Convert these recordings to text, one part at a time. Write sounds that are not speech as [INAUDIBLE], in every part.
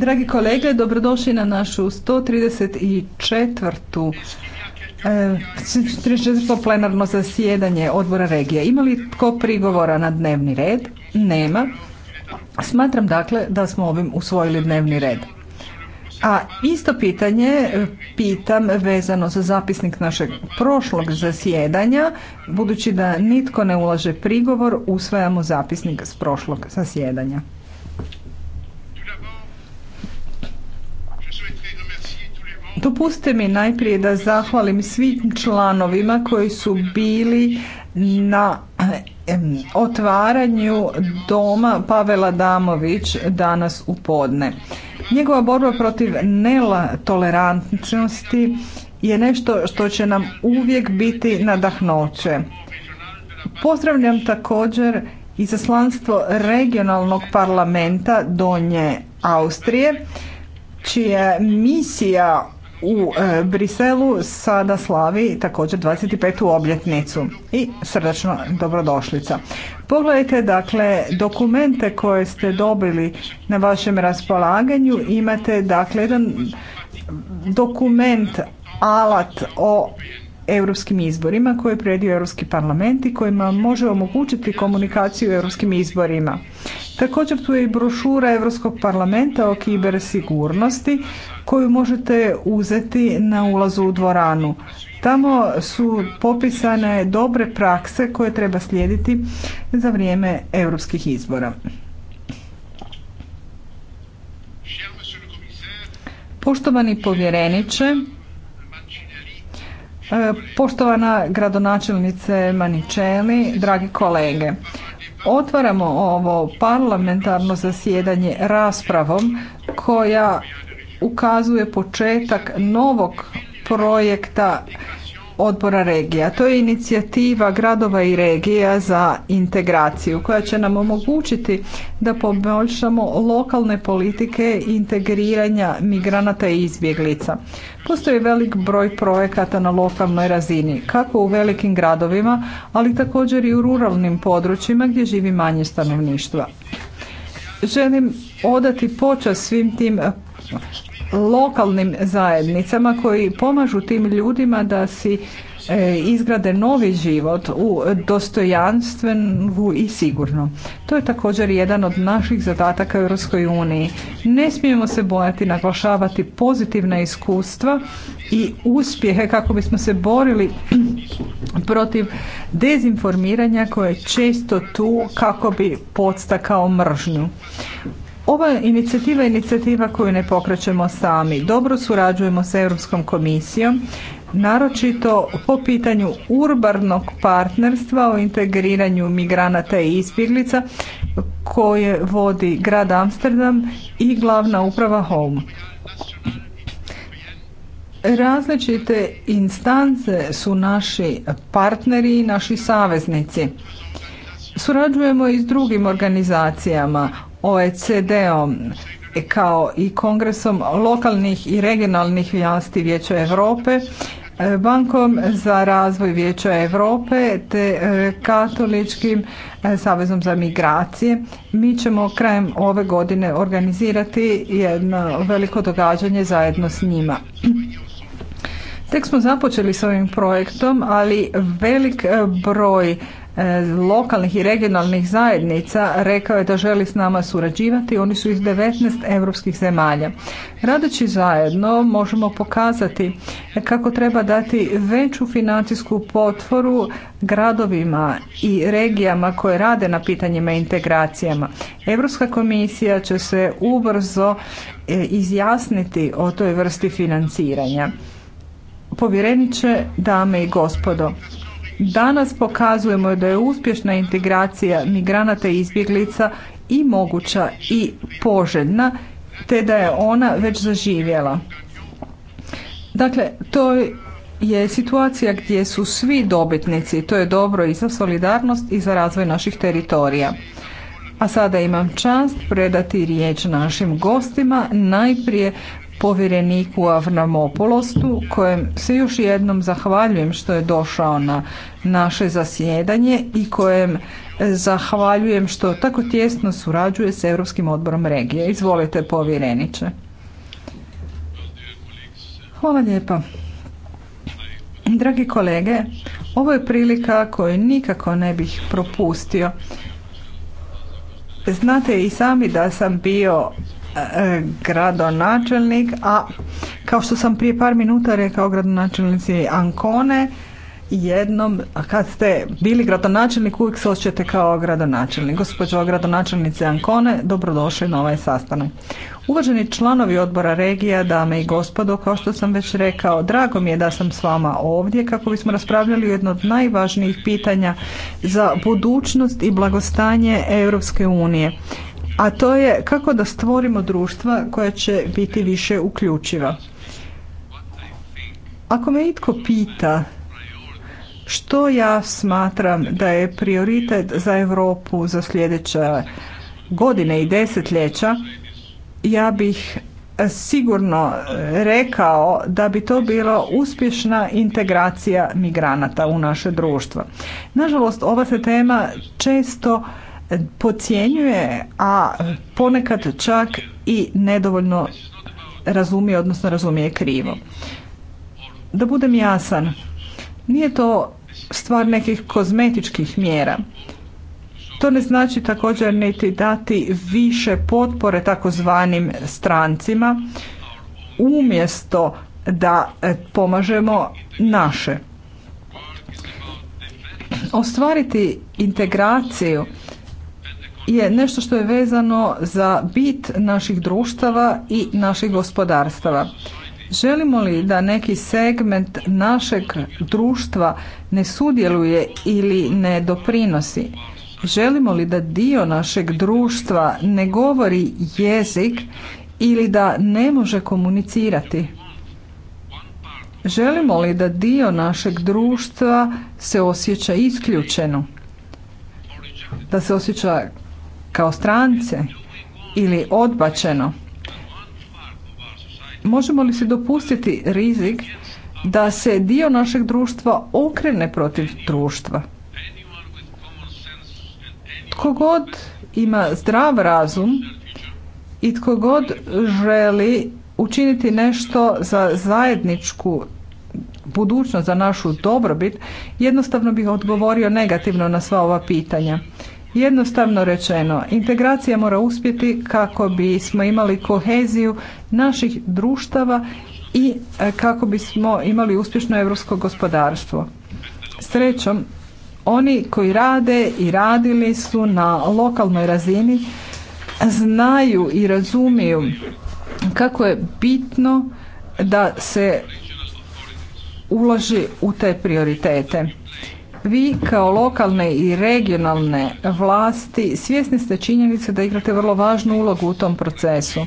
Dragi kolege, dobrodošli na našu 134. E, plenarno zasjedanje odbora regija Ima li tko prigovora na dnevni red? Nema. Smatram dakle da smo ovim usvojili dnevni red. A isto pitanje e, pitam vezano za zapisnik našeg prošlog zasjedanja, budući da nitko ne ulaže prigovor, usvajamo zapisnik s prošlog zasjedanja. Dopustite mi najprije da zahvalim svim članovima koji su bili na otvaranju doma Pavela Damović danas u podne. Njegova borba protiv nela tolerantnosti je nešto što će nam uvijek biti nadahnoće. Pozdravljam također izaslanstvo regionalnog parlamenta Donje Austrije, čija misija u e, Briselu sada slavi također 25. obljetnicu i srdačno dobrodošlica. Pogledajte dakle dokumente koje ste dobili na vašem raspolaganju, imate dakle jedan dokument, alat o europskim izborima koji je predio Europski parlament i kojima može omogućiti komunikaciju u europskim izborima. Također tu je i brošura Europskog parlamenta o kibersigurnosti koju možete uzeti na ulazu u dvoranu. Tamo su popisane dobre prakse koje treba slijediti za vrijeme europskih izbora. Poštovani povjereniče, e, poštovana gradonačelnice Maničeli, dragi kolege, otvaramo ovo parlamentarno zasjedanje raspravom koja ukazuje početak novog projekta odbora regija. To je inicijativa gradova i regija za integraciju koja će nam omogućiti da poboljšamo lokalne politike integriranja migranata i izbjeglica. Postoji velik broj projekata na lokalnoj razini, kako u velikim gradovima, ali također i u ruralnim područjima gdje živi manje stanovništva. Želim odati počas svim tim lokalnim zajednicama koji pomažu tim ljudima da si e, izgrade novi život u dostojanstvenu i sigurno. To je također jedan od naših zadataka u Europskoj uniji. Ne smijemo se bojati naglašavati pozitivna iskustva i uspjehe kako bismo se borili [CLEARS THROAT] protiv dezinformiranja koje je često tu kako bi podstakao mržnju. Ova inicijativa je inicijativa koju ne pokrećemo sami. Dobro surađujemo sa Europskom komisijom, naročito po pitanju urbanog partnerstva o integriranju migranata i izbjeglica koje vodi grad Amsterdam i glavna uprava Home. Različite instance su naši partneri i naši saveznici. Surađujemo i s drugim organizacijama. OECD-om e, kao i kongresom lokalnih i regionalnih vlasti Vijeća Europe, e, Bankom za razvoj Vijeća Europe te e, Katoličkim savezom za migracije. Mi ćemo krajem ove godine organizirati jedno veliko događanje zajedno s njima. Tek smo započeli s ovim projektom, ali velik broj E, lokalnih i regionalnih zajednica rekao je da želi s nama surađivati, oni su iz 19 europskih zemalja. Radeći zajedno možemo pokazati kako treba dati veću financijsku potvoru gradovima i regijama koje rade na pitanjima integracijama. Europska komisija će se ubrzo e, izjasniti o toj vrsti financiranja. Povjereniče, dame i gospodo, Danas pokazujemo da je uspješna integracija migranata i izbjeglica i moguća i poželjna, te da je ona već zaživjela. Dakle, to je situacija gdje su svi dobitnici, to je dobro i za solidarnost i za razvoj naših teritorija. A sada imam čast predati riječ našim gostima, najprije povjereniku Avramopolostu kojem se još jednom zahvaljujem što je došao na naše zasjedanje i kojem e, zahvaljujem što tako tjesno surađuje s Europskim odborom regije. Izvolite povjereniče. Hvala lijepa. Dragi kolege, ovo je prilika koju nikako ne bih propustio. Znate i sami da sam bio E, gradonačelnik, a kao što sam prije par minuta rekao gradonačelnici ancone jednom, a kad ste bili gradonačelnik, uvijek se osjećate kao gradonačelnik. Gospođo gradonačelnice ancone dobrodošli na ovaj sastanak. Uvaženi članovi odbora regija, dame i gospodo, kao što sam već rekao, drago mi je da sam s vama ovdje kako bismo raspravljali jedno od najvažnijih pitanja za budućnost i blagostanje Europske unije a to je kako da stvorimo društva koja će biti više uključiva. Ako me itko pita što ja smatram da je prioritet za Europu za sljedeće godine i desetljeća, ja bih sigurno rekao da bi to bila uspješna integracija migranata u naše društvo. Nažalost, ova se tema često podcjenjuje, a ponekad čak i nedovoljno razumije, odnosno razumije krivo. Da budem jasan, nije to stvar nekih kozmetičkih mjera. To ne znači također niti dati više potpore takozvanim strancima umjesto da e, pomažemo naše. Ostvariti integraciju je nešto što je vezano za bit naših društava i naših gospodarstava. Želimo li da neki segment našeg društva ne sudjeluje ili ne doprinosi? Želimo li da dio našeg društva ne govori jezik ili da ne može komunicirati? Želimo li da dio našeg društva se osjeća isključeno? Da se osjeća kao strance ili odbačeno, možemo li se dopustiti rizik da se dio našeg društva okrene protiv društva? Tko god ima zdrav razum i tko god želi učiniti nešto za zajedničku budućnost, za našu dobrobit, jednostavno bih odgovorio negativno na sva ova pitanja. Jednostavno rečeno, integracija mora uspjeti kako bismo imali koheziju naših društava i e, kako bismo imali uspješno europsko gospodarstvo. Srećom, oni koji rade i radili su na lokalnoj razini znaju i razumiju kako je bitno da se uloži u te prioritete. Vi kao lokalne i regionalne vlasti svjesni ste činjenice da igrate vrlo važnu ulogu u tom procesu.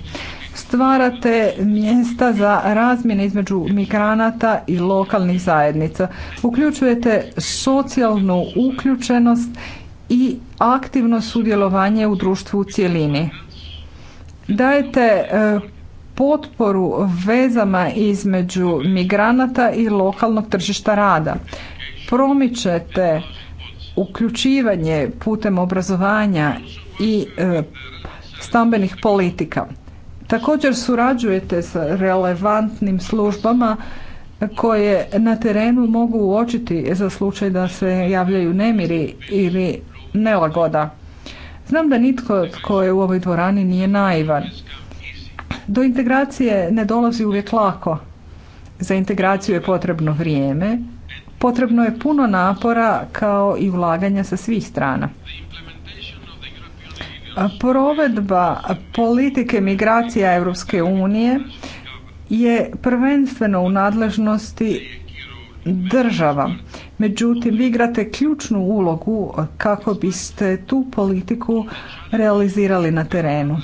Stvarate mjesta za razmjene između migranata i lokalnih zajednica. Uključujete socijalnu uključenost i aktivno sudjelovanje u društvu u cjelini. Dajete e, potporu vezama između migranata i lokalnog tržišta rada promičete uključivanje putem obrazovanja i e, stambenih politika. Također surađujete sa relevantnim službama koje na terenu mogu uočiti za slučaj da se javljaju nemiri ili nelagoda. Znam da nitko tko je u ovoj dvorani nije naivan. Do integracije ne dolazi uvijek lako. Za integraciju je potrebno vrijeme, Potrebno je puno napora kao i ulaganja sa svih strana. Provedba politike migracija Europske unije je prvenstveno u nadležnosti država. Međutim, vi igrate ključnu ulogu kako biste tu politiku realizirali na terenu.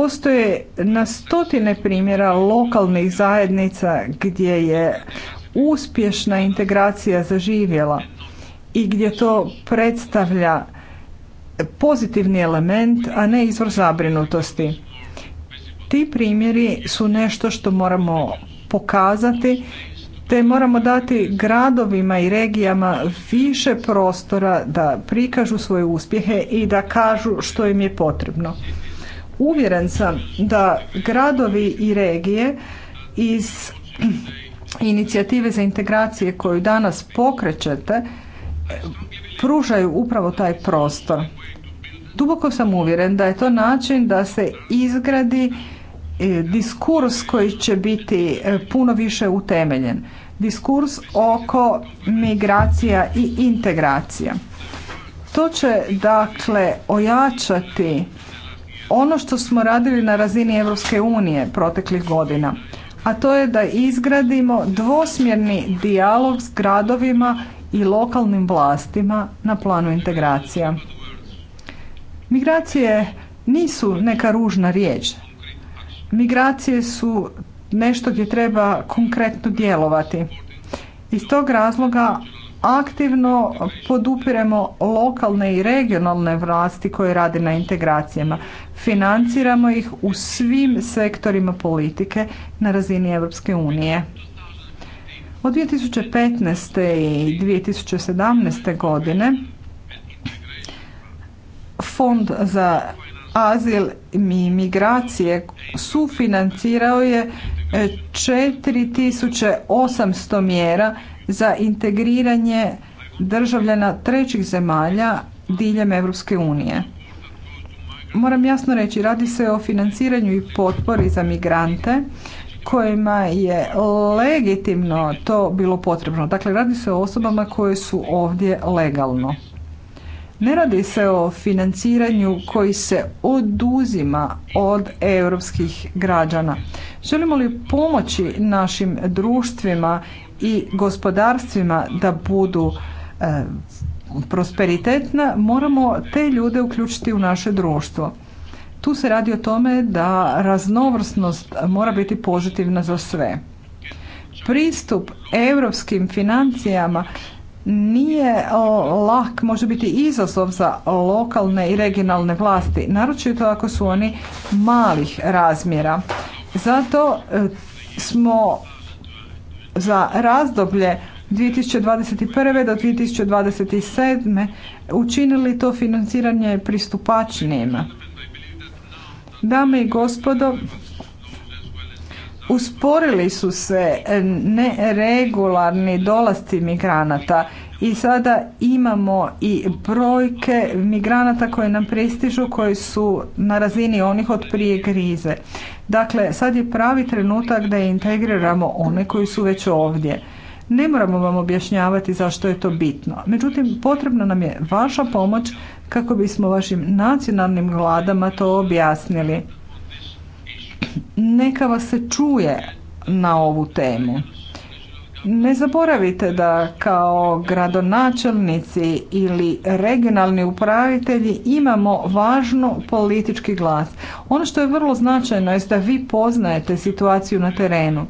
Postoje na stotine primjera lokalnih zajednica gdje je uspješna integracija zaživjela i gdje to predstavlja pozitivni element, a ne izvor zabrinutosti. Ti primjeri su nešto što moramo pokazati te moramo dati gradovima i regijama više prostora da prikažu svoje uspjehe i da kažu što im je potrebno. Uvjeren sam da gradovi i regije iz inicijative za integracije koju danas pokrećete pružaju upravo taj prostor. Duboko sam uvjeren da je to način da se izgradi e, diskurs koji će biti e, puno više utemeljen. Diskurs oko migracija i integracija. To će dakle ojačati ono što smo radili na razini Europske unije proteklih godina, a to je da izgradimo dvosmjerni dijalog s gradovima i lokalnim vlastima na planu integracija. Migracije nisu neka ružna riječ. Migracije su nešto gdje treba konkretno djelovati. Iz tog razloga aktivno podupiremo lokalne i regionalne vlasti koje rade na integracijama financiramo ih u svim sektorima politike na razini Europske unije. Od 2015. i 2017. godine Fond za azil i migracije sufinancirao je 4800 e, mjera za integriranje državljana trećih zemalja diljem Europske unije. Moram jasno reći, radi se o financiranju i potpori za migrante kojima je legitimno to bilo potrebno. Dakle, radi se o osobama koje su ovdje legalno. Ne radi se o financiranju koji se oduzima od europskih građana. Želimo li pomoći našim društvima i gospodarstvima da budu e, prosperitetna, moramo te ljude uključiti u naše društvo. Tu se radi o tome da raznovrsnost mora biti pozitivna za sve. Pristup europskim financijama nije lak, može biti izazov za lokalne i regionalne vlasti, naročito ako su oni malih razmjera. Zato e, smo za razdoblje 2021. do 2027. učinili to financiranje pristupačnijim. Dame i gospodo, usporili su se neregularni dolasci migranata i sada imamo i brojke migranata koje nam prestižu koji su na razini onih od prije krize. Dakle, sad je pravi trenutak da integriramo one koji su već ovdje. Ne moramo vam objašnjavati zašto je to bitno. Međutim, potrebna nam je vaša pomoć kako bismo vašim nacionalnim vladama to objasnili. Neka vas se čuje na ovu temu. Ne zaboravite da kao gradonačelnici ili regionalni upravitelji imamo važnu politički glas. Ono što je vrlo značajno je da vi poznajete situaciju na terenu.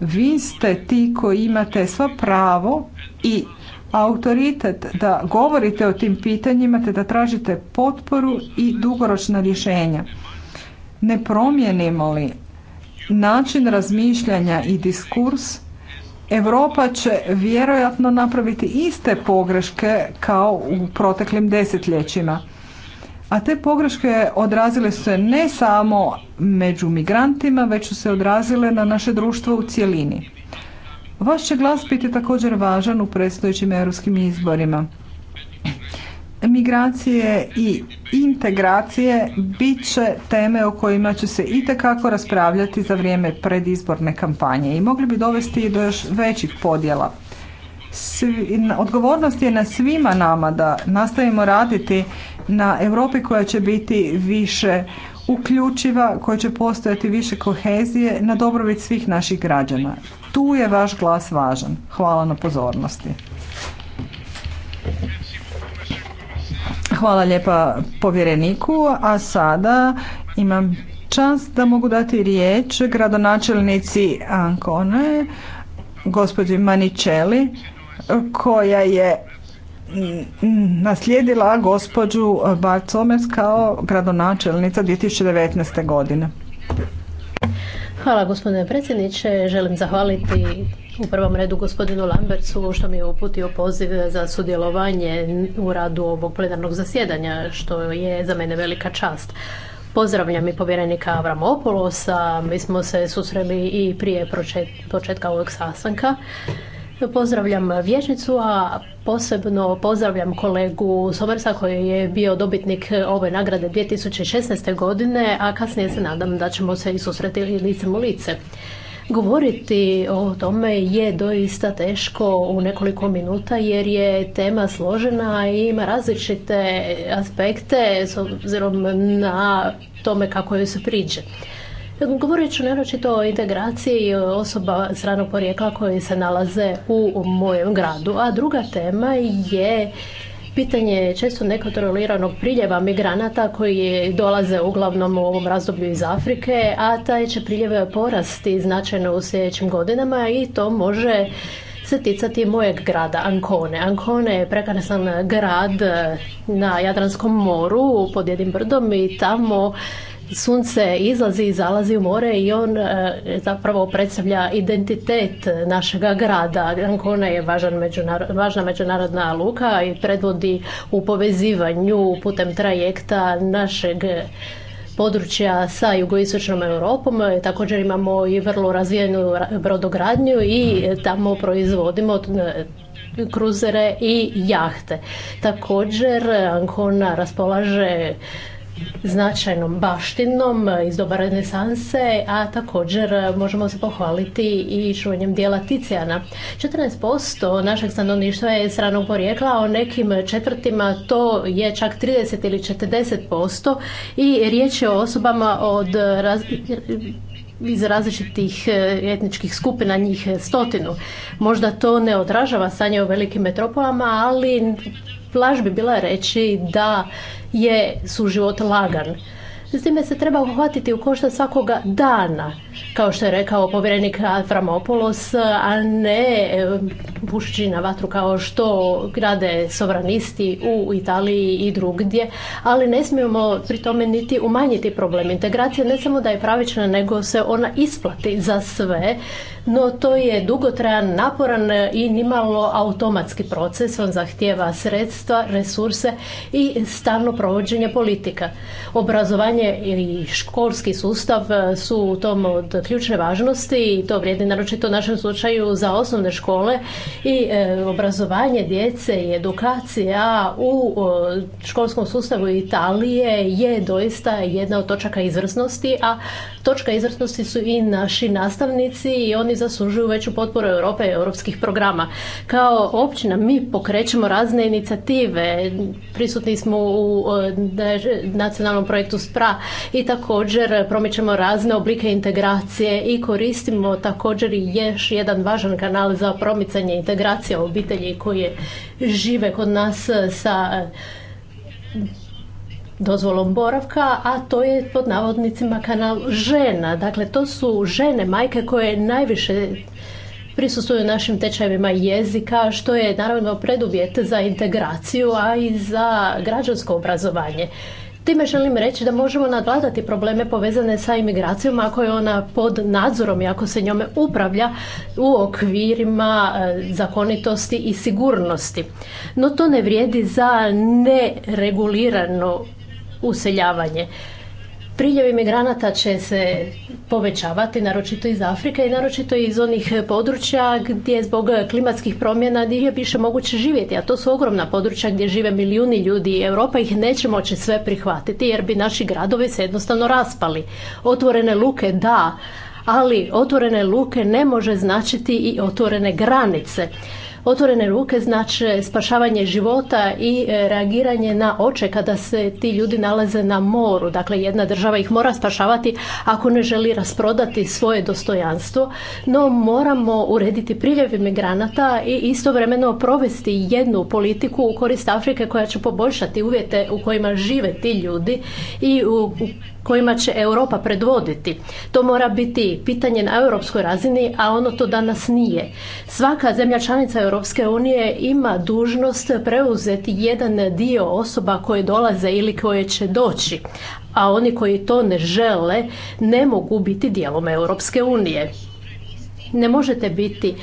Vi ste ti koji imate sva pravo i autoritet da govorite o tim pitanjima te da tražite potporu i dugoročna rješenja. Ne promijenimo li način razmišljanja i diskurs, Europa će vjerojatno napraviti iste pogreške kao u proteklim desetljećima. A te pogreške odrazile su se ne samo među migrantima, već su se odrazile na naše društvo u cjelini. Vaš će glas biti također važan u predstojećim europskim izborima. Migracije i integracije bit će teme o kojima će se itekako raspravljati za vrijeme predizborne kampanje i mogli bi dovesti do još većih podjela odgovornost je na svima nama da nastavimo raditi na Europi koja će biti više uključiva, koja će postojati više kohezije na dobrobit svih naših građana. Tu je vaš glas važan. Hvala na pozornosti. Hvala lijepa povjereniku, a sada imam čast da mogu dati riječ gradonačelnici Ancone, gospođi Maničeli koja je naslijedila gospođu Barcomers kao gradonačelnica 2019. godine. Hvala gospodine predsjedniče. Želim zahvaliti u prvom redu gospodinu Lambercu što mi je uputio poziv za sudjelovanje u radu ovog plenarnog zasjedanja što je za mene velika čast. Pozdravljam i povjerenika Avramopoulosa. Mi smo se susreli i prije početka ovog sastanka Pozdravljam vječnicu, a posebno pozdravljam kolegu Somersa koji je bio dobitnik ove nagrade 2016. godine, a kasnije se nadam da ćemo se i susreti licem u lice. Govoriti o tome je doista teško u nekoliko minuta jer je tema složena i ima različite aspekte s obzirom na tome kako joj se priđe ću naročito o integraciji osoba stranog porijekla koji se nalaze u mojem gradu. A druga tema je pitanje često nekontroliranog priljeva migranata koji dolaze uglavnom u ovom razdoblju iz Afrike, a taj će priljev porasti značajno u sljedećim godinama i to može se ticati mojeg grada Ankone. Ankone je prekrasan grad na Jadranskom moru pod jednim brdom i tamo sunce izlazi i zalazi u more i on e, zapravo predstavlja identitet našega grada. Ancona je važan važna međunarodna luka i predvodi u povezivanju putem trajekta našeg područja sa jugoistočnom Europom. Također imamo i vrlo razvijenu brodogradnju i tamo proizvodimo e, kruzere i jahte. Također Ancona raspolaže značajnom baštinom iz doba renesanse, a također možemo se pohvaliti i čuvanjem dijela Ticijana. 14% našeg stanovništva je stranog porijekla, a o nekim četvrtima to je čak 30 ili 40% i riječ je o osobama od iz različitih e, etničkih skupina, njih stotinu. Možda to ne odražava stanje u velikim metropolama, ali laž bi bila reći da je suživot lagan. S time se treba uhvatiti u košta svakoga dana, kao što je rekao povjerenik Aframopoulos, a ne e, pušići na vatru kao što grade sovranisti u Italiji i drugdje, ali ne smijemo pri tome niti umanjiti problem. integracije, ne samo da je pravična, nego se ona isplati za sve no to je dugotrajan, naporan e, i nimalo automatski proces. On zahtjeva sredstva, resurse i stalno provođenje politika. Obrazovanje i školski sustav e, su u tom od ključne važnosti i to vrijedi naročito u našem slučaju za osnovne škole i e, obrazovanje djece i edukacija u školskom sustavu Italije je doista jedna od točaka izvrsnosti, a točka izvrsnosti su i naši nastavnici i oni zaslužuju veću potporu Europe i europskih programa. Kao općina mi pokrećemo razne inicijative, prisutni smo u e, nacionalnom projektu SPRA i također promičemo razne oblike integracije i koristimo također i još jedan važan kanal za promicanje integracije obitelji koje žive kod nas sa dozvolom boravka, a to je pod navodnicima kanal žena. Dakle, to su žene, majke koje najviše prisustuju našim tečajevima jezika, što je naravno preduvjet za integraciju, a i za građansko obrazovanje. Time želim reći da možemo nadvladati probleme povezane sa imigracijom ako je ona pod nadzorom i ako se njome upravlja u okvirima e, zakonitosti i sigurnosti. No to ne vrijedi za neregulirano useljavanje. Priljevi migranata će se povećavati, naročito iz Afrike i naročito iz onih područja gdje zbog klimatskih promjena nije više moguće živjeti, a to su ogromna područja gdje žive milijuni ljudi i Europa ih neće moći sve prihvatiti jer bi naši gradovi se jednostavno raspali. Otvorene luke da, ali otvorene luke ne može značiti i otvorene granice. Otvorene ruke znače spašavanje života i e, reagiranje na oče kada se ti ljudi nalaze na moru. Dakle, jedna država ih mora spašavati ako ne želi rasprodati svoje dostojanstvo, no moramo urediti priljev migranata i istovremeno provesti jednu politiku u korist Afrike koja će poboljšati uvjete u kojima žive ti ljudi i u kojima će Europa predvoditi. To mora biti pitanje na europskoj razini, a ono to danas nije. Svaka zemlja članica Europske unije ima dužnost preuzeti jedan dio osoba koje dolaze ili koje će doći, a oni koji to ne žele ne mogu biti dijelom Europske unije. Ne možete biti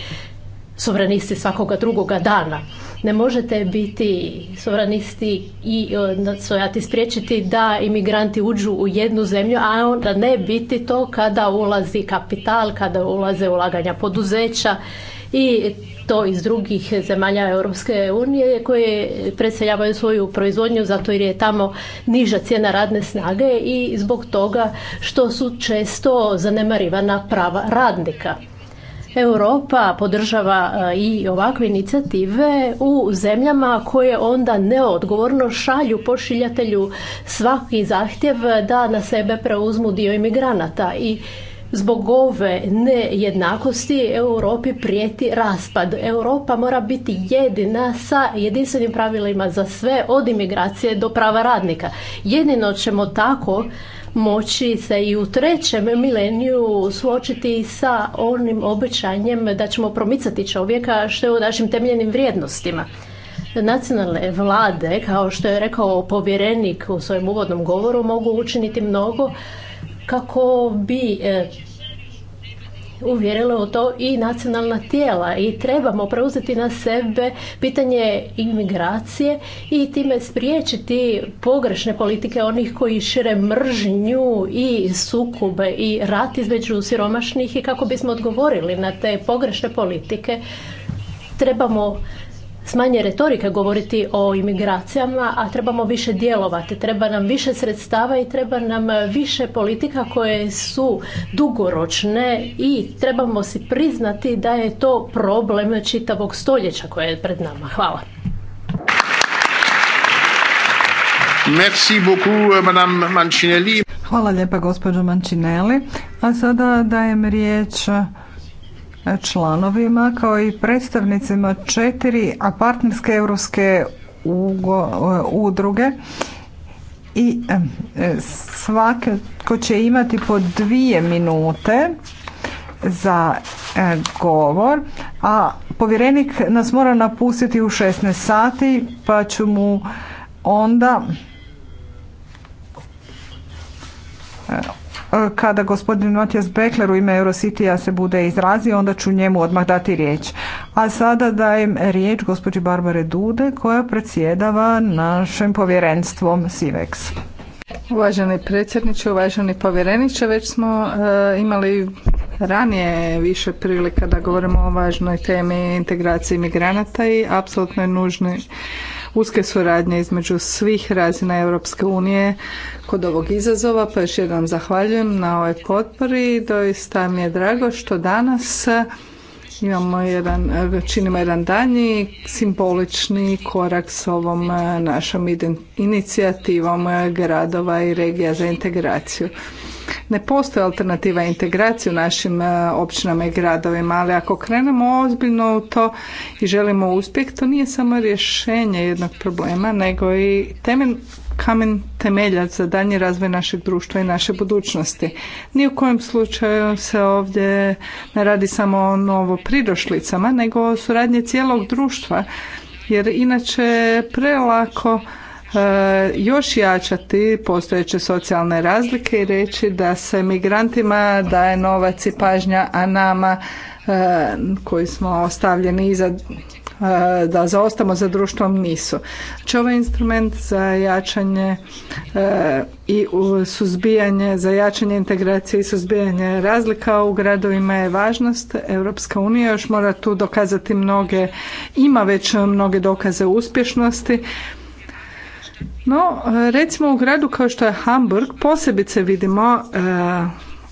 suverenisti svakoga drugoga dana. Ne možete biti suverenisti i e, nastojati spriječiti da imigranti uđu u jednu zemlju, a onda ne biti to kada ulazi kapital, kada ulaze ulaganja poduzeća i to iz drugih zemalja Europske unije koje preseljavaju svoju proizvodnju zato jer je tamo niža cijena radne snage i zbog toga što su često zanemarivana prava radnika. Europa podržava e, i ovakve inicijative u zemljama koje onda neodgovorno šalju pošiljatelju svaki zahtjev da na sebe preuzmu dio imigranata i Zbog ove nejednakosti Europi prijeti raspad. Europa mora biti jedina sa jedinstvenim pravilima za sve od imigracije do prava radnika. Jedino ćemo tako moći se i u trećem mileniju suočiti sa onim obećanjem da ćemo promicati čovjeka što je u našim temeljnim vrijednostima. Nacionalne vlade, kao što je rekao povjerenik u svojem uvodnom govoru, mogu učiniti mnogo kako bi eh, uvjerila u to i nacionalna tijela i trebamo preuzeti na sebe pitanje imigracije i time spriječiti pogrešne politike onih koji šire mržnju i sukube i rat između siromašnih i kako bismo odgovorili na te pogrešne politike trebamo s manje retorike govoriti o imigracijama, a trebamo više djelovati. Treba nam više sredstava i treba nam više politika koje su dugoročne i trebamo si priznati da je to problem čitavog stoljeća koje je pred nama. Hvala. Euh, Hvala lijepa gospođo Mancinelli. A sada dajem riječ članovima kao i predstavnicima četiri a partnerske europske e, udruge i e, svatko će imati po dvije minute za e, govor, a povjerenik nas mora napustiti u 16 sati pa ću mu onda E, kada gospodin Matijas Bekler u ime Eurositija se bude izrazio, onda ću njemu odmah dati riječ. A sada dajem riječ gospođi Barbare Dude koja predsjedava našem povjerenstvom SIVEX. Uvaženi predsjedniče, uvaženi povjereniče, već smo e, imali ranije više prilika da govorimo o važnoj temi integraciji imigranata i apsolutno je nužno uske suradnje između svih razina Europske unije kod ovog izazova, pa još jednom zahvaljujem na ovoj potpori. Doista mi je drago što danas imamo jedan, činimo jedan danji simbolični korak s ovom eh, našom inicijativom eh, gradova i regija za integraciju. Ne postoji alternativa integraciji u našim e, općinama i gradovima, ali ako krenemo ozbiljno u to i želimo uspjeh, to nije samo rješenje jednog problema, nego i temelj kamen temeljac za daljnji razvoj našeg društva i naše budućnosti. Ni u kojem slučaju se ovdje ne radi samo o novo pridošlicama, nego o suradnji cijelog društva, jer inače prelako E, još jačati postojeće socijalne razlike i reći da se migrantima daje novac i pažnja, a nama e, koji smo ostavljeni iza e, da zaostamo za društvom nisu. Znači ovaj instrument za jačanje i suzbijanje, za jačanje integracije i suzbijanje razlika u gradovima je važnost. Europska unija još mora tu dokazati mnoge, ima već mnoge dokaze uspješnosti no, recimo u gradu kao što je Hamburg posebice vidimo e,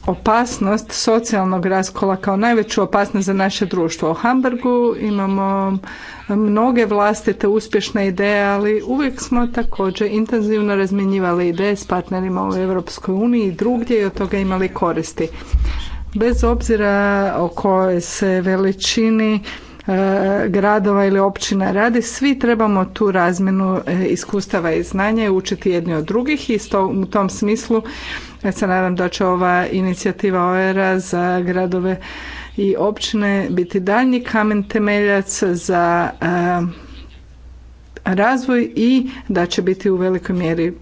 opasnost socijalnog raskola kao najveću opasnost za naše društvo. U Hamburgu imamo mnoge vlastite uspješne ideje, ali uvijek smo također intenzivno razmjenjivali ideje s partnerima u Europskoj uniji i drugdje i od toga imali koristi. Bez obzira o kojoj se veličini E, gradova ili općina radi, svi trebamo tu razmjenu e, iskustava i znanja učiti jedni od drugih i u tom smislu ja se nadam da će ova inicijativa OERA za gradove i općine biti daljnji kamen temeljac za e, razvoj i da će biti u velikoj mjeri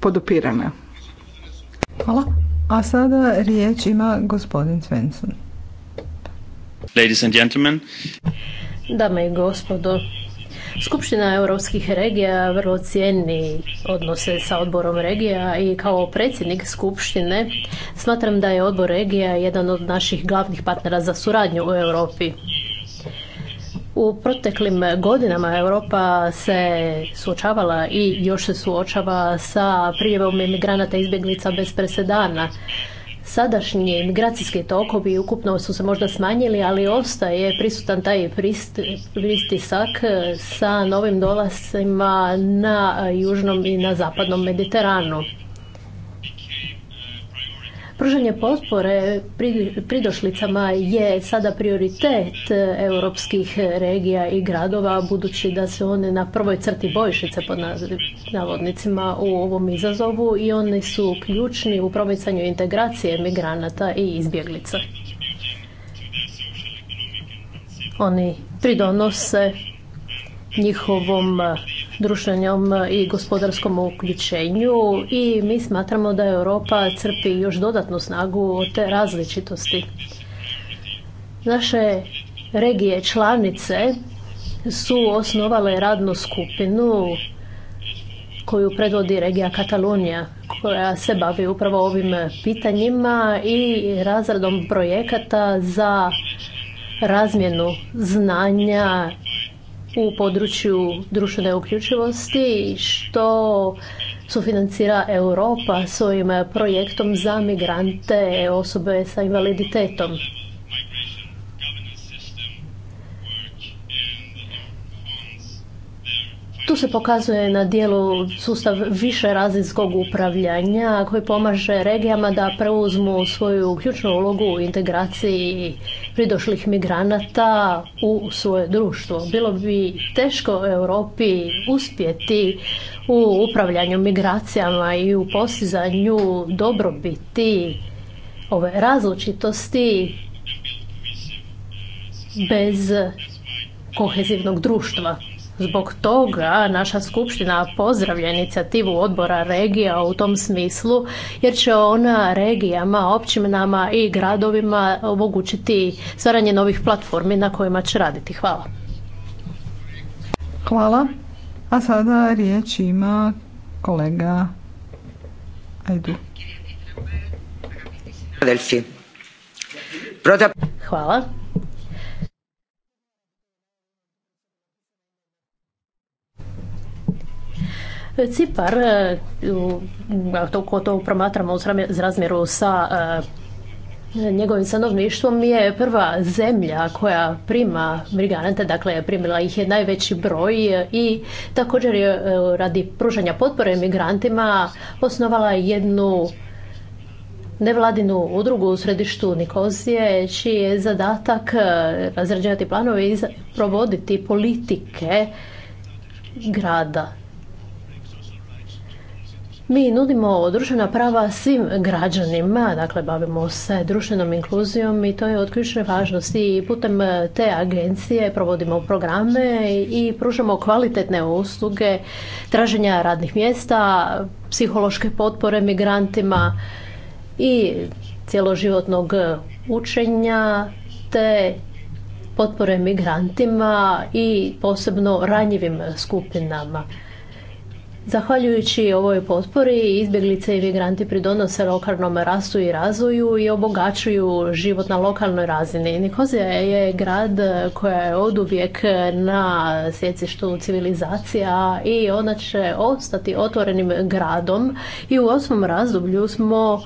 podupirana. Hvala. A sada riječ ima gospodin Svensson. Ladies and gentlemen. Dame i gospodo, Skupština europskih regija vrlo cijeni odnose sa odborom regija i kao predsjednik Skupštine smatram da je odbor regija jedan od naših glavnih partnera za suradnju u Europi. U proteklim godinama Europa se suočavala i još se suočava sa prijevom imigranata izbjeglica bez presedana sadašnji migracijski tokovi ukupno su se možda smanjili, ali ostaje prisutan taj pristisak e, sa novim dolascima na južnom i na zapadnom Mediteranu. Pružanje potpore pridošlicama je sada prioritet e, europskih regija i gradova, budući da se one na prvoj crti bojišice pod navodnicima u ovom izazovu i oni su ključni u promicanju integracije migranata i izbjeglica. Oni pridonose njihovom e, društvenom e, i gospodarskom uključenju i mi smatramo da Europa crpi još dodatnu snagu od te različitosti. Naše regije članice su osnovale radnu skupinu koju predvodi regija Katalonija koja se bavi upravo ovim pitanjima i razradom projekata za razmjenu znanja u području društvene uključivosti što sufinancira Europa svojim projektom za migrante osobe sa invaliditetom. Tu se pokazuje na dijelu sustav više razinskog upravljanja koji pomaže regijama da preuzmu svoju ključnu ulogu u integraciji pridošlih migranata u svoje društvo. Bilo bi teško Europi uspjeti u upravljanju migracijama i u postizanju dobrobiti ove različitosti bez kohezivnog društva. Zbog toga naša skupština pozdravlja inicijativu odbora regija u tom smislu jer će ona regijama, općinama i gradovima omogućiti stvaranje novih platformi na kojima će raditi. Hvala. Hvala. A sada riječ ima kolega Ajdu. Hvala. Cipar, ako e, to promatramo u razmjeru sa e, njegovim stanovništvom je prva zemlja koja prima migrante, dakle primila ih je najveći broj i također je e, radi pružanja potpore migrantima osnovala jednu nevladinu udrugu u središtu Nikozije, čiji je zadatak razrađivati planove i provoditi politike grada. Mi nudimo društvena prava svim građanima, dakle bavimo se društvenom inkluzijom i to je od ključne važnosti i putem e, te agencije provodimo programe i pružamo kvalitetne usluge traženja radnih mjesta, psihološke potpore migrantima i cjeloživotnog učenja te potpore migrantima i posebno ranjivim skupinama. Zahvaljujući ovoj potpori, izbjeglice i migranti pridonose lokalnom rastu i razvoju i obogaćuju život na lokalnoj razini. Nikozija je grad koja je oduvijek na sjecištu civilizacija i ona će ostati otvorenim gradom i u osmom razdoblju smo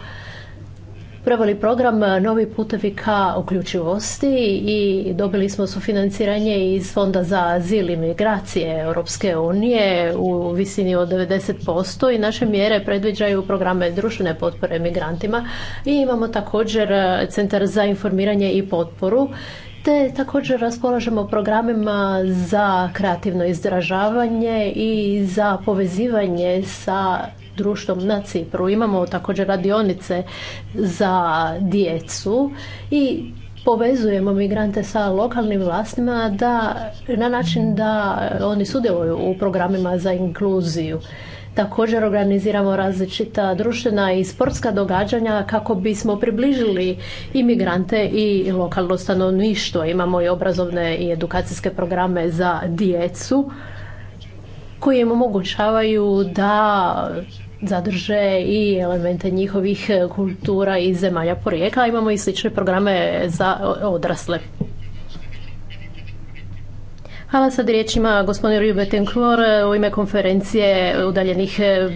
proveli program Novi putevi ka uključivosti i dobili smo financiranje iz Fonda za azil i migracije Europske unije u visini od 90% i naše mjere predviđaju programe društvene potpore migrantima i imamo također e, Centar za informiranje i potporu te također raspolažemo programima za kreativno izražavanje i za povezivanje sa društvom na Cipru. Imamo također radionice za djecu i povezujemo migrante sa lokalnim vlastima da, na način da oni sudjeluju u programima za inkluziju. Također organiziramo različita društvena i sportska događanja kako bismo približili imigrante i lokalno stanovništvo. Imamo i obrazovne i edukacijske programe za djecu koji im omogućavaju da zadrže i elemente njihovih e, kultura i zemalja porijekla. Imamo i slične programe za odrasle. Hvala sad riječima gospodinu Riju Tenklor u ime konferencije udaljenih e,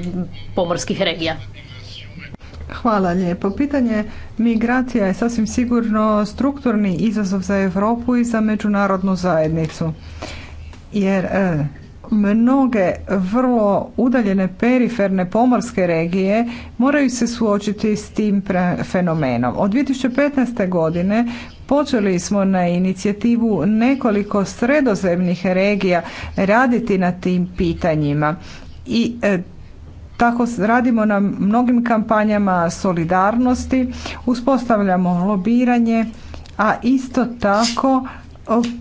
pomorskih regija. Hvala lijepo. Pitanje migracija je sasvim sigurno strukturni izazov za Europu i za međunarodnu zajednicu. Jer e, mnoge vrlo udaljene periferne pomorske regije moraju se suočiti s tim fenomenom. Od 2015. godine počeli smo na inicijativu nekoliko sredozemnih regija raditi na tim pitanjima i e, tako radimo na mnogim kampanjama solidarnosti, uspostavljamo lobiranje, a isto tako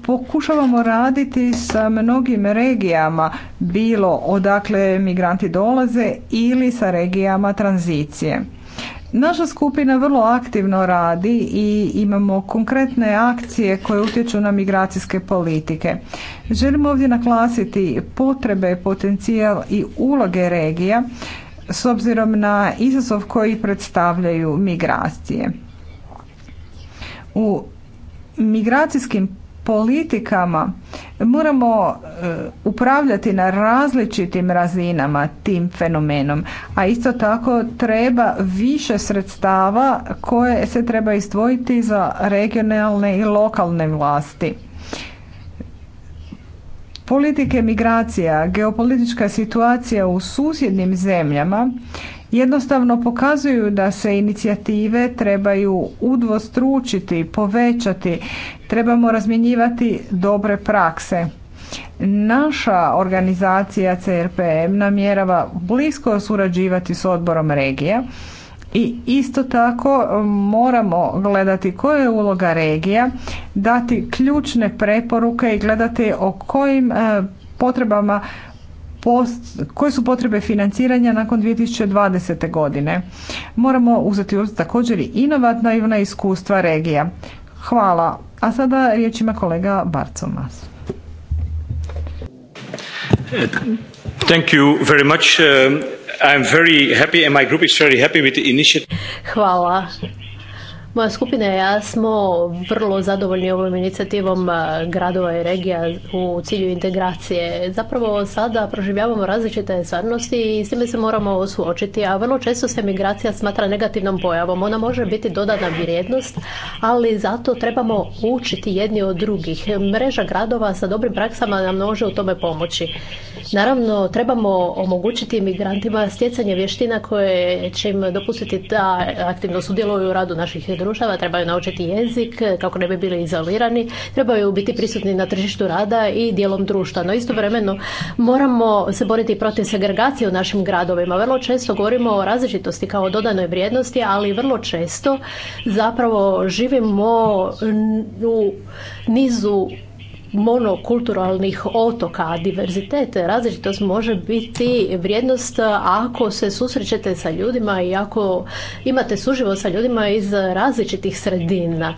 pokušavamo raditi sa mnogim regijama, bilo odakle migranti dolaze ili sa regijama tranzicije. Naša skupina vrlo aktivno radi i imamo konkretne akcije koje utječu na migracijske politike. Želimo ovdje naklasiti potrebe, potencijal i uloge regija s obzirom na izazov koji predstavljaju migracije. U migracijskim politikama moramo e, upravljati na različitim razinama tim fenomenom, a isto tako treba više sredstava koje se treba izdvojiti za regionalne i lokalne vlasti. Politike migracija, geopolitička situacija u susjednim zemljama jednostavno pokazuju da se inicijative trebaju udvostručiti, povećati, trebamo razmjenjivati dobre prakse. Naša organizacija CRPM namjerava blisko surađivati s odborom regija i isto tako um, moramo gledati koja je uloga regija, dati ključne preporuke i gledati o kojim uh, potrebama post, koje su potrebe financiranja nakon 2020. godine. Moramo uzeti uz također i inovativna iskustva regija. Hvala. A sada riječ ima kolega Barcomas. Thank you very much. Um, very happy and my group is very happy with the initiative. Hvala. Moja skupina i ja smo vrlo zadovoljni ovom inicijativom gradova i regija u cilju integracije. Zapravo sada proživljavamo različite stvarnosti i s time se moramo suočiti, a vrlo često se migracija smatra negativnom pojavom. Ona može biti dodana vrijednost, ali zato trebamo učiti jedni od drugih. Mreža gradova sa dobrim praksama nam može u tome pomoći. Naravno, trebamo omogućiti imigrantima stjecanje vještina koje će im dopustiti da aktivno sudjeluju u radu naših društava, trebaju naučiti jezik kako ne bi bili izolirani, trebaju biti prisutni na tržištu rada i dijelom društva. No istovremeno moramo se boriti protiv segregacije u našim gradovima. Vrlo često govorimo o različitosti kao o dodanoj vrijednosti, ali vrlo često zapravo živimo u nizu monokulturalnih otoka, diverzitet, različitost može biti vrijednost ako se susrećete sa ljudima i ako imate suživot sa ljudima iz različitih sredina.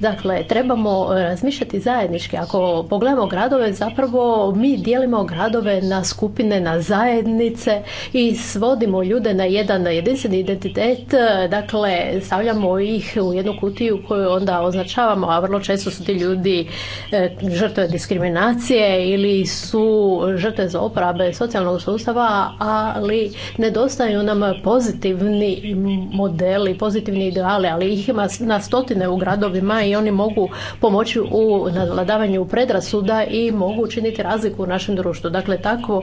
Dakle, trebamo e, razmišljati zajednički. Ako pogledamo gradove, zapravo mi dijelimo gradove na skupine, na zajednice i svodimo ljude na jedan jedinstveni identitet. E, dakle, stavljamo ih u jednu kutiju koju onda označavamo, a vrlo često su ti ljudi e, žrtve diskriminacije ili su žrtve oprabe socijalnog sustava, ali nedostaju nam pozitivni modeli, pozitivni ideali, ali ih ima na stotine u gradovima i i oni mogu pomoći u nadladavanju predrasuda i mogu učiniti razliku u našem društvu. Dakle, takvo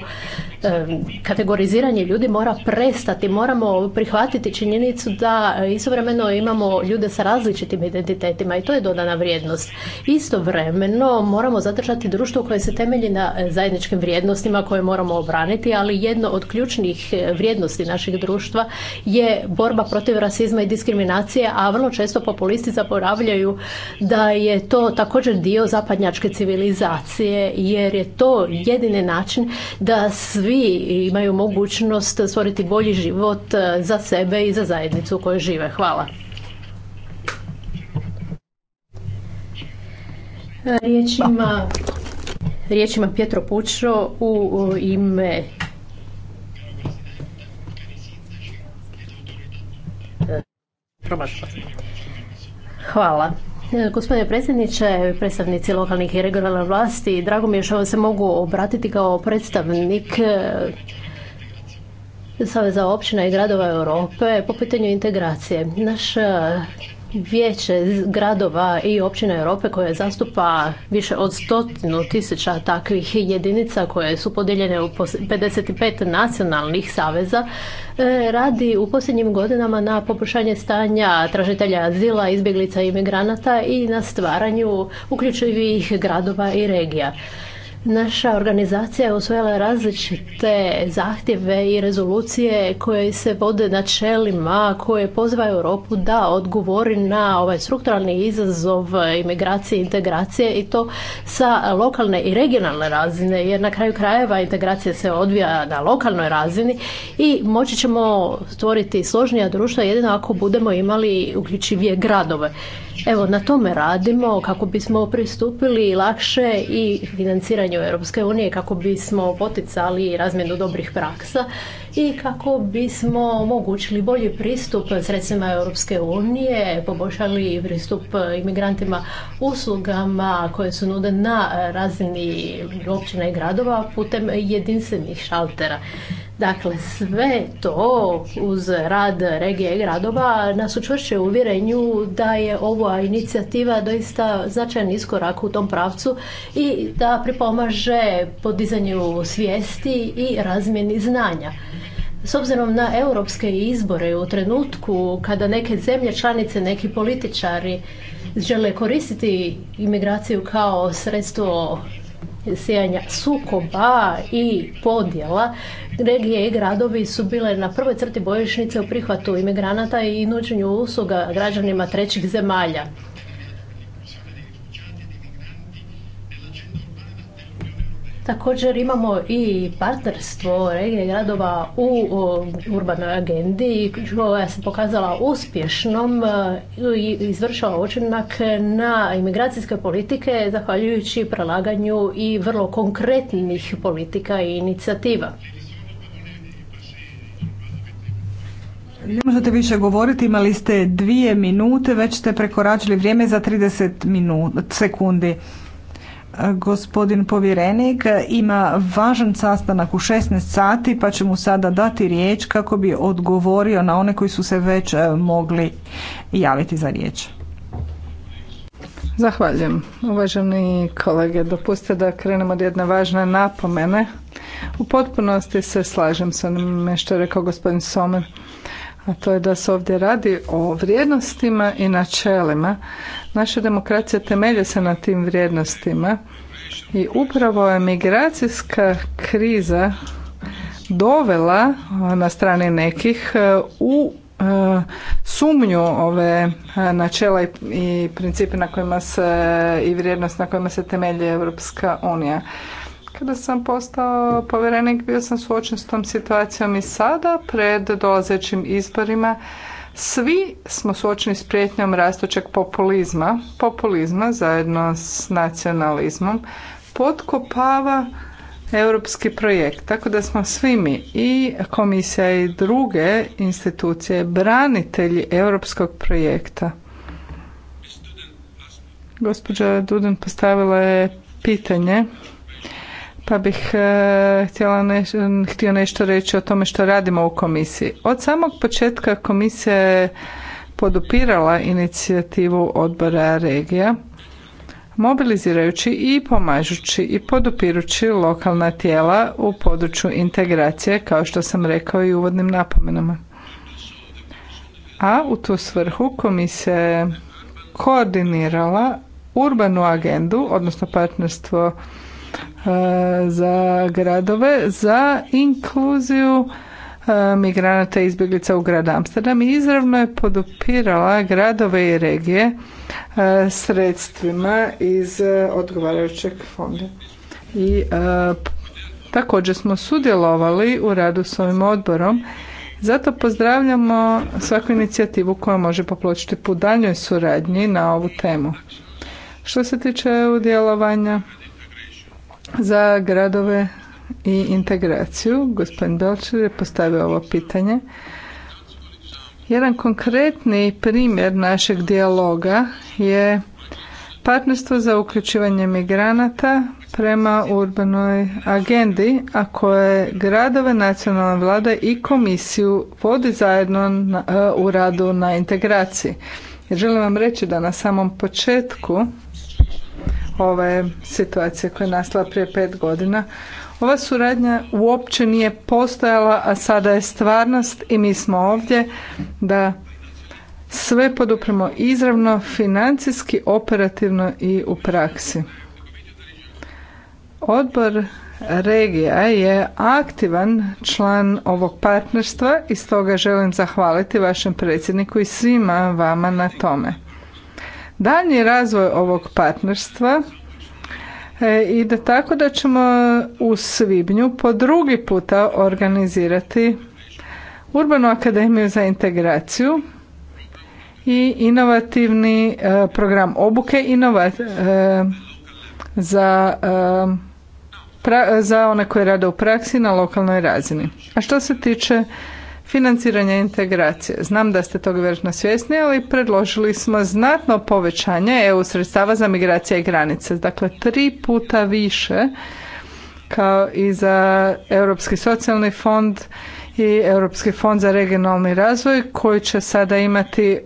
kategoriziranje ljudi mora prestati. Moramo prihvatiti činjenicu da istovremeno imamo ljude sa različitim identitetima i to je dodana vrijednost. Istovremeno moramo zadržati društvo koje se temelji na zajedničkim vrijednostima koje moramo obraniti, ali jedno od ključnih vrijednosti našeg društva je borba protiv rasizma i diskriminacije, a vrlo često populisti zaboravljaju da je to također dio zapadnjačke civilizacije jer je to jedini način da svi imaju mogućnost stvoriti bolji život eh, za sebe i za zajednicu u kojoj žive. Hvala. Riječima, ima Pietro Pučo u ime eh, Hvala. E, gospodine predsjedniče, predstavnici lokalnih i regionalne vlasti, drago mi je što se mogu obratiti kao predstavnik e, Saveza općina i gradova Europe po pitanju integracije. Naš e, vijeće gradova i općine Europe koje zastupa više od stotinu tisuća takvih jedinica koje su podijeljene u 55 nacionalnih saveza e, radi u posljednjim godinama na poboljšanje stanja tražitelja azila, izbjeglica i imigranata i na stvaranju uključivih gradova i regija. Naša organizacija je usvojila različite zahtjeve i rezolucije koje se vode načelima koje pozivaju Europu da odgovori na ovaj strukturalni izazov imigracije i integracije i to sa lokalne i regionalne razine jer na kraju krajeva integracija se odvija na lokalnoj razini i moći ćemo stvoriti složnija društva jedino ako budemo imali uključivije gradove. Evo, na tome radimo kako bismo pristupili lakše i financiranju Europske unije, kako bismo poticali razmjenu dobrih praksa i kako bismo omogućili bolji pristup sredstvima Europske unije, poboljšali pristup imigrantima uslugama koje su nude na razini općina i gradova putem jedinstvenih šaltera. Dakle, sve to uz rad regije i gradova nas učvršuje u uvjerenju da je ova inicijativa doista značajan iskorak u tom pravcu i da pripomaže podizanju svijesti i razmjeni znanja. S obzirom na europske izbore u trenutku kada neke zemlje članice, neki političari žele koristiti imigraciju kao sredstvo sijanja sukoba i podjela, regije i gradovi su bile na prvoj crti bojišnice u prihvatu imigranata i nuđenju usluga građanima trećih zemalja. Također imamo i partnerstvo regije gradova u urbanoj agendi koja se pokazala uspješnom e, i izvršava učinak na imigracijske politike zahvaljujući prelaganju i vrlo konkretnih politika i inicijativa. Ne možete više govoriti, imali ste dvije minute, već ste prekoračili vrijeme za 30 sekundi. Gospodin povjerenik ima važan sastanak u 16 sati pa ćemo mu sada dati riječ kako bi odgovorio na one koji su se već e, mogli javiti za riječ. Zahvaljujem. Uvaženi kolege, dopustite da krenemo od jedne važne napomene. U potpunosti se slažem sa onime što je rekao gospodin Somer a to je da se ovdje radi o vrijednostima i načelima. Naša demokracija temelje se na tim vrijednostima i upravo je migracijska kriza dovela na strani nekih e, u e, sumnju ove e, načela i principe na kojima se i vrijednost na kojima se temelji Europska unija. Kada sam postao povjerenik bio sam suočen s tom situacijom i sada pred dolazećim izborima svi smo suočeni s prijetnjom rastućeg populizma. Populizma zajedno s nacionalizmom potkopava europski projekt. Tako da smo svi mi i komisija i druge institucije branitelji europskog projekta. Gospođa Duden postavila je pitanje pa bih e, htjela htio nešto reći o tome što radimo u komisiji. Od samog početka komisija je podupirala inicijativu odbora regija mobilizirajući i pomažući i podupirući lokalna tijela u području integracije kao što sam rekao i uvodnim napomenama. A u tu svrhu komisija je koordinirala urbanu agendu, odnosno partnerstvo Eh, za gradove za inkluziju eh, migranata i izbjeglica u grad Amsterdam i izravno je podupirala gradove i regije eh, sredstvima iz odgovarajućeg fonda. I također smo sudjelovali u radu s ovim odborom zato pozdravljamo svaku inicijativu koja može popločiti po daljnjoj suradnji na ovu temu. Što se tiče djelovanja za gradove i integraciju. Gospodin Dolčer je postavio ovo pitanje. Jedan konkretni primjer našeg dijaloga je partnerstvo za uključivanje migranata prema urbanoj agendi, a koje gradove, nacionalna vlada i komisiju vodi zajedno u radu na integraciji. želim vam reći da na samom početku ove situacije koja je nastala prije pet godina. Ova suradnja uopće nije postojala, a sada je stvarnost i mi smo ovdje da sve podupremo izravno, financijski, operativno i u praksi. Odbor regija je aktivan član ovog partnerstva i stoga želim zahvaliti vašem predsjedniku i svima vama na tome daljnji razvoj ovog partnerstva ide tako da ćemo u svibnju po drugi puta organizirati Urbanu akademiju za integraciju i inovativni e, program obuke e, za, e, za one koji rade u praksi na lokalnoj razini. A što se tiče financiranja integracije. Znam da ste toga vjerojatno svjesni, ali predložili smo znatno povećanje EU sredstava za migracije i granice. Dakle, tri puta više kao i za Europski socijalni fond i Europski fond za regionalni razvoj koji će sada imati e,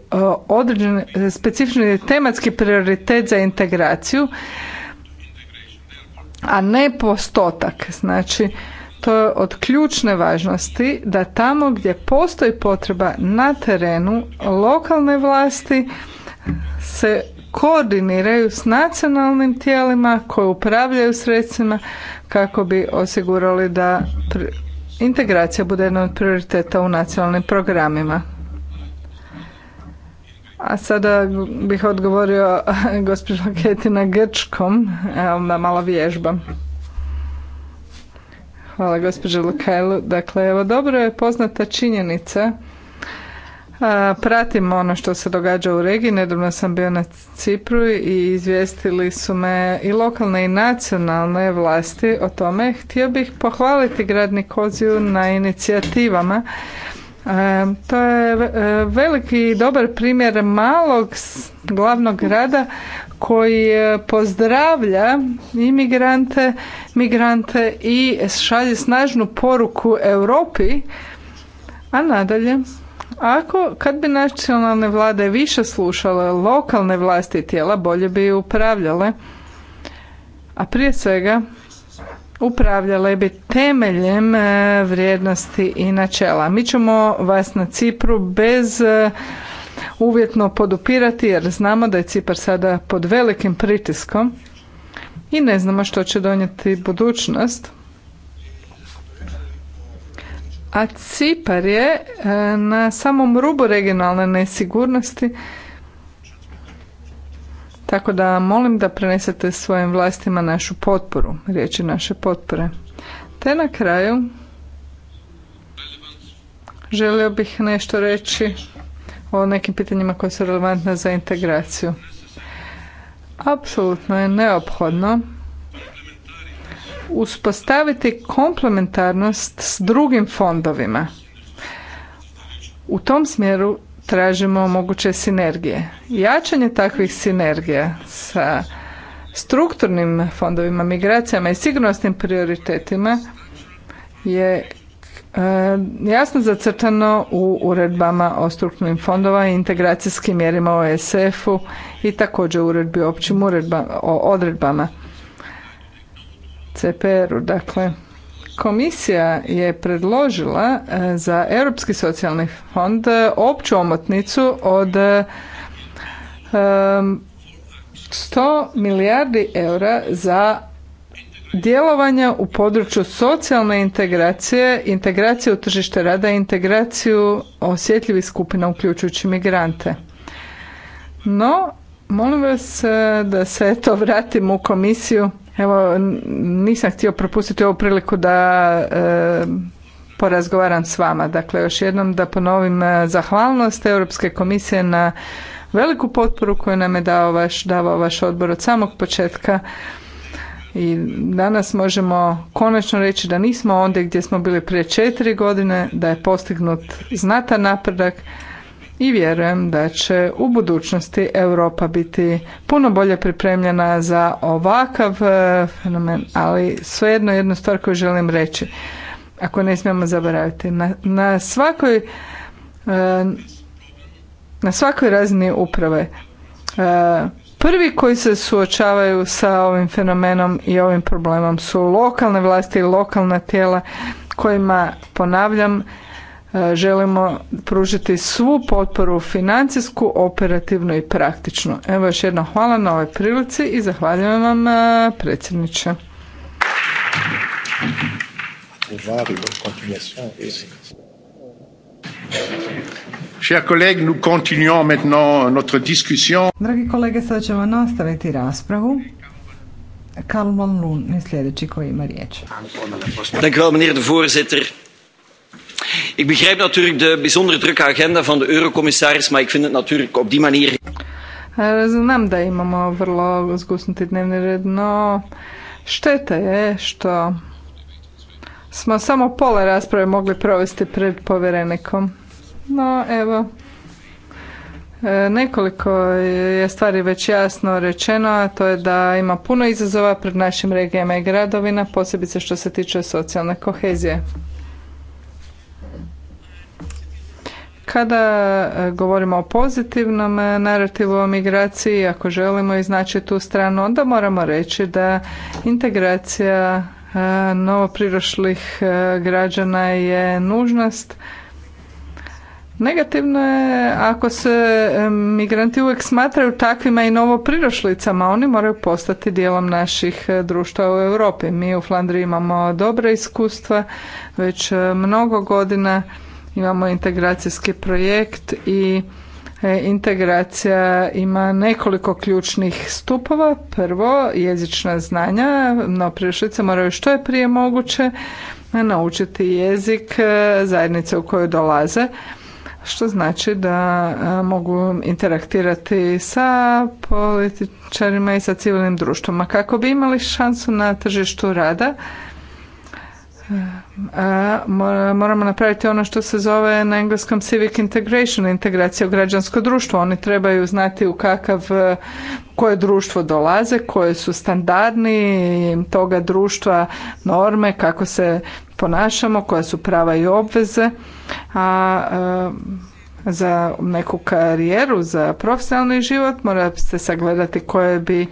određen specifični tematski prioritet za integraciju, a ne postotak. Znači, to je od ključne važnosti da tamo gdje postoji potreba na terenu lokalne vlasti se koordiniraju s nacionalnim tijelima koje upravljaju sredstvima kako bi osigurali da integracija bude jedna od prioriteta u nacionalnim programima. A sada bih odgovorio [LAUGHS] gospođo Keti na grčkom, evo malo vježbam. Hvala gospođo Lukajlu. Dakle, evo dobro je poznata činjenica. A, pratim ono što se događa u regiji. Nedavno sam bio na Cipru i izvijestili su me i lokalne i nacionalne vlasti o tome. Htio bih pohvaliti grad Koziju na inicijativama to je e, veliki i dobar primjer malog glavnog grada koji e, pozdravlja imigrante, migrante i šalje snažnu poruku Europi. A nadalje, ako kad bi nacionalne vlade više slušale lokalne vlasti tijela, bolje bi upravljale. A prije svega upravljale bi temeljem e, vrijednosti i načela. Mi ćemo vas na Cipru bez e, uvjetno podupirati jer znamo da je Cipar sada pod velikim pritiskom i ne znamo što će donijeti budućnost. A Cipar je e, na samom rubu regionalne nesigurnosti tako da molim da prenesete svojim vlastima našu potporu, riječi naše potpore. Te na kraju želio bih nešto reći o nekim pitanjima koja su relevantna za integraciju. Apsolutno je neophodno uspostaviti komplementarnost s drugim fondovima. U tom smjeru tražimo moguće sinergije. Jačanje takvih sinergija sa strukturnim fondovima, migracijama i sigurnosnim prioritetima je e, jasno zacrtano u uredbama o strukturnim fondova i integracijskim mjerima o ESF-u i također uredbi o općim o odredbama CPR-u. Dakle, Komisija je predložila e, za Europski socijalni fond e, opću omotnicu od 100 e, milijardi eura za djelovanje u području socijalne integracije, integracije u tržište rada i integraciju osjetljivih skupina uključujući migrante. No, molim vas da se to vratimo u komisiju Evo, nisam htio propustiti ovu priliku da e, porazgovaram s vama. Dakle, još jednom da ponovim e, zahvalnost Europske komisije na veliku potporu koju nam je dao vaš, davao vaš odbor od samog početka i danas možemo konačno reći da nismo ondje gdje smo bili prije četiri godine, da je postignut znatan napredak i vjerujem da će u budućnosti Europa biti puno bolje pripremljena za ovakav e, fenomen, ali svejedno jednu stvar koju želim reći, ako ne smijemo zaboraviti, na, na svakoj e, na svakoj razini uprave e, prvi koji se suočavaju sa ovim fenomenom i ovim problemom su lokalne vlasti i lokalna tijela kojima ponavljam E, želimo pružiti svu potporu financijsku, operativnu i praktičnu. Evo još jedna hvala na ovoj prilici i zahvaljujem vam e, predsjedniče. Dragi kolege, sad ćemo nastaviti raspravu. Karl von Loon je sljedeći koji ima riječ. Dank u wel, de voorzitter. Ik begrijp natuurlijk de bijzonder drukke agenda van de eurocommissaris, maar ik vind het natuurlijk op die manier... Eh, znam da imamo vrlo zgusnuti dnevni red, no šteta je što smo samo pola rasprave mogli provesti pred povjerenikom. No, evo, eh, Nekoliko je stvari već jasno rečeno, a to je da ima puno izazova pred našim regijama i gradovina, posebice što se tiče socijalne kohezije. Kada e, govorimo o pozitivnom e, narativu o migraciji, ako želimo iznaći tu stranu, onda moramo reći da integracija e, novoprirošlih građana je nužnost. Negativno je ako se migranti uvijek smatraju takvima i novoprirošlicama, oni moraju postati dijelom naših društva u Europi. Mi u Flandriji imamo dobre iskustva već mnogo godina imamo integracijski projekt i e, integracija ima nekoliko ključnih stupova. Prvo, jezična znanja, no priješljice moraju što je prije moguće e, naučiti jezik e, zajednice u kojoj dolaze, što znači da mogu interaktirati sa političarima i sa civilnim društvom. kako bi imali šansu na tržištu rada, a moramo napraviti ono što se zove na engleskom civic integration, integracija u građansko društvo. Oni trebaju znati u kakav, e, koje društvo dolaze, koje su standardni toga društva, norme, kako se ponašamo, koja su prava i obveze. A e, za neku karijeru, za profesionalni život morate sagledati koje bi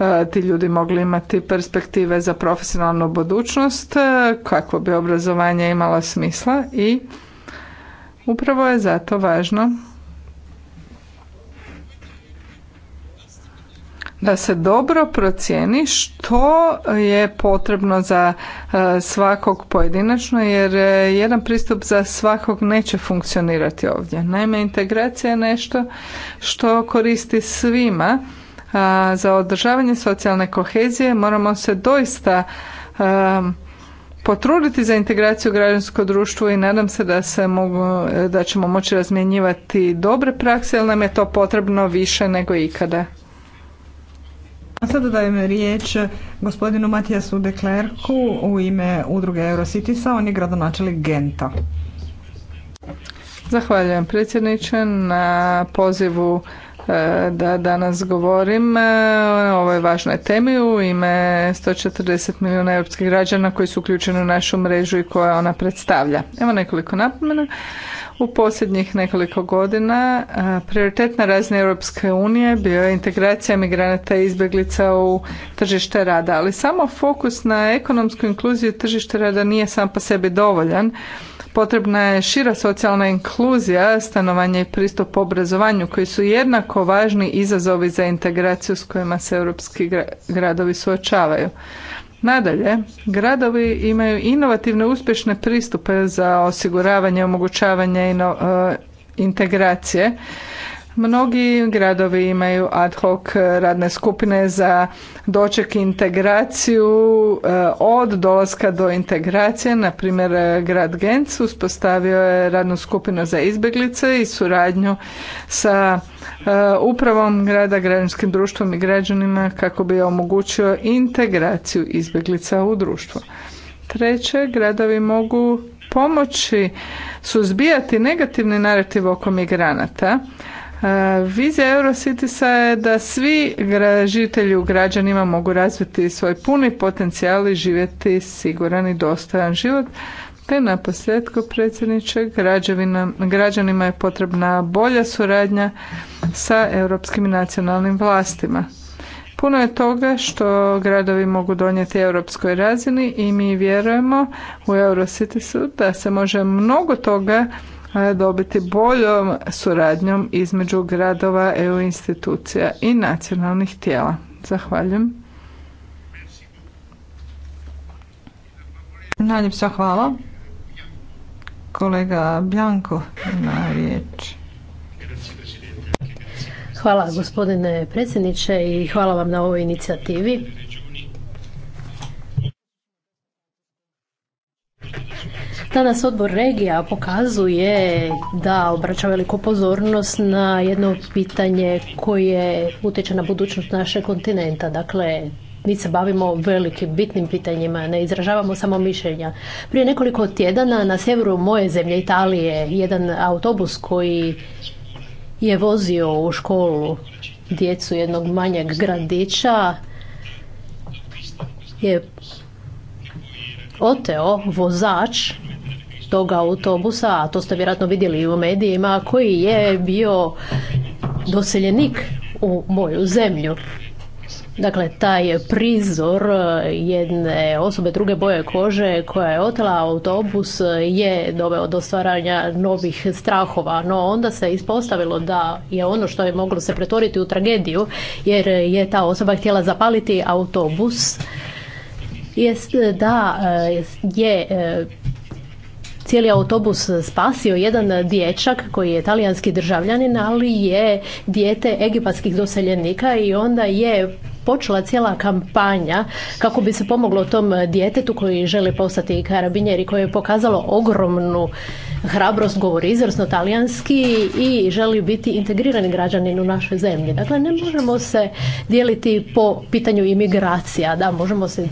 E, ti ljudi mogli imati perspektive za profesionalnu budućnost, e, kako bi obrazovanje imalo smisla i upravo je zato važno da se dobro procijeni što je potrebno za e, svakog pojedinačno jer jedan pristup za svakog neće funkcionirati ovdje. Naime, integracija je nešto što koristi svima a, za održavanje socijalne kohezije moramo se doista a, potruditi za integraciju građansko društvo i nadam se da se mogu, da ćemo moći razmjenjivati dobre prakse, jer nam je to potrebno više nego ikada. A sada dajem riječ gospodinu Matijasu Klerku u ime udruge Eurocitisa, on je gradonačelnik Genta. Zahvaljujem predsjedniče na pozivu E, da danas govorim o e, ovoj važnoj temi u ime 140 milijuna europskih građana koji su uključeni u našu mrežu i koja ona predstavlja. Evo nekoliko napomena. U posljednjih nekoliko godina e, prioritet na razne Europske unije bio je integracija migranata i izbjeglica u tržište rada, ali samo fokus na ekonomsku inkluziju tržište rada nije sam po sebi dovoljan Potrebna je šira socijalna inkluzija, stanovanje i pristup obrazovanju koji su jednako važni izazovi za integraciju s kojima se europski gradovi suočavaju. Nadalje, gradovi imaju inovativne uspješne pristupe za osiguravanje i omogućavanje eh, integracije Mnogi gradovi imaju ad hoc radne skupine za doček integraciju eh, od dolaska do integracije. Na primjer, grad Genc uspostavio je radnu skupinu za izbjeglice i suradnju sa eh, upravom grada, građanskim društvom i građanima kako bi omogućio integraciju izbjeglica u društvo. Treće, gradovi mogu pomoći suzbijati negativni narativ oko migranata Vizija Eurocitisa je da svi žitelji u građanima mogu razviti svoj puni potencijal i živjeti siguran i dostojan život. Te na posljedku predsjedniče građanima je potrebna bolja suradnja sa europskim nacionalnim vlastima. Puno je toga što gradovi mogu donijeti europskoj razini i mi vjerujemo u Eurocitisu da se može mnogo toga dobiti boljom suradnjom između gradova, EU institucija i nacionalnih tijela. Zahvaljujem. Najljepša hvala. Kolega Bjanko na riječ. Hvala gospodine predsjedniče i hvala vam na ovoj inicijativi. Danas odbor regija pokazuje da obraća veliku pozornost na jedno pitanje koje utječe na budućnost našeg kontinenta. Dakle, mi se bavimo velikim, bitnim pitanjima, ne izražavamo samo mišljenja. Prije nekoliko tjedana na sjeveru moje zemlje Italije jedan autobus koji je vozio u školu djecu jednog manjeg gradića je oteo vozač toga autobusa, a to ste vjerojatno vidjeli i u medijima, koji je bio doseljenik u moju zemlju. Dakle, taj prizor jedne osobe druge boje kože koja je otela autobus je doveo do stvaranja novih strahova, no onda se ispostavilo da je ono što je moglo se pretvoriti u tragediju, jer je ta osoba htjela zapaliti autobus, jest da e, je e, cijeli autobus spasio jedan dječak koji je talijanski državljanin, ali je dijete egipatskih doseljenika i onda je počela cijela kampanja kako bi se pomoglo tom djetetu koji želi postati karabinjer i koje je pokazalo ogromnu hrabrost, govori izvrsno talijanski i želi biti integrirani građanin u našoj zemlji. Dakle, ne možemo se dijeliti po pitanju imigracija, da, možemo se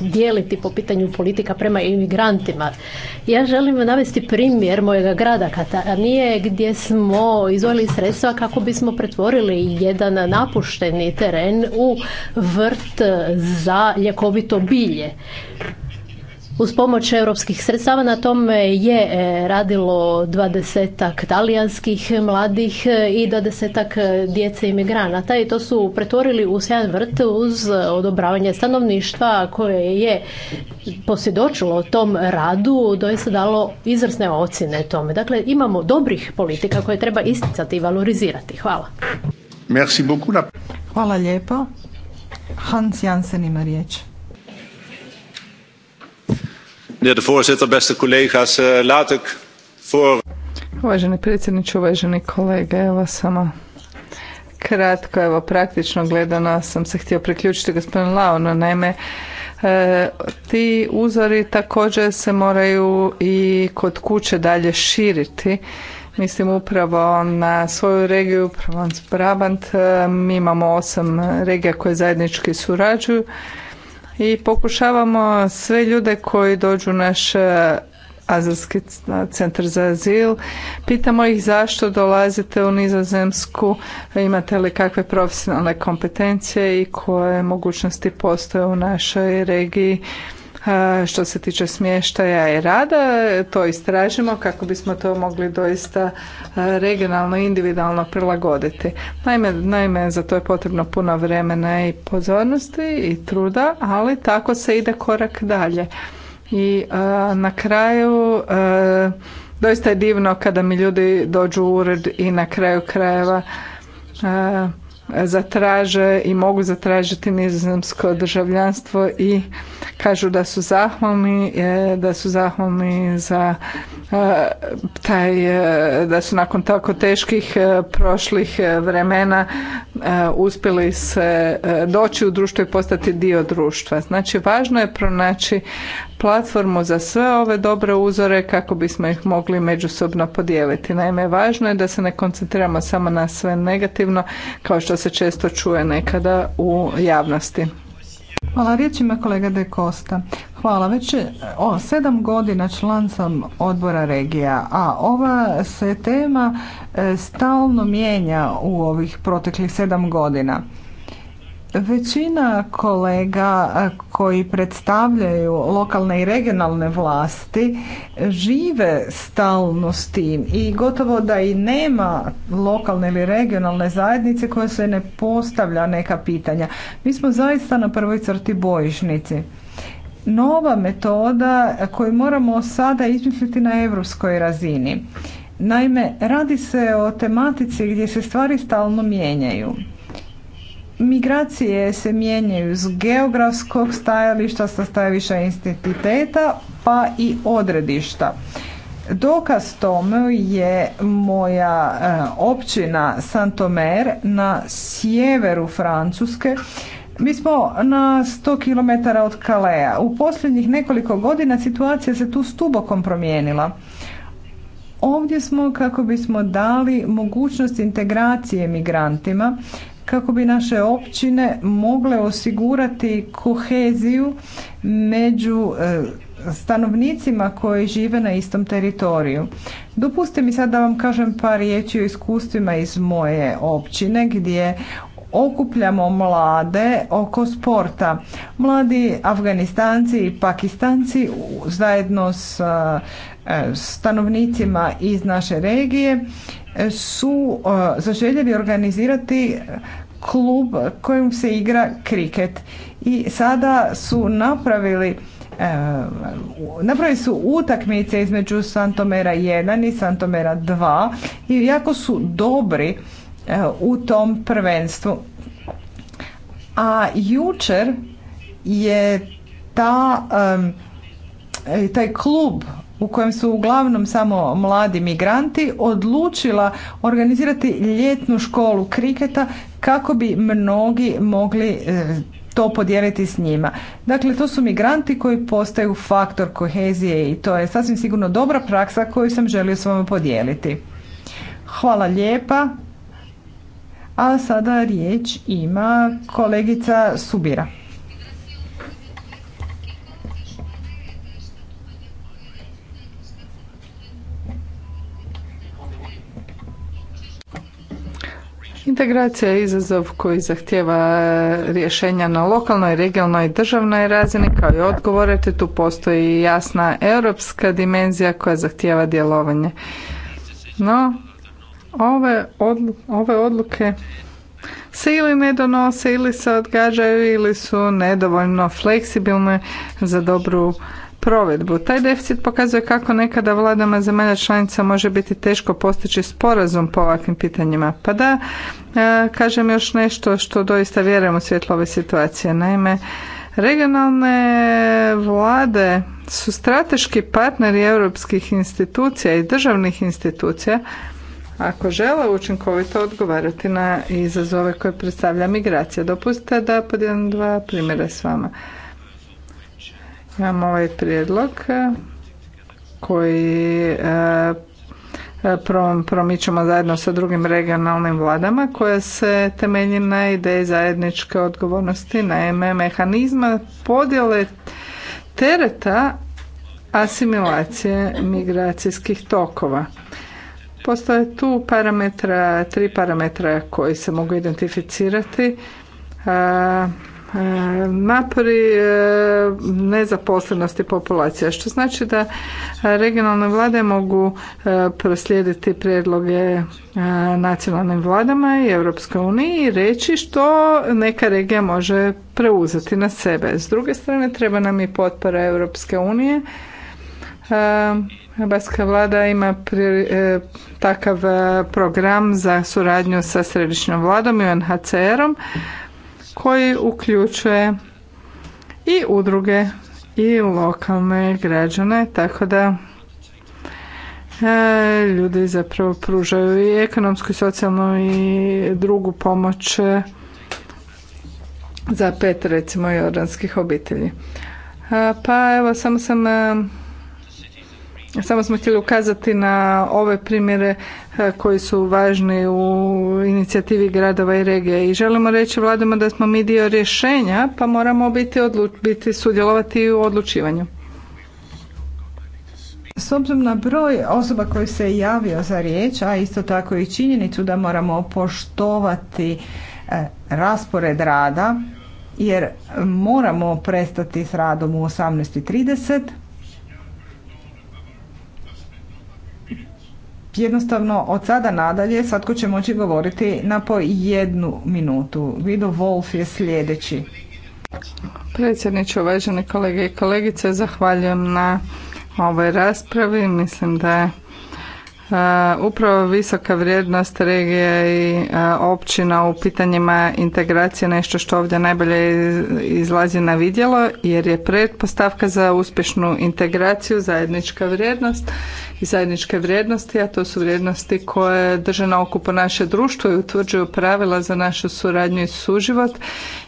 dijeliti po pitanju politika prema imigrantima. Ja želim navesti primjer mojega grada Katanije gdje smo izvojili sredstva kako bismo pretvorili jedan napušteni teren u vrt za ljekovito bilje uz pomoć europskih sredstava na tome je e, radilo dvadesetak talijanskih mladih e, i dvadesetak e, djece imigranata i to su pretvorili u sjajan vrt uz odobravanje stanovništva koje je posjedočilo tom radu, doista dalo izvrsne ocjene tome. Dakle, imamo dobrih politika koje treba isticati i valorizirati. Hvala. Hvala lijepo. Hans Jansen ima riječ. Eh, uvaženi predsjedniče uvaženi kolege evo samo kratko evo praktično gledano sam se htio priključiti gospodinu Launo, naime eh, ti uzori također se moraju i kod kuće dalje širiti. Mislim upravo na svoju regiju Provence Brabant. Eh, mi imamo osam regija koje zajednički surađuju i pokušavamo sve ljude koji dođu u naš e, Azilski centar za azil. Pitamo ih zašto dolazite u Nizozemsku, imate li kakve profesionalne kompetencije i koje mogućnosti postoje u našoj regiji što se tiče smještaja i rada. To istražimo kako bismo to mogli doista regionalno, individualno prilagoditi. Naime, naime, za to je potrebno puno vremena i pozornosti i truda, ali tako se ide korak dalje. I na kraju doista je divno kada mi ljudi dođu u ured i na kraju krajeva zatraže i mogu zatražiti nizozemsko državljanstvo i kažu da su zahvalni, e, da su zahvalni za e, taj, e, da su nakon tako teških prošlih vremena uspjeli se doći u društvo i postati dio društva. Znači važno je pronaći platformu za sve ove dobre uzore kako bismo ih mogli međusobno podijeliti. Naime, važno je da se ne koncentriramo samo na sve negativno kao što se često čuje nekada u javnosti. Hvala, riječ kolega De Costa. Hvala, već o, sedam godina član sam odbora regija, a ova se tema e, stalno mijenja u ovih proteklih sedam godina. Većina kolega koji predstavljaju lokalne i regionalne vlasti žive stalno s tim i gotovo da i nema lokalne ili regionalne zajednice koja se ne postavlja neka pitanja. Mi smo zaista na prvoj crti bojišnici. Nova metoda koju moramo sada izmisliti na europskoj razini. Naime, radi se o tematici gdje se stvari stalno mijenjaju Migracije se mijenjaju s geografskog stajališta, sa stajališta instituteta, pa i odredišta. Dokaz tome je moja eh, općina Santomer na sjeveru Francuske. Mi smo na 100 km od Kalea. U posljednjih nekoliko godina situacija se tu stubokom promijenila. Ovdje smo kako bismo dali mogućnost integracije migrantima kako bi naše općine mogle osigurati koheziju među e, stanovnicima koji žive na istom teritoriju. Dopustite mi sad da vam kažem par riječi o iskustvima iz moje općine gdje okupljamo mlade oko sporta. Mladi Afganistanci i Pakistanci zajedno s e, stanovnicima iz naše regije su e, zaželjeli organizirati klub kojim se igra kriket i sada su napravili e, napravili su utakmice između Santomera 1 i Santomera 2 i jako su dobri e, u tom prvenstvu. A jučer je ta, taj klub u kojem su uglavnom samo mladi migranti odlučila organizirati ljetnu školu kriketa kako bi mnogi mogli e, to podijeliti s njima. Dakle, to su migranti koji postaju faktor kohezije i to je sasvim sigurno dobra praksa koju sam želio s vama podijeliti. Hvala lijepa. A sada riječ ima kolegica Subira. Integracija je izazov koji zahtjeva rješenja na lokalnoj, regionalnoj i državnoj razini kao i odgovore, te tu postoji jasna europska dimenzija koja zahtjeva djelovanje. No, ove, ove odluke se ili ne donose ili se odgađaju ili su nedovoljno fleksibilne za dobru provedbu. Taj deficit pokazuje kako nekada vladama zemalja članica može biti teško postići sporazum po ovakvim pitanjima. Pa da, e, kažem još nešto što doista vjerujem u svjetlo ove situacije. Naime, regionalne vlade su strateški partneri europskih institucija i državnih institucija ako žele učinkovito odgovarati na izazove koje predstavlja migracija. Dopustite da podijem dva primjera s vama. Imamo ovaj prijedlog koji e, e, promičemo zajedno sa drugim regionalnim vladama koja se temelji na ideji zajedničke odgovornosti, naime mehanizma podjele tereta asimilacije migracijskih tokova. Postoje tu parametra, tri parametra koji se mogu identificirati. E, E, napori e, nezaposlenosti populacija, što znači da e, regionalne vlade mogu proslijediti prijedloge nacionalnim vladama i Europskoj uniji i reći što neka regija može preuzeti na sebe. S druge strane, treba nam i potpora Europske unije. Baska vlada ima takav program za suradnju sa središnjom vladom i UNHCR-om, koji uključuje i udruge i lokalne građane, tako da e, ljudi zapravo pružaju i ekonomsku, i socijalnu i drugu pomoć e, za pet recimo jordanskih obitelji. E, pa evo, samo sam samo smo htjeli ukazati na ove primjere e, koji su važni u inicijativi gradova i regije i želimo reći vladama da smo mi dio rješenja pa moramo biti, biti sudjelovati u odlučivanju. S obzirom na broj osoba koji se javio za riječ, a isto tako i činjenicu da moramo poštovati e, raspored rada, jer moramo prestati s radom u 18.30 jednostavno od sada nadalje svatko će moći govoriti na po jednu minutu. Vido Wolf je sljedeći. Predsjedniče, uvaženi kolege i kolegice, zahvaljujem na ovoj raspravi. Mislim da je E, upravo visoka vrijednost regije i e, općina u pitanjima integracije nešto što ovdje najbolje izlazi na vidjelo jer je pretpostavka za uspješnu integraciju zajednička vrijednost i zajedničke vrijednosti, a to su vrijednosti koje drže na okupu naše društvo i utvrđuju pravila za našu suradnju i suživot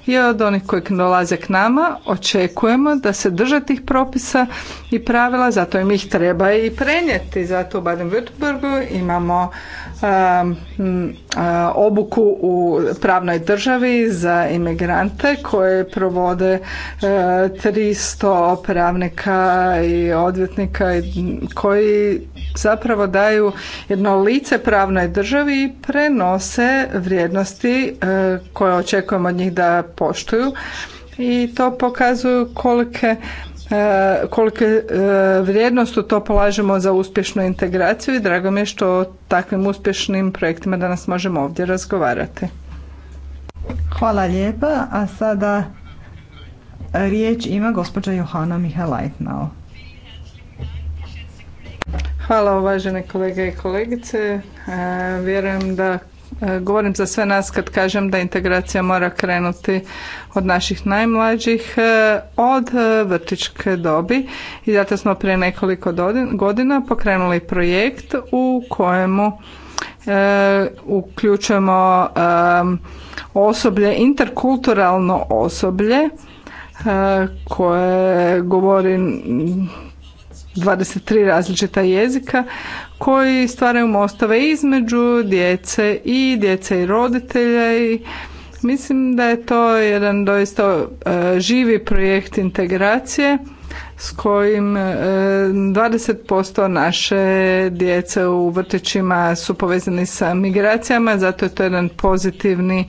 i od onih koji dolaze k nama očekujemo da se drže tih propisa i pravila, zato im ih treba i prenijeti, zato u baden Luksemburgu, imamo um, obuku u pravnoj državi za imigrante koje provode 300 e, pravnika i odvjetnika koji zapravo daju jedno lice pravnoj državi i prenose vrijednosti e, koje očekujemo od njih da poštuju i to pokazuju kolike E, kolike e, vrijednost u to polažemo za uspješnu integraciju i drago mi je što o takvim uspješnim projektima danas možemo ovdje razgovarati. Hvala lijepa, a sada riječ ima gospođa Johana Mihalajtnao. Hvala uvažene kolege i kolegice. E, vjerujem da E, govorim za sve nas kad kažem da integracija mora krenuti od naših najmlađih e, od e, vrtičke dobi i zato smo prije nekoliko godina pokrenuli projekt u kojemu e, uključujemo osoblje, interkulturalno osoblje koje govori 23 različita jezika koji stvaraju mostove između djece i djece i roditelja i mislim da je to jedan doista e, živi projekt integracije s kojim 20% e, naše djece u vrtićima su povezani sa migracijama, zato je to jedan pozitivni e,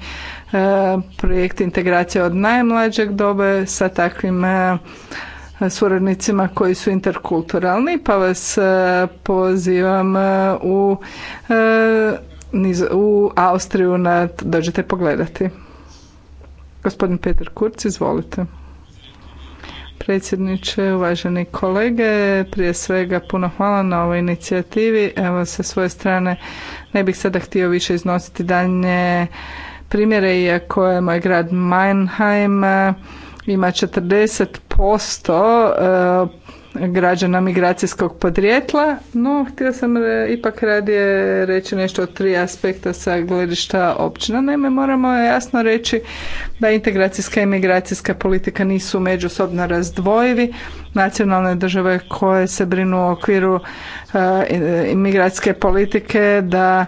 projekt integracije od najmlađeg dobe sa takvim suradnicima koji su interkulturalni, pa vas e, pozivam e, u, e, u Austriju na dođete pogledati. Gospodin Petar Kurc, izvolite. Predsjedniče, uvaženi kolege, prije svega puno hvala na ovoj inicijativi. Evo sa svoje strane ne bih sada htio više iznositi daljnje primjere, iako je moj grad Meinheim ima 40% eh, građana migracijskog podrijetla, no htio sam eh, ipak radije reći nešto o tri aspekta sa gledišta općina. Naime, moramo jasno reći da integracijska i migracijska politika nisu međusobno razdvojivi. Nacionalne države koje se brinu u okviru eh, imigracijske politike da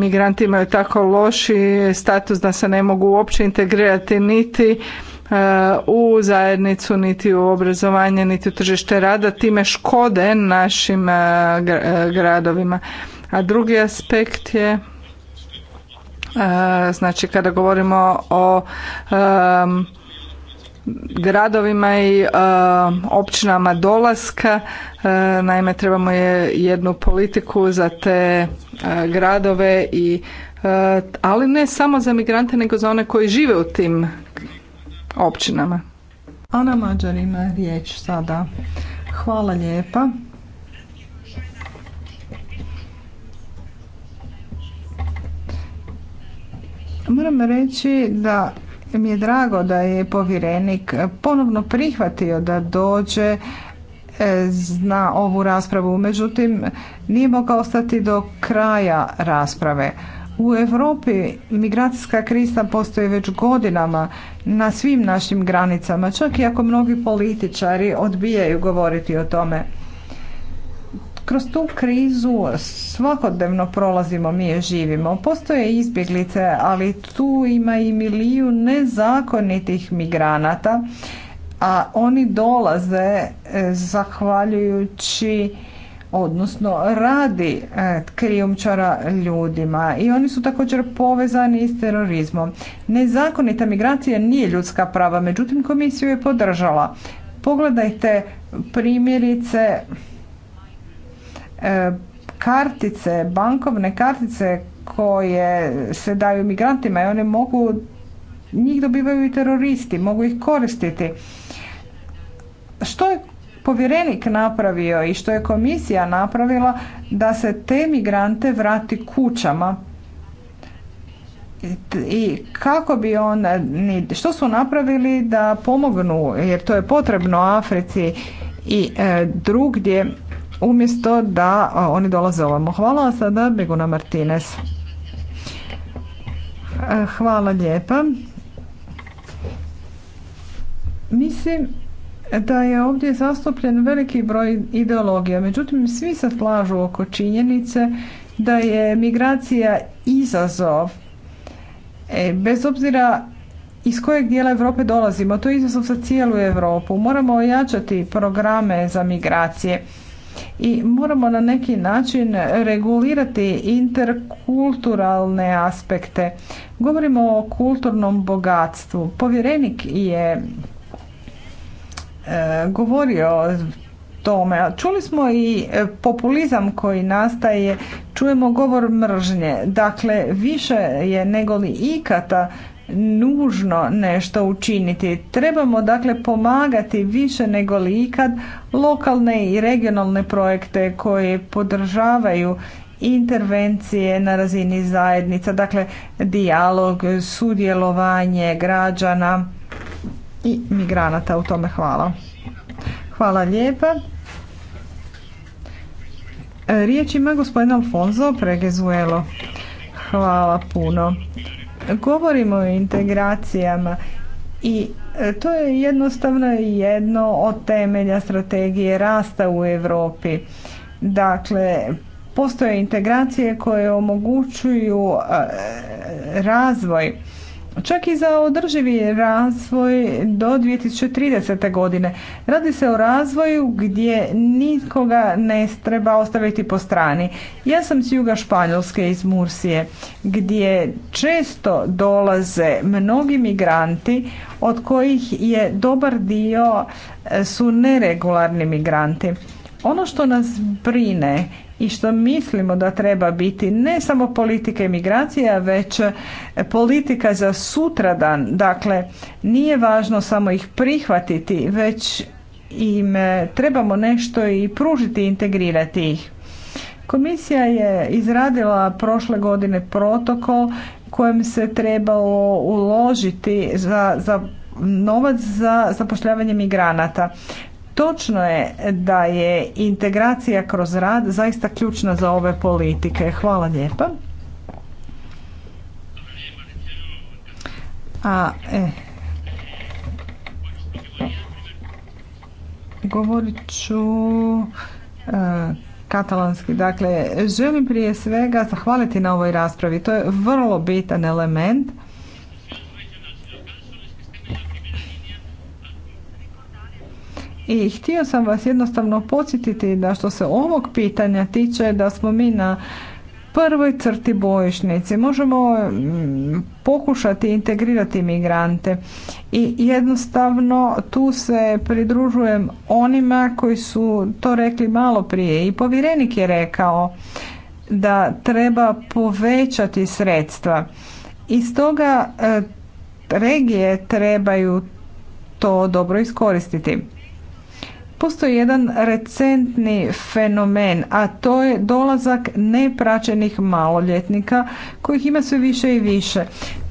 migranti imaju tako loši status da se ne mogu uopće integrirati niti E, u zajednicu, niti u obrazovanje, niti u tržište rada, time škode našim e, e, gradovima. A drugi aspekt je znači kada govorimo o gradovima i općinama dolaska naime trebamo je jednu politiku za te gradove i ali ne samo za migrante nego za one koji žive u tim općinama. Ana Mađar ima riječ sada. Hvala lijepa. Moram reći da mi je drago da je povjerenik ponovno prihvatio da dođe e, na ovu raspravu. Međutim, nije mogao ostati do kraja rasprave. U Europi migracijska kriza postoji već godinama na svim našim granicama, čak i ako mnogi političari odbijaju govoriti o tome. Kroz tu krizu svakodnevno prolazimo, mi je živimo. Postoje izbjeglice, ali tu ima i miliju nezakonitih migranata, a oni dolaze eh, zahvaljujući odnosno radi e, krijumčara ljudima i oni su također povezani s terorizmom. Nezakonita migracija nije ljudska prava, međutim komisiju je podržala. Pogledajte primjerice e, kartice, bankovne kartice koje se daju migrantima i one mogu, njih dobivaju i teroristi, mogu ih koristiti. Što je povjerenik napravio i što je komisija napravila da se te migrante vrati kućama i kako bi on, što su napravili da pomognu, jer to je potrebno Africi i e, drugdje, umjesto da oni dolaze ovamo. Hvala, vam sada Beguna Martinez. E, hvala lijepa. Mislim da je ovdje zastupljen veliki broj ideologija. Međutim, svi se slažu oko činjenice da je migracija izazov. E, bez obzira iz kojeg dijela Europe dolazimo, to je izazov za cijelu Europu. Moramo ojačati programe za migracije i moramo na neki način regulirati interkulturalne aspekte. Govorimo o kulturnom bogatstvu. Povjerenik je E, govorio o tome. čuli smo i e, populizam koji nastaje, čujemo govor mržnje. Dakle, više je nego li ikada nužno nešto učiniti. Trebamo dakle pomagati više nego li ikad lokalne i regionalne projekte koje podržavaju intervencije na razini zajednica, dakle dijalog, sudjelovanje građana i migranata u tome. Hvala. Hvala lijepa. E, riječ ima gospodin Alfonso Pregezuelo. Hvala puno. Govorimo o integracijama i e, to je jednostavno jedno od temelja strategije rasta u Europi. Dakle, postoje integracije koje omogućuju e, razvoj čak i za održivi razvoj do 2030. godine. Radi se o razvoju gdje nikoga ne treba ostaviti po strani. Ja sam s juga Španjolske iz Mursije gdje često dolaze mnogi migranti od kojih je dobar dio e, su neregularni migranti. Ono što nas brine i što mislimo da treba biti ne samo politika imigracija, već politika za sutradan. Dakle, nije važno samo ih prihvatiti, već im e, trebamo nešto i pružiti i integrirati ih. Komisija je izradila prošle godine protokol kojem se trebalo uložiti za, za novac za zapošljavanje migranata. Točno je da je integracija kroz rad zaista ključna za ove politike. Hvala lijepa. A, e. govorit ću e, katalanski. Dakle, želim prije svega zahvaliti na ovoj raspravi. To je vrlo bitan element I htio sam vas jednostavno podsjetiti da što se ovog pitanja tiče da smo mi na prvoj crti bojišnice. Možemo mm, pokušati integrirati migrante i jednostavno tu se pridružujem onima koji su to rekli malo prije i povjerenik je rekao da treba povećati sredstva. I stoga e, regije trebaju to dobro iskoristiti. Postoji jedan recentni fenomen, a to je dolazak nepraćenih maloljetnika kojih ima sve više i više.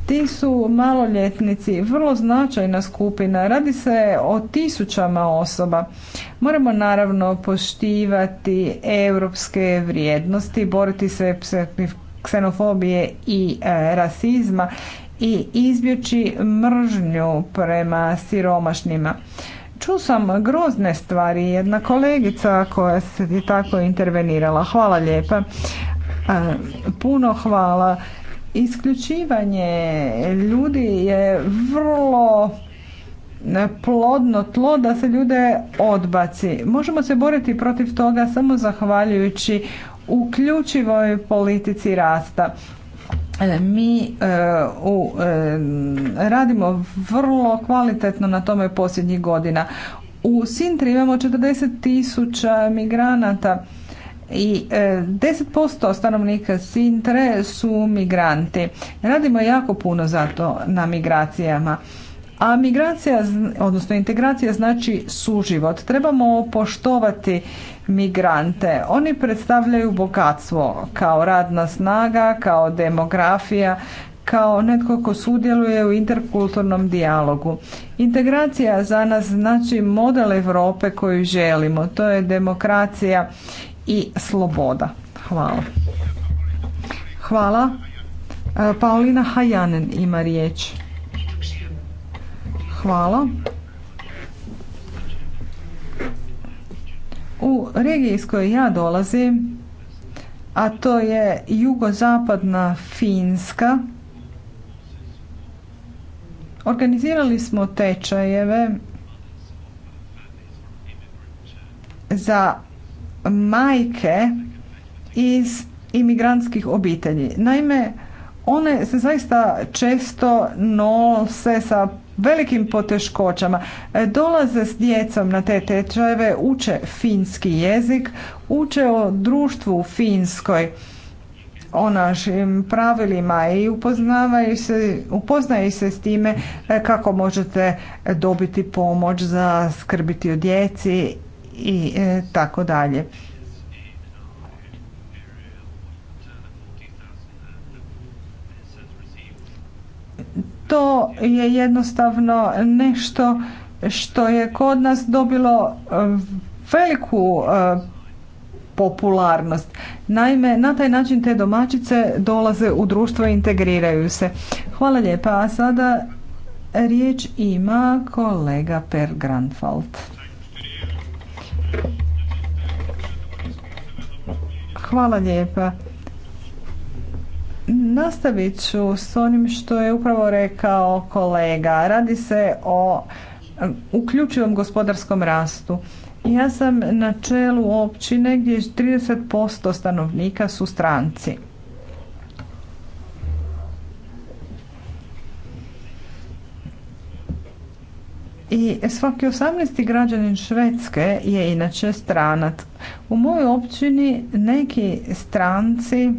Ti su maloljetnici vrlo značajna skupina, radi se o tisućama osoba. Moramo naravno poštivati europske vrijednosti, boriti se ksenofobije i e, rasizma i izbjeći mržnju prema siromašnima. Čuo sam grozne stvari, jedna kolegica koja se tako intervenirala. Hvala lijepa. E, puno hvala. Isključivanje ljudi je vrlo plodno tlo da se ljude odbaci. Možemo se boriti protiv toga samo zahvaljujući uključivoj politici rasta. E, mi e, u, e, radimo vrlo kvalitetno na tome posljednjih godina. U Sintri imamo 40 tisuća migranata i 10% stanovnika Sintre su migranti. Radimo jako puno zato na migracijama. A migracija, odnosno integracija znači suživot. Trebamo poštovati migrante. Oni predstavljaju bogatstvo kao radna snaga, kao demografija, kao netko ko sudjeluje u interkulturnom dijalogu. Integracija za nas znači model Europe koju želimo. To je demokracija i sloboda. Hvala. Hvala. E, Paulina Hajanen ima riječ. Hvala. U regiji iz koje ja dolazim, a to je jugozapadna Finska, organizirali smo tečajeve za majke iz imigrantskih obitelji. Naime, one se zaista često nose sa velikim poteškoćama. E, dolaze s djecom na te tečajeve, uče finski jezik, uče o društvu u Finskoj o našim pravilima i upoznavaju se, upoznaju se s time e, kako možete dobiti pomoć za skrbiti o djeci i e, tako dalje. To je jednostavno nešto što je kod nas dobilo e, veliku e, popularnost. Naime, na taj način te domaćice dolaze u društvo i integriraju se. Hvala lijepa. A sada riječ ima kolega Per Grandfalt. Hvala lijepa. Nastavit ću s onim što je upravo rekao kolega. Radi se o um, uključivom gospodarskom rastu. Ja sam na čelu općine gdje 30% stanovnika su stranci. I svaki 18. građanin Švedske je inače stranac. U mojoj općini neki stranci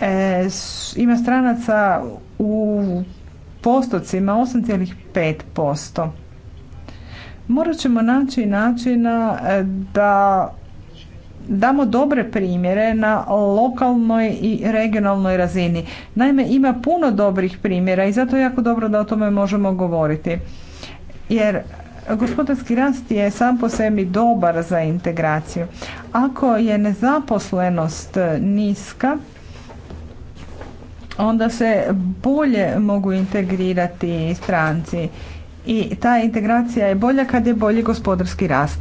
E, ima stranaca u postocima 8,5%. Morat ćemo naći načina e, da damo dobre primjere na lokalnoj i regionalnoj razini. Naime, ima puno dobrih primjera i zato je jako dobro da o tome možemo govoriti. Jer gospodarski rast je sam po sebi dobar za integraciju. Ako je nezaposlenost niska, onda se bolje mogu integrirati stranci i ta integracija je bolja kad je bolji gospodarski rast.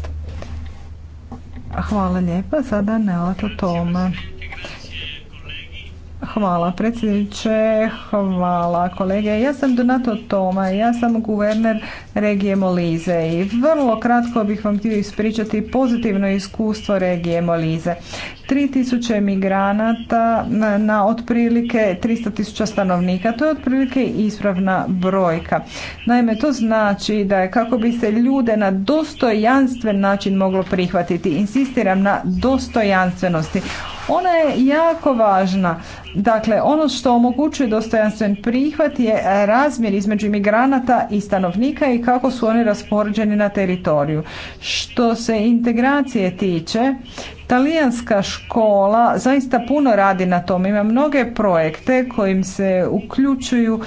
Hvala lijepa, sada Nela Toma. Hvala predsjedniče, hvala kolege. Ja sam Donato Toma, ja sam guverner regije Molize i vrlo kratko bih vam htio ispričati pozitivno iskustvo regije Molize. 3000 migranata na, na otprilike 300.000 tisuća stanovnika. To je otprilike ispravna brojka. Naime, to znači da je kako bi se ljude na dostojanstven način moglo prihvatiti. Insistiram na dostojanstvenosti. Ona je jako važna. Dakle, ono što omogućuje dostojanstven prihvat je razmjer između imigranata i stanovnika i kako su oni raspoređeni na teritoriju. Što se integracije tiče, Talijanska škola zaista puno radi na tom. Ima mnoge projekte kojim se uključuju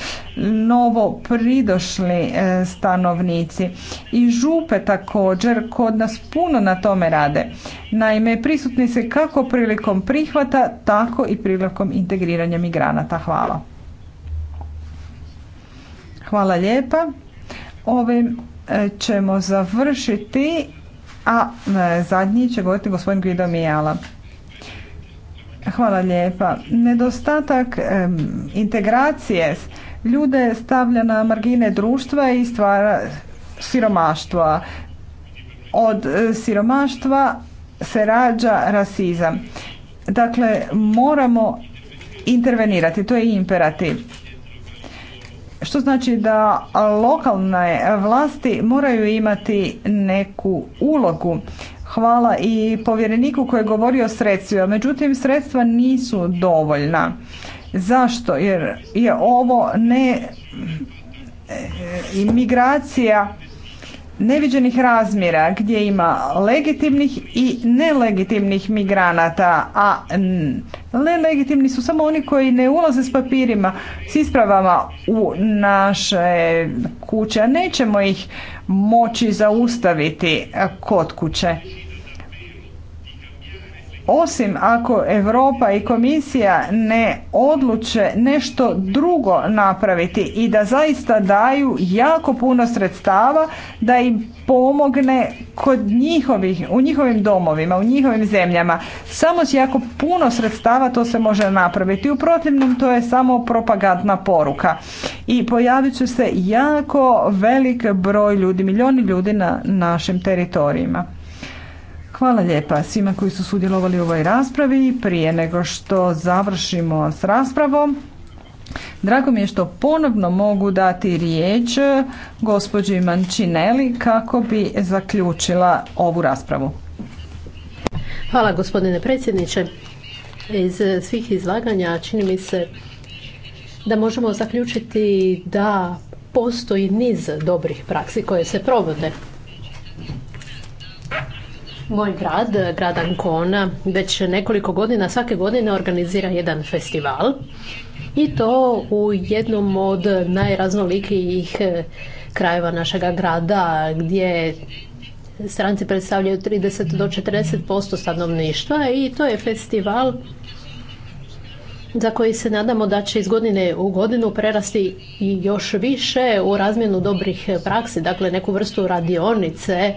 novo pridošli e, stanovnici. I župe također kod nas puno na tome rade. Naime, prisutni se kako prilikom prihvata, tako i prilikom integriranja migranata. Hvala. Hvala lijepa. Ovim e, ćemo završiti a e, zadnji će govoriti gospodin Guido Mijala. Hvala lijepa. Nedostatak integracije ljude stavlja na margine društva i stvara siromaštva. Od e, siromaštva se rađa rasizam. Dakle, moramo intervenirati, to je imperativ što znači da lokalne vlasti moraju imati neku ulogu. Hvala i povjereniku koji je govorio o sredstvima, međutim sredstva nisu dovoljna. Zašto? Jer je ovo ne e, e, imigracija neviđenih razmjera gdje ima legitimnih i nelegitimnih migranata, a nelegitimni su samo oni koji ne ulaze s papirima, s ispravama u naše kuće, a nećemo ih moći zaustaviti kod kuće osim ako Europa i komisija ne odluče nešto drugo napraviti i da zaista daju jako puno sredstava da im pomogne kod njihovih, u njihovim domovima, u njihovim zemljama. Samo s jako puno sredstava to se može napraviti. U protivnom to je samo propagandna poruka. I pojavit će se jako velik broj ljudi, milijoni ljudi na našim teritorijima. Hvala lijepa svima koji su sudjelovali u ovoj raspravi. Prije nego što završimo s raspravom, Drago mi je što ponovno mogu dati riječ gospođi Mančineli kako bi zaključila ovu raspravu. Hvala gospodine predsjedniče. Iz svih izlaganja čini mi se da možemo zaključiti da postoji niz dobrih praksi koje se provode moj grad, grad Ancona, već nekoliko godina, svake godine organizira jedan festival i to u jednom od najraznolikijih eh, krajeva našega grada gdje stranci predstavljaju 30 do 40% stanovništva i to je festival za koji se nadamo da će iz godine u godinu prerasti još više u razmjenu dobrih praksi, dakle neku vrstu radionice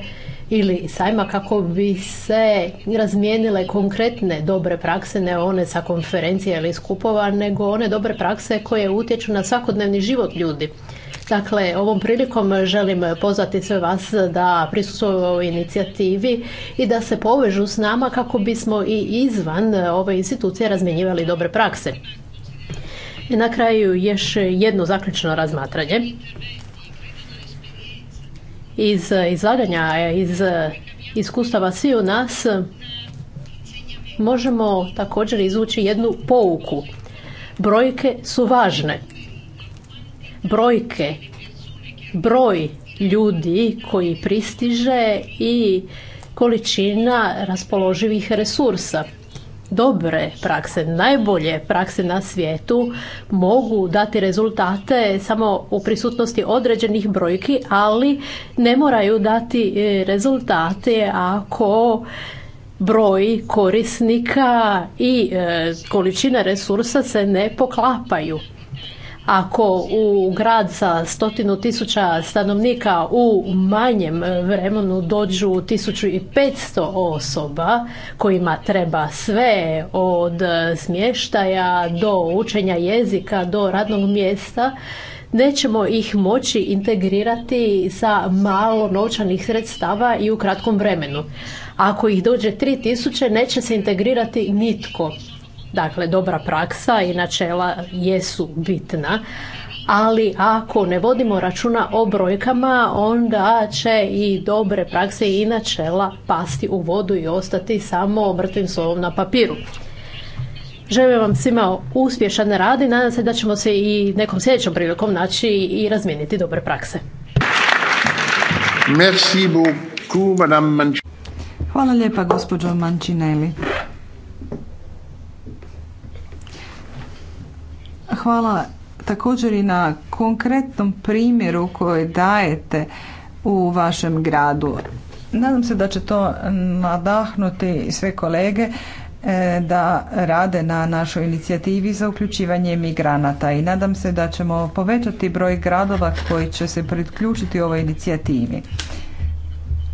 ili sajma kako bi se razmijenile konkretne dobre prakse, ne one sa konferencija ili skupova, nego one dobre prakse koje utječu na svakodnevni život ljudi. Dakle, ovom prilikom želim pozvati sve vas da prisustvuju ovoj inicijativi i da se povežu s nama kako bismo i izvan ove institucije razmjenjivali dobre prakse. I na kraju još jedno zaključno razmatranje iz eh, izlaganja, eh, iz eh, iskustava svi u nas možemo također izvući jednu pouku. Brojke su važne. Brojke, broj ljudi koji pristiže i količina raspoloživih resursa dobre prakse, najbolje prakse na svijetu mogu dati rezultate samo u prisutnosti određenih brojki, ali ne moraju dati e, rezultate ako broj korisnika i e, količina resursa se ne poklapaju. Ako u grad sa stotinu tisuća stanovnika u manjem vremenu dođu 1500 osoba kojima treba sve od smještaja do učenja jezika do radnog mjesta, nećemo ih moći integrirati sa malo novčanih sredstava i u kratkom vremenu. Ako ih dođe 3000 neće se integrirati nitko. Dakle, dobra praksa i načela jesu bitna, ali ako ne vodimo računa o brojkama, onda će i dobre prakse i načela pasti u vodu i ostati samo mrtvim slovom na papiru. Želim vam svima uspješan rad i nadam se da ćemo se i nekom sljedećom prilikom naći i razmijeniti dobre prakse. Hvala lijepa gospođo Hvala također i na konkretnom primjeru koji dajete u vašem gradu. Nadam se da će to nadahnuti sve kolege e, da rade na našoj inicijativi za uključivanje migranata i nadam se da ćemo povećati broj gradova koji će se priključiti ovoj inicijativi.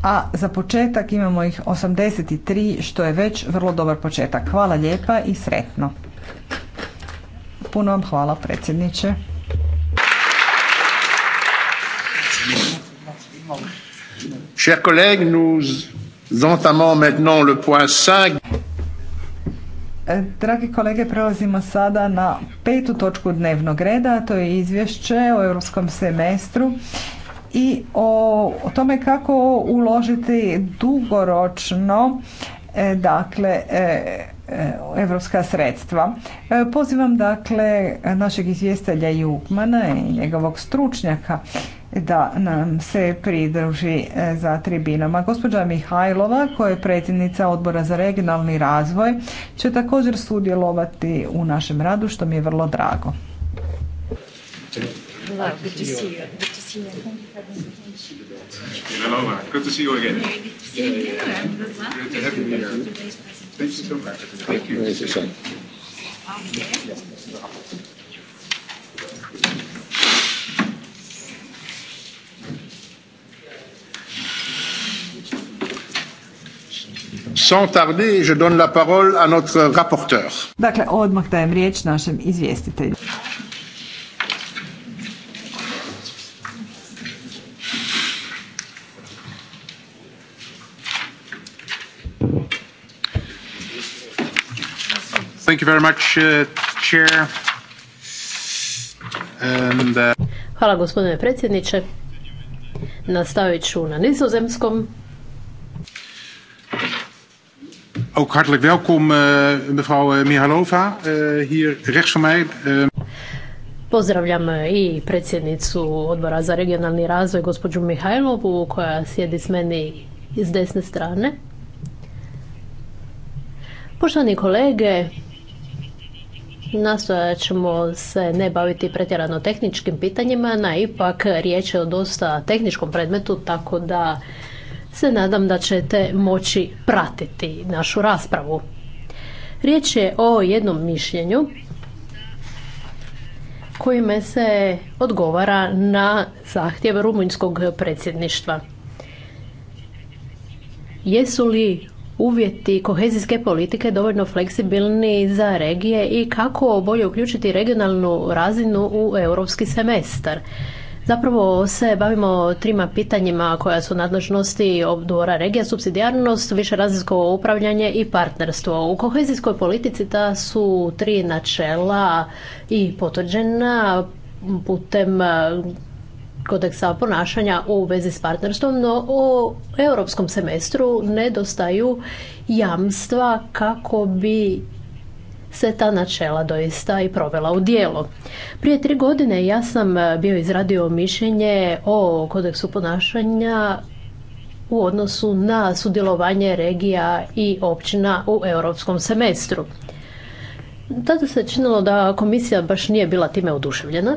A za početak imamo ih 83 što je već vrlo dobar početak. Hvala lijepa i sretno. Puno vam hvala predsjedniče. Chers collègues, e, Dragi kolege, prelazimo sada na petu točku dnevnog reda, to je izvješće o europskom semestru i o tome kako uložiti dugoročno e, dakle e, E, evropska sredstva. E, pozivam dakle našeg izvjestelja Jukmana i njegovog stručnjaka da nam se pridruži e, za tribinama. Gospođa Mihajlova, koja je predsjednica odbora za regionalni razvoj, će također sudjelovati u našem radu, što mi je vrlo drago. Sans tarder, je donne la parole à notre rapporteur. Dakle, odmah dajem riječ našem izvjestitelju. Thank uh, uh, Hvala gospodine predsjedniče. Nastavit ću na nizozemskom. Ook hartelijk welkom uh, mevrouw uh, Mihalova hier rechts van mij. Um, Pozdravljam i predsjednicu odbora za regionalni razvoj gospođu Mihajlovu koja sjedi s meni iz desne strane. Poštovani kolege, Nastojat ćemo se ne baviti pretjerano tehničkim pitanjima, na ipak riječ je o dosta tehničkom predmetu, tako da se nadam da ćete moći pratiti našu raspravu. Riječ je o jednom mišljenju kojime se odgovara na zahtjev rumunjskog predsjedništva. Jesu li uvjeti kohezijske politike dovoljno fleksibilni za regije i kako bolje uključiti regionalnu razinu u europski semestar. Zapravo se bavimo trima pitanjima koja su nadležnosti obdora regija, subsidijarnost, višerazinsko upravljanje i partnerstvo. U kohezijskoj politici ta su tri načela i potvrđena putem kodeksa ponašanja u vezi s partnerstvom, no u europskom semestru nedostaju jamstva kako bi se ta načela doista i provela u dijelo. Prije tri godine ja sam e, bio izradio mišljenje o kodeksu ponašanja u odnosu na sudjelovanje regija i općina u europskom semestru. Tada se činilo da komisija baš nije bila time oduševljena,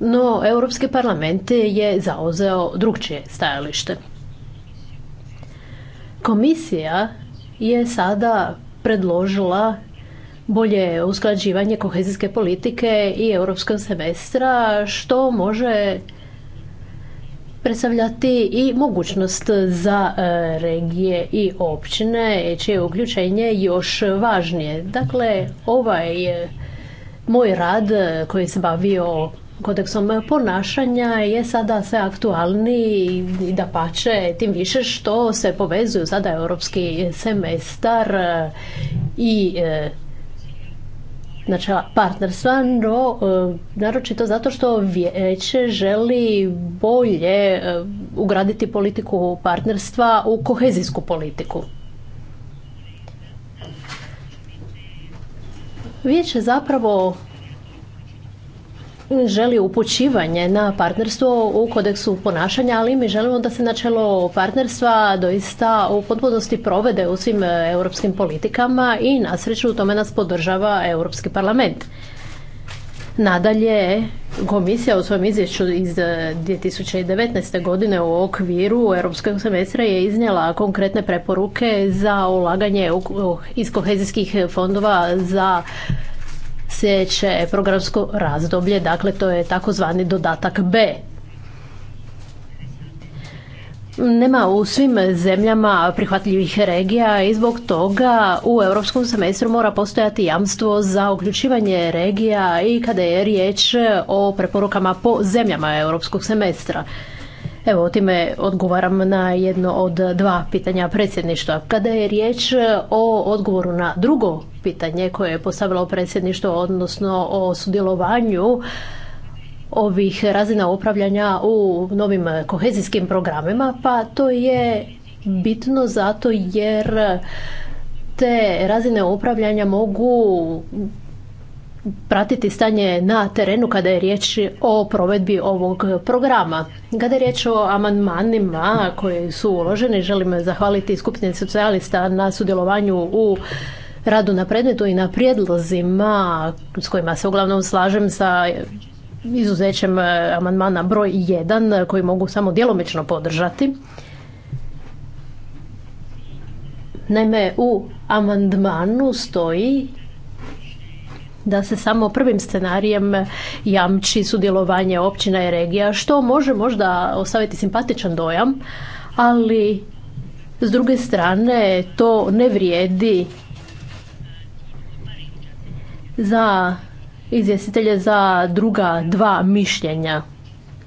no, Europski parlament je zauzeo drugčije stajalište. Komisija je sada predložila bolje usklađivanje kohezijske politike i europskog semestra, što može predstavljati i mogućnost za e, regije i općine, čije je uključenje još važnije. Dakle, ovaj moj rad koji se bavio kodeksom ponašanja je sada sve aktualniji i da pače, tim više što se povezuju sada europski semestar i e, načela partnerstva, no e, naročito zato što vijeće želi bolje e, ugraditi politiku partnerstva u kohezijsku politiku. Vijeće zapravo želi upućivanje na partnerstvo u kodeksu ponašanja, ali mi želimo da se načelo partnerstva doista u potpunosti provede u svim europskim politikama i nasreću u tome nas podržava Europski parlament. Nadalje, komisija u svom izvješću iz 2019. E, godine u okviru Europskog semestra je iznijela konkretne preporuke za ulaganje iz kohezijskih fondova za sljedeće programsko razdoblje, dakle to je takozvani dodatak B. Nema u svim zemljama prihvatljivih regija i zbog toga u europskom semestru mora postojati jamstvo za uključivanje regija i kada je riječ o preporukama po zemljama europskog semestra. Evo, time odgovaram na jedno od dva pitanja predsjedništva. Kada je riječ e, o odgovoru na drugo pitanje koje je postavilo predsjedništvo, odnosno o sudjelovanju ovih razina upravljanja u novim kohezijskim programima, pa to je bitno zato jer te razine upravljanja mogu pratiti stanje na terenu kada je riječ o provedbi ovog programa. Kada je riječ o amandmanima koji su uloženi, želim zahvaliti skupini socijalista na sudjelovanju u radu na predmetu i na prijedlozima s kojima se uglavnom slažem sa izuzećem amandmana broj 1 koji mogu samo djelomično podržati. Naime, u amandmanu stoji da se samo prvim scenarijem jamči sudjelovanje općina i regija, što može možda ostaviti simpatičan dojam, ali s druge strane to ne vrijedi za izvjestitelje za druga dva mišljenja.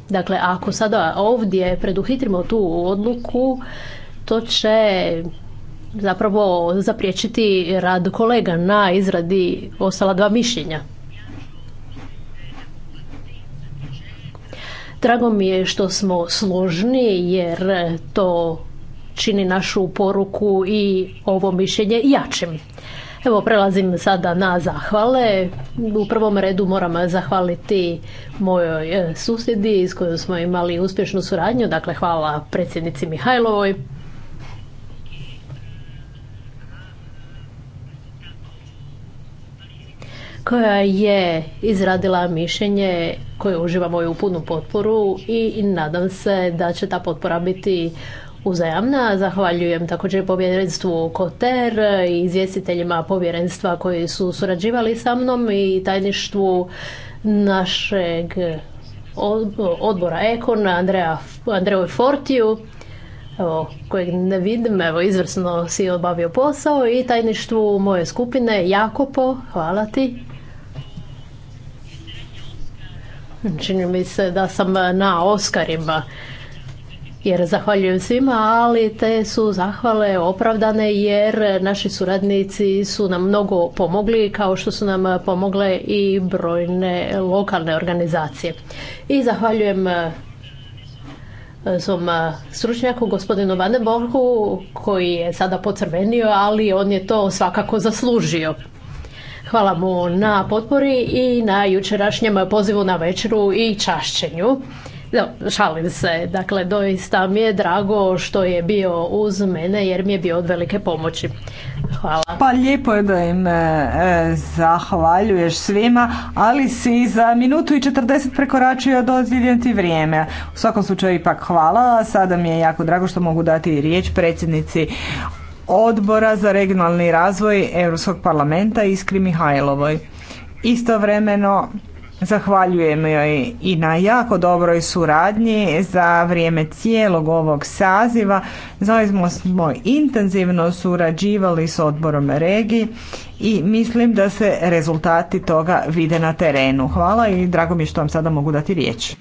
Dakle, ako sada ovdje preduhitrimo tu odluku, to će zapravo zapriječiti rad kolega na izradi ostala dva mišljenja. Drago mi je što smo složni jer to čini našu poruku i ovo mišljenje jačim. Evo prelazim sada na zahvale. U prvom redu moram zahvaliti mojoj eh, susjedi s kojom smo imali uspješnu suradnju. Dakle, hvala predsjednici Mihajlovoj. koja je izradila mišljenje koje uživa moju punu potporu i nadam se da će ta potpora biti uzajamna. Zahvaljujem također povjerenstvu Koter i izvjestiteljima povjerenstva koji su surađivali sa mnom i tajništvu našeg odbora Ekon, Andreja, Andreju Fortiju, kojeg ne vidim, evo, izvrsno si obavio posao i tajništvu moje skupine, Jakopo, hvala ti. Čini mi se da sam na Oscarima jer zahvaljujem svima, ali te su zahvale opravdane jer naši suradnici su nam mnogo pomogli kao što su nam pomogle i brojne lokalne organizacije. I zahvaljujem eh, svom eh, stručnjaku, gospodinu Vandenborgu, koji je sada pocrvenio, ali on je to svakako zaslužio. Hvala mu na potpori i na jučerašnjem pozivu na večeru i čašćenju. No, šalim se, dakle doista mi je drago što je bio uz mene jer mi je bio od velike pomoći. Hvala. Pa lijepo je da im e, zahvaljuješ svima, ali si za minutu i 40 prekoračio dozvijem ti vrijeme. U svakom slučaju ipak hvala, sada mi je jako drago što mogu dati riječ predsjednici odbora za regionalni razvoj Europskog parlamenta Iskri Mihajlovoj. Istovremeno zahvaljujem joj i na jako dobroj suradnji za vrijeme cijelog ovog saziva. Zavisno smo intenzivno surađivali s odborom Regi i mislim da se rezultati toga vide na terenu. Hvala i drago mi što vam sada mogu dati riječ.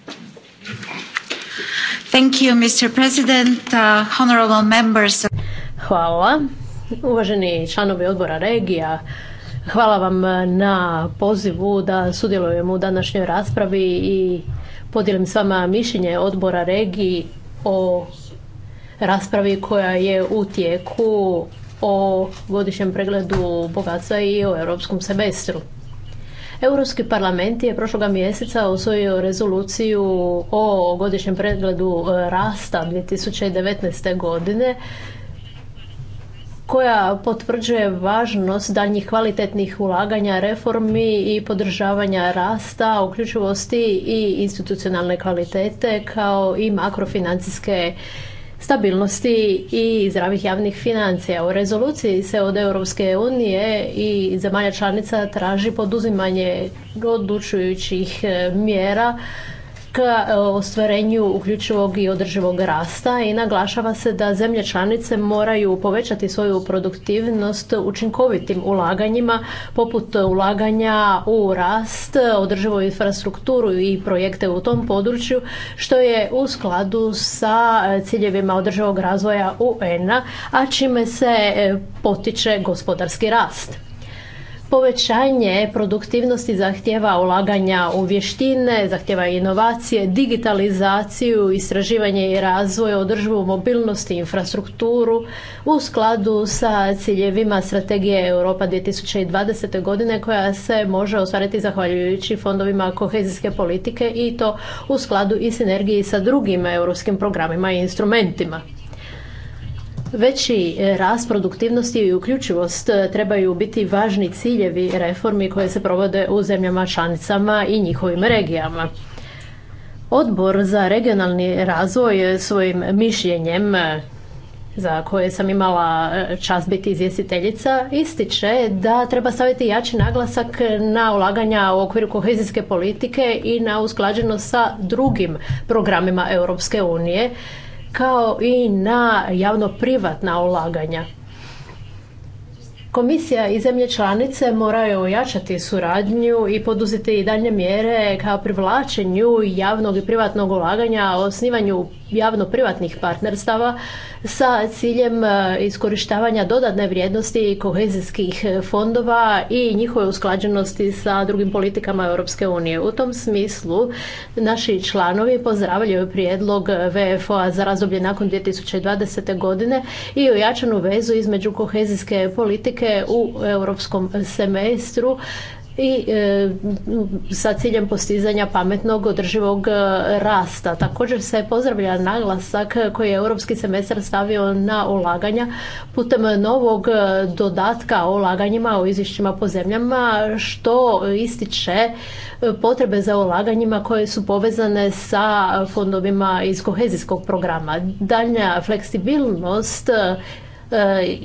Thank you, Mr. President, uh, honorable members. Hvala. Uvaženi članovi odbora regija, hvala vam eh, na pozivu da sudjelujem u današnjoj raspravi i podijelim s vama mišljenje odbora regiji o raspravi koja je u tijeku o godišnjem pregledu bogatstva i o europskom semestru. Europski parlament je prošloga mjeseca usvojio rezoluciju o godišnjem pregledu eh, rasta 2019. godine koja potvrđuje važnost daljnjih kvalitetnih ulaganja, reformi i podržavanja rasta, uključivosti i institucionalne kvalitete kao i makrofinancijske stabilnosti i zdravih javnih financija. U rezoluciji se od Europske unije i zemalja članica traži poduzimanje odlučujućih eh, mjera ka e, ostvarenju uključivog i održivog rasta i naglašava se da zemlje članice moraju povećati svoju produktivnost učinkovitim ulaganjima poput ulaganja u rast, održivu infrastrukturu i projekte u tom području što je u skladu sa e, ciljevima održivog razvoja UN-a, a čime se e, potiče gospodarski rast. Povećanje produktivnosti zahtjeva ulaganja u vještine, zahtjeva inovacije, digitalizaciju, istraživanje i razvoj, održivu mobilnost i infrastrukturu u skladu sa ciljevima strategije Europa 2020. godine koja se može ostvariti zahvaljujući fondovima kohezijske politike i to u skladu i sinergiji sa drugim europskim programima i instrumentima. Veći e, rast produktivnosti i uključivost e, trebaju biti važni ciljevi reformi koje se provode u zemljama članicama i njihovim regijama. Odbor za regionalni razvoj svojim mišljenjem e, za koje sam imala čast biti izvjestiteljica, ističe da treba staviti jači naglasak na ulaganja u okviru kohezijske politike i na usklađenost sa drugim programima Europske unije kao i na javno-privatna ulaganja. Komisija i zemlje članice moraju ojačati suradnju i poduzeti i dalje mjere kao privlačenju javnog i privatnog ulaganja, osnivanju javno-privatnih partnerstava sa ciljem e, iskorištavanja dodatne vrijednosti kohezijskih fondova i njihove usklađenosti sa drugim politikama Europske unije. U tom smislu naši članovi pozdravljaju prijedlog VFO-a za razdoblje nakon 2020. godine i ojačanu vezu između kohezijske politike u europskom semestru i e, sa ciljem postizanja pametnog održivog e, rasta. Također se pozdravlja naglasak koji je europski semestar stavio na ulaganja putem novog e, dodatka o ulaganjima u izvješćima po zemljama što ističe potrebe za ulaganjima koje su povezane sa fondovima iz kohezijskog programa. Daljnja fleksibilnost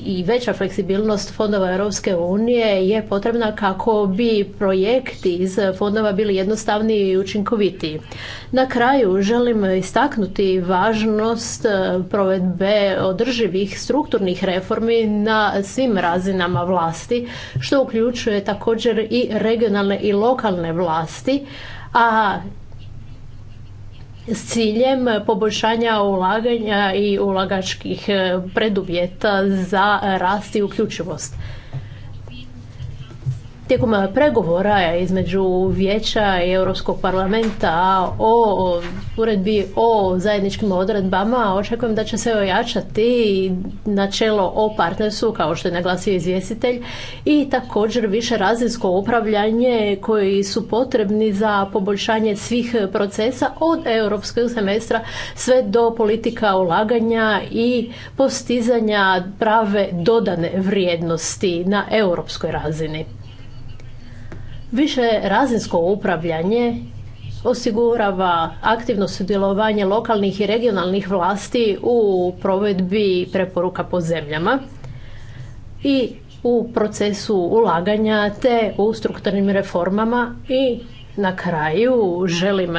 i veća fleksibilnost fondova Europske unije je potrebna kako bi projekti iz fondova bili jednostavniji i učinkovitiji. Na kraju želim istaknuti važnost e, provedbe održivih strukturnih reformi na svim razinama vlasti, što uključuje također i regionalne i lokalne vlasti, a s ciljem poboljšanja ulaganja i ulagačkih eh, preduvjeta za rast i uključivost. Tijekom eh, pregovora između Vijeća i Europskog parlamenta o uredbi o zajedničkim odredbama očekujem da će se ojačati načelo o partnersu kao što je naglasio izvjestitelj i također više razinsko upravljanje koji su potrebni za poboljšanje svih procesa od europskog semestra sve do politika ulaganja i postizanja prave dodane vrijednosti na europskoj razini. Više razinsko upravljanje osigurava aktivno sudjelovanje lokalnih i regionalnih vlasti u provedbi preporuka po zemljama i u procesu ulaganja te u strukturnim reformama i na kraju želim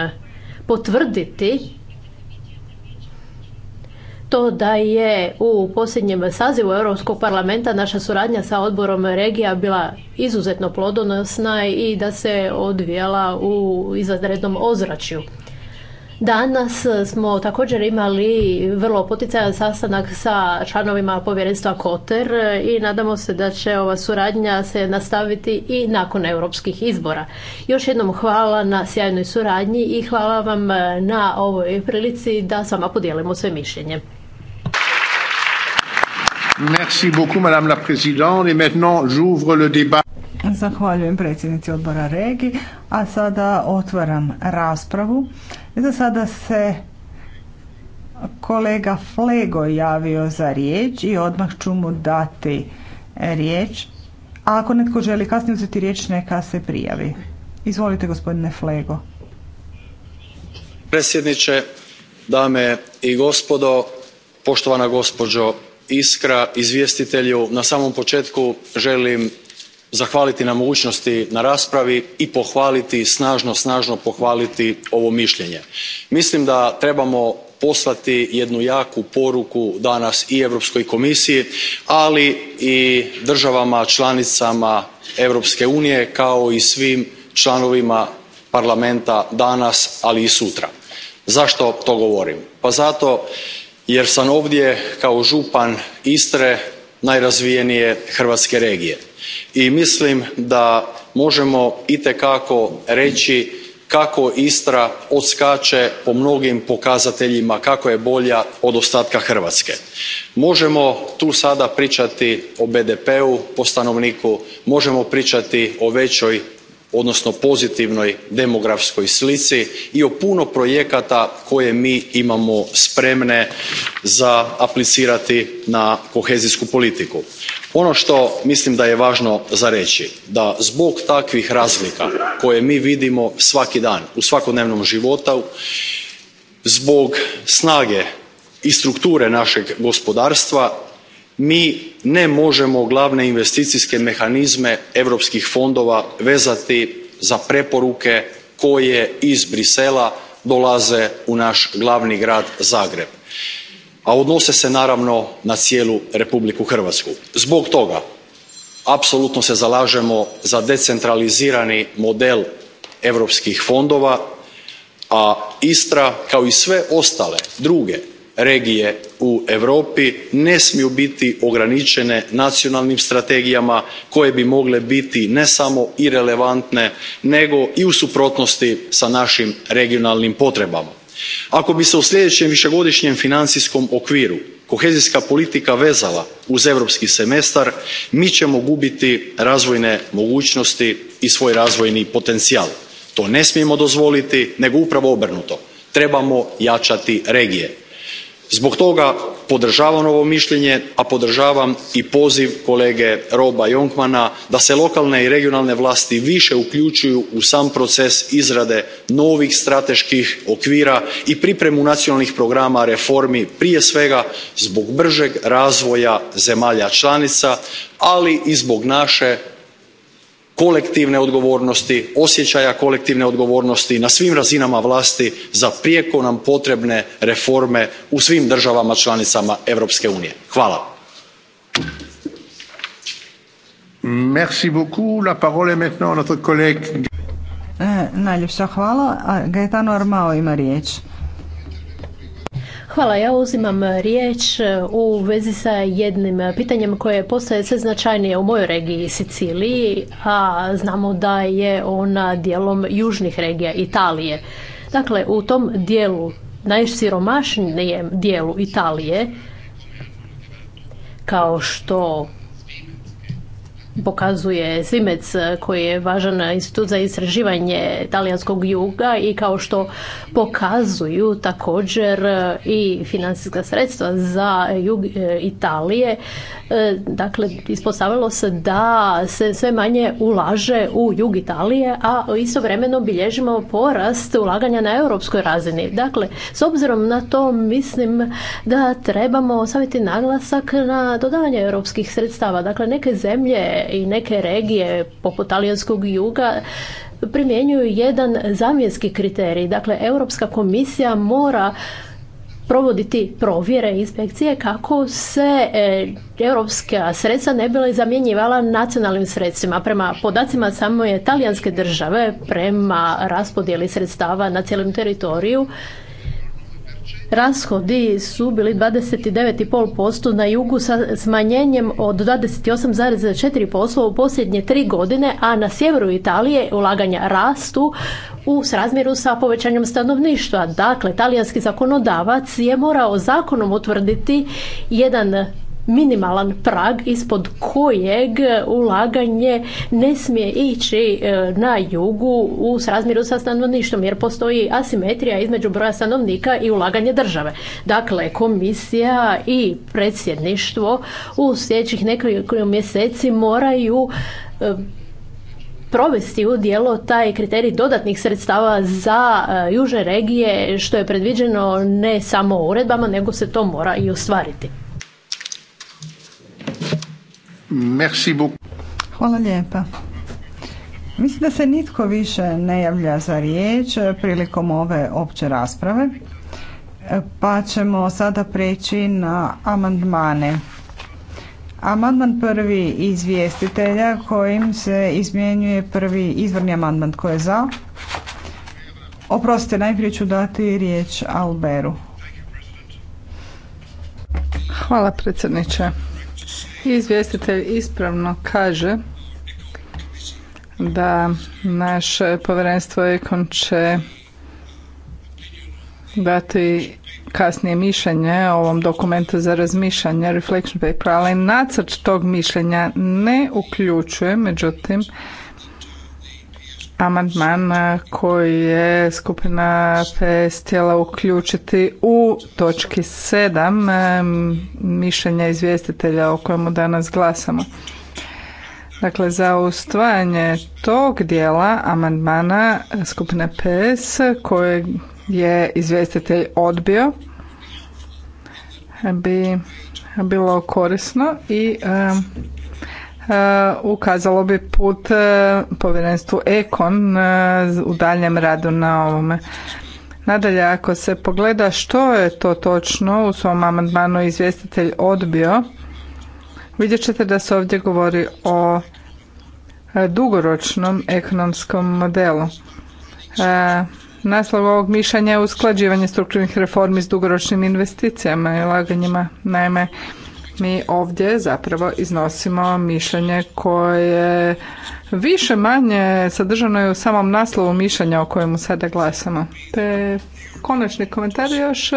potvrditi to da je u posljednjem sazivu Europskog parlamenta naša suradnja sa odborom regija bila izuzetno plodonosna i da se odvijala u izvanrednom ozračju. Danas smo također imali vrlo poticajan sastanak sa članovima povjerenstva Koter i nadamo se da će ova suradnja se nastaviti i nakon europskih izbora. Još jednom hvala na sjajnoj suradnji i hvala vam na ovoj prilici da s vama podijelimo sve mišljenje. Merci beaucoup, madame la présidente. Et maintenant, j'ouvre le débat. Zahvaljujem predsjednici odbora Regi, a sada otvaram raspravu. I za sada se kolega Flego javio za riječ i odmah ću mu dati riječ. A ako netko želi kasnije uzeti riječ, neka se prijavi. Izvolite, gospodine Flego. Predsjedniče, dame i gospodo, poštovana gospođo iskra izvjestitelju na samom početku želim zahvaliti na mogućnosti na raspravi i pohvaliti snažno snažno pohvaliti ovo mišljenje. mislim da trebamo poslati jednu jaku poruku danas i europskoj komisiji ali i državama članicama europske unije kao i svim članovima parlamenta danas ali i sutra. zašto to govorim? pa zato jer sam ovdje kao župan istre najrazvijenije hrvatske regije i mislim da možemo itekako reći kako istra odskače po mnogim pokazateljima kako je bolja od ostatka hrvatske. možemo tu sada pričati o bdp u po stanovniku možemo pričati o većoj odnosno pozitivnoj demografskoj slici i o puno projekata koje mi imamo spremne za aplicirati na kohezijsku politiku. ono što mislim da je vano za rei da zbog takvih razlika koje mi vidimo svaki dan u svakodnevnom životu, zbog snage i strukture našeg gospodarstva mi ne možemo glavne investicijske mehanizme europskih fondova vezati za preporuke koje iz bruxellesa dolaze u naš glavni grad zagreb a odnose se naravno na cijelu republiku hrvatsku. zbog toga apsolutno se zalažemo za decentralizirani model europskih fondova a istra kao i sve ostale druge regije u europi ne smiju biti ograničene nacionalnim strategijama koje bi mogle biti ne samo irelevantne nego i u suprotnosti s našim regionalnim potrebama. ako bi se u sljedećem višegodišnjem financijskom okviru kohezijska politika vezala uz europski semestar mi ćemo gubiti razvojne mogućnosti i svoj razvojni potencijal. to ne smijemo dozvoliti nego upravo obrnuto trebamo jačati regije zbog toga podržavam ovo mišljenje a podržavam i poziv kolege roba jonkmana da se lokalne i regionalne vlasti više uključuju u sam proces izrade novih strateških okvira i pripremu nacionalnih programa reformi prije svega zbog bržeg razvoja zemalja članica ali i zbog naše kolektivne odgovornosti osjećaja kolektivne odgovornosti na svim razinama vlasti za prijeko nam potrebne reforme u svim državama članicama europske unije. hvala. ima riječ. Hvala, ja uzimam riječ e, u vezi sa jednim e, pitanjem koje postaje sve značajnije u mojoj regiji Siciliji, a znamo da je ona dijelom južnih regija Italije. Dakle, u tom dijelu, najsiromašnijem dijelu Italije, kao što pokazuje Zimec eh, koji je važan institut za istraživanje talijanskog juga i kao što pokazuju također eh, i financijska sredstva za jug eh, Italije. Dakle, ispostavilo se da se sve manje ulaže u jug Italije, a istovremeno bilježimo porast ulaganja na europskoj razini. Dakle, s obzirom na to mislim da trebamo staviti naglasak na dodavanje europskih sredstava. Dakle, neke zemlje i neke regije poput talijanskog juga primjenjuju jedan zamjenski kriterij. Dakle, Europska komisija mora provoditi provjere inspekcije kako se e, europska sredstva ne bi zamjenjivala nacionalnim sredstvima. Prema podacima samo je talijanske države, prema raspodjeli sredstava na cijelom teritoriju, Rashodi su bili 29,5% na jugu sa smanjenjem od 28,4% u posljednje tri godine, a na sjeveru Italije ulaganja rastu u srazmjeru sa povećanjem stanovništva. Dakle, talijanski zakonodavac je morao zakonom utvrditi jedan minimalan prag ispod kojeg ulaganje ne smije ići e, na jugu u srazmjeru sa stanovništvom jer postoji asimetrija između broja stanovnika i ulaganje države. Dakle, komisija i predsjedništvo u sljedećih nekoliko mjeseci moraju e, provesti u dijelo taj kriterij dodatnih sredstava za e, juže regije što je predviđeno ne samo uredbama nego se to mora i ostvariti. Merci beaucoup. Hvala lijepa. Mislim da se nitko više ne javlja za riječ prilikom ove opće rasprave, pa ćemo sada preći na amandmane. Amandman prvi izvjestitelja kojim se izmjenjuje prvi izvorni amandman koji je za. Oprostite, najprije ću dati riječ Alberu. Hvala predsjedniče. Izvjestitelj ispravno kaže da naše povjerenstvo Ekon će dati kasnije mišljenje o ovom dokumentu za razmišljanje, reflection paper, ali nacrt tog mišljenja ne uključuje, međutim, amandman koji je skupina PS htjela uključiti u točki 7 mišljenja izvjestitelja o kojemu danas glasamo. Dakle, za ustvajanje tog dijela amandmana skupine PS koje je izvjestitelj odbio bi bilo korisno i Eh, ukazalo bi put eh, povjerenstvu Ekon eh, u daljem radu na ovome. Nadalje, ako se pogleda što je to točno u svom amandmanu izvjestitelj odbio, vidjet ćete da se ovdje govori o dugoročnom ekonomskom modelu. Naslov ovog mišljenja je usklađivanje strukturnih reformi s dugoročnim investicijama i ulaganjima. Naime, mi ovdje zapravo iznosimo mišljenje koje više manje sadržano je u samom naslovu mišljenja o kojemu sada glasamo. Te konačni komentar još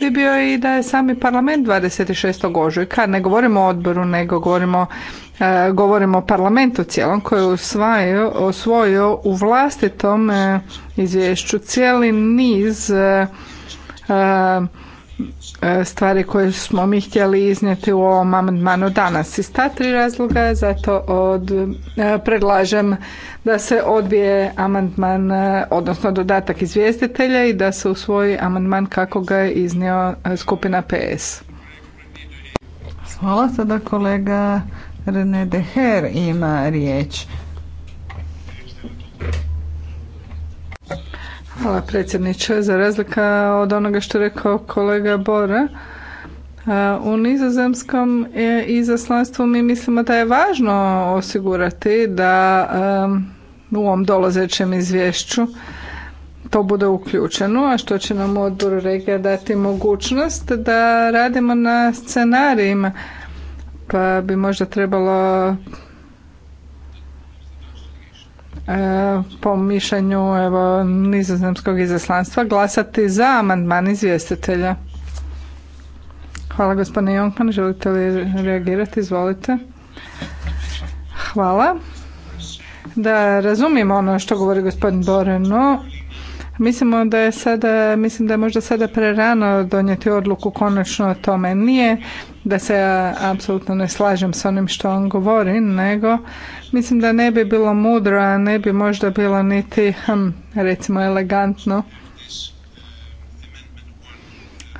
bi bio i da je sami parlament 26. ožujka, ne govorimo o odboru, nego govorimo e, govorimo o parlamentu cijelom koji je usvajio, osvojio u vlastitom e, izvješću cijeli niz e, E, stvari koje smo mi htjeli iznijeti u ovom amandmanu danas. Iz ta tri razloga zato od, e, predlažem da se odbije amandman, e, odnosno dodatak izvjestitelja i da se usvoji amandman kako ga je iznio skupina PS. Hvala sada kolega Rene Deher ima riječ. Hvala predsjedniče. Za razlika od onoga što je rekao kolega Bora, e, u nizozemskom e, izaslanstvu mi mislimo da je važno osigurati da e, u ovom dolazećem izvješću to bude uključeno, a što će nam odbor regija dati mogućnost da radimo na scenarijima. Pa bi možda trebalo E, po mišljenju evo, nizozemskog izaslanstva glasati za amandman izvjestitelja. Hvala gospodine Jonkman, želite li reagirati? Izvolite. Hvala. Da razumijem ono što govori gospodin Boreno, Mislimo da je sada, mislim da je možda sada prerano donijeti odluku konačno o tome. Nije da se ja apsolutno ne slažem s onim što on govori, nego mislim da ne bi bilo mudro, a ne bi možda bilo niti hm, recimo elegantno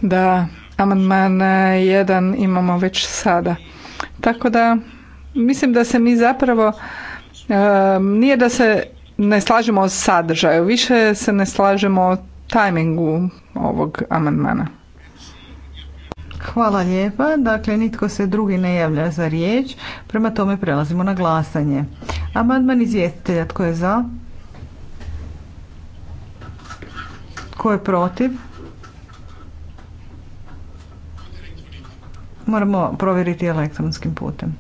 da amandman jedan imamo već sada. Tako da mislim da se mi zapravo eh, nije da se ne slažemo o sadržaju, više se ne slažemo o tajmingu ovog amandmana. Hvala lijepa. Dakle, nitko se drugi ne javlja za riječ. Prema tome prelazimo na glasanje. Amandman izvjestitelja. Tko je za? Tko je protiv? Moramo provjeriti elektronskim putem.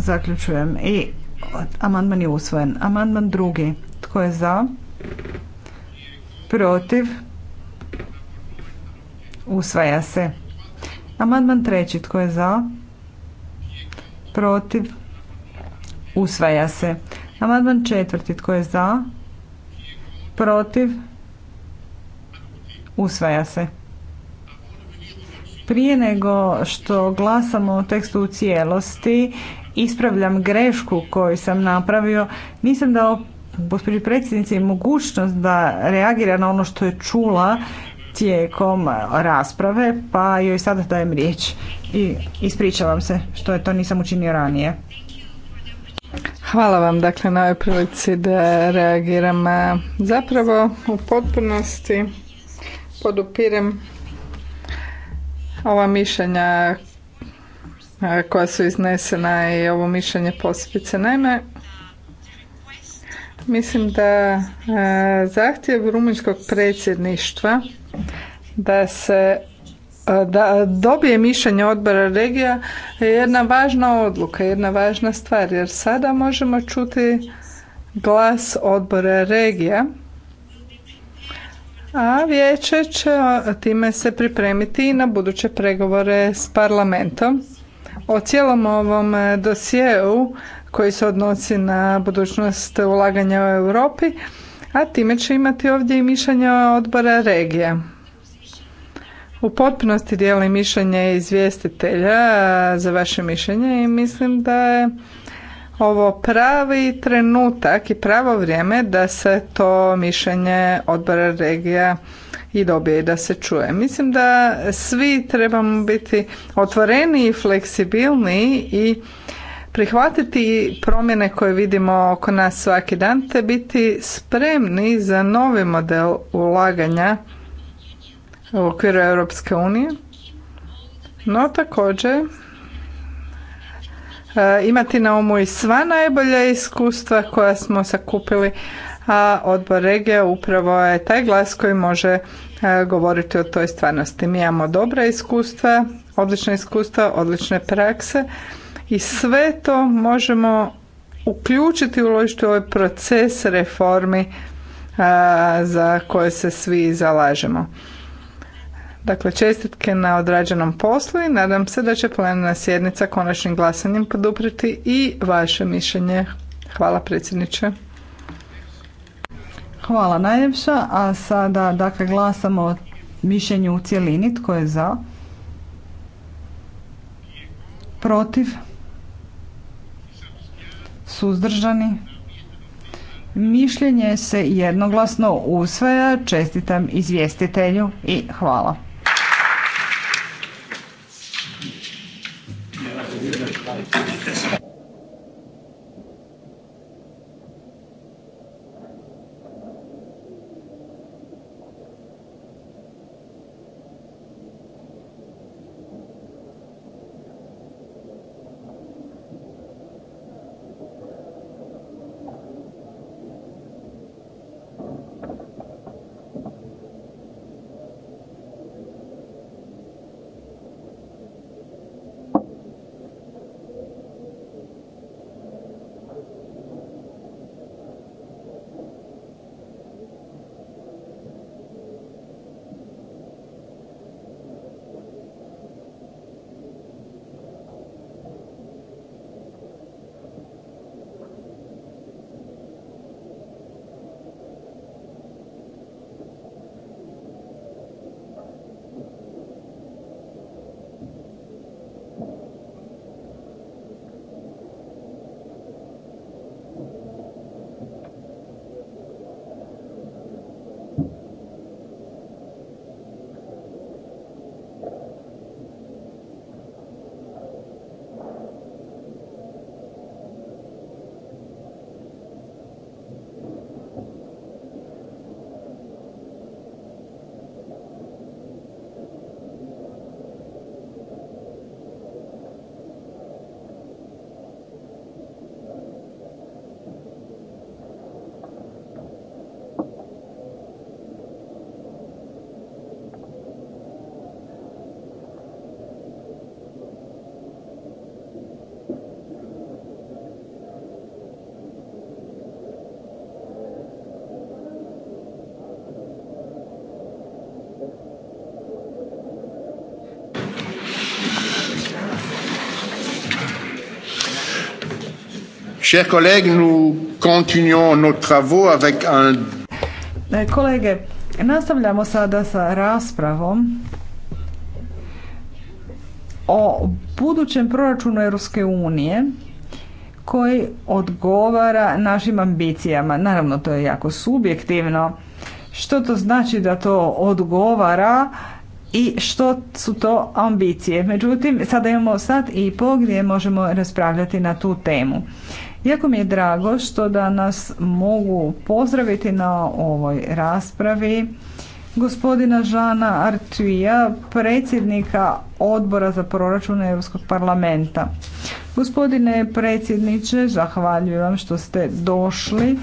Zaključujem i amandman je usvojen. Amandman drugi. Tko je za? Protiv? Usvaja se. Amandman treći. Tko je za? Protiv? Usvaja se. Amandman četvrti. Tko je za? Protiv? Usvaja se. Prije nego što glasamo o tekstu u cijelosti, ispravljam grešku koju sam napravio. Nisam dao gospođi predsjednici mogućnost da reagira na ono što je čula tijekom rasprave, pa joj sada dajem riječ. I ispričavam se što je to nisam učinio ranije. Hvala vam dakle na ovoj prilici da reagiram. Zapravo u potpunosti podupirem ova mišljenja e, koja su iznesena i ovo mišljenje posebice. Naime, mislim da e, zahtjev rumunjskog predsjedništva da se e, da dobije mišljenje odbora regija je jedna važna odluka, jedna važna stvar jer sada možemo čuti glas odbora regija a vijeće će time se pripremiti i na buduće pregovore s parlamentom. O cijelom ovom dosjeu koji se odnosi na budućnost ulaganja u Europi, a time će imati ovdje i mišljenje odbora regija. U potpunosti dijelim mišljenje izvjestitelja za vaše mišljenje i mislim da je ovo pravi trenutak i pravo vrijeme da se to mišljenje odbora regija i dobije i da se čuje. Mislim da svi trebamo biti otvoreni i fleksibilni i prihvatiti promjene koje vidimo oko nas svaki dan te biti spremni za novi model ulaganja u okviru Europske unije. No također E, imati na umu i sva najbolja iskustva koja smo sakupili, a odbor regija upravo je taj glas koji može e, govoriti o toj stvarnosti. Mi imamo dobra iskustva, odlična iskustva, odlične prakse i sve to možemo uključiti i uložiti u ovaj proces reformi e, za koje se svi zalažemo. Dakle, čestitke na odrađenom poslu i nadam se da će plenarna sjednica konačnim glasanjem podupriti i vaše mišljenje. Hvala predsjedniče. Hvala najljepša, a sada dakle glasamo o mišljenju u cjelini. Tko je za? Protiv? Suzdržani? Mišljenje se jednoglasno usvaja. Čestitam izvjestitelju i hvala. Chers collègues, nous continuons travaux avec un... E, kolege, nastavljamo sada sa raspravom o budućem proračunu Europske unije koji odgovara našim ambicijama. Naravno, to je jako subjektivno. Što to znači da to odgovara i što su to ambicije? Međutim, sada imamo sad i pol gdje možemo raspravljati na tu temu. Jako mi je drago što danas mogu pozdraviti na ovoj raspravi gospodina Žana Artuija, predsjednika odbora za proračun Europskog parlamenta. Gospodine predsjedniče, zahvaljujem vam što ste došli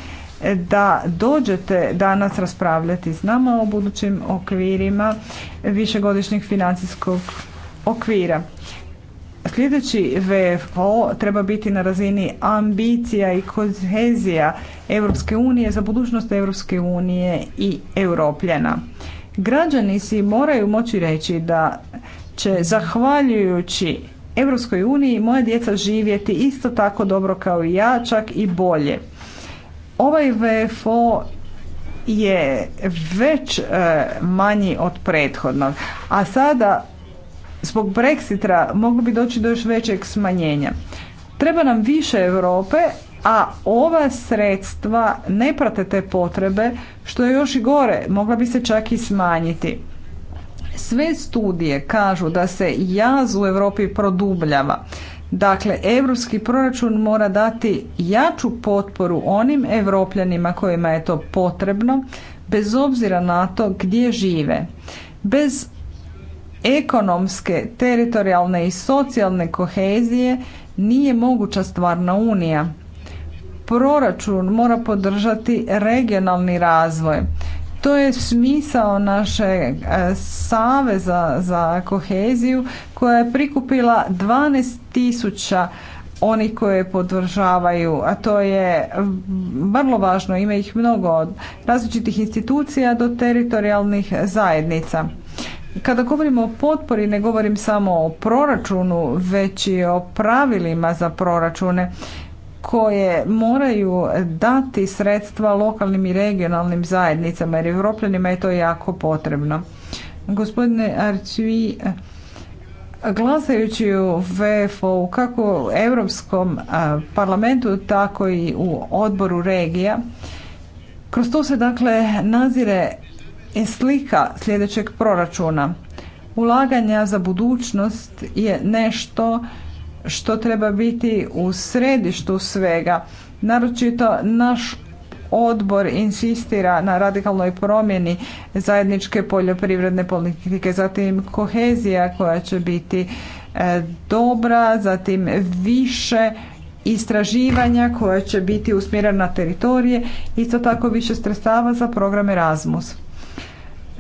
da dođete danas raspravljati s nama o budućim okvirima višegodišnjeg financijskog okvira. Sljedeći VFO treba biti na razini ambicija i kohezija Europske unije za budućnost Evropske unije i europljena. Građani si moraju moći reći da će zahvaljujući Europskoj uniji moja djeca živjeti isto tako dobro kao i ja, čak i bolje. Ovaj VFO je već e, manji od prethodnog, a sada zbog Brexitra moglo bi doći do još većeg smanjenja. Treba nam više Europe, a ova sredstva ne prate te potrebe, što je još i gore, mogla bi se čak i smanjiti. Sve studije kažu da se jaz u Europi produbljava. Dakle, europski proračun mora dati jaču potporu onim evropljanima kojima je to potrebno, bez obzira na to gdje žive. Bez ekonomske, teritorijalne i socijalne kohezije nije moguća stvarna unija. Proračun mora podržati regionalni razvoj. To je smisao naše e, saveza za koheziju koja je prikupila tisuća onih koje podržavaju, a to je vrlo važno, ima ih mnogo od različitih institucija do teritorijalnih zajednica. Kada govorimo o potpori ne govorim samo o proračunu, već i o pravilima za proračune koje moraju dati sredstva lokalnim i regionalnim zajednicama jer Evropljanima je to jako potrebno. Gospodine Arcivi, glasajući u VFO kako u Europskom parlamentu tako i u odboru regija, kroz to se dakle nazire slika sljedećeg proračuna. Ulaganja za budućnost je nešto što treba biti u središtu svega. Naročito naš odbor insistira na radikalnoj promjeni zajedničke poljoprivredne politike, zatim kohezija koja će biti e, dobra, zatim više istraživanja koja će biti usmjerena na teritorije, isto tako više sredstava za program Erasmus.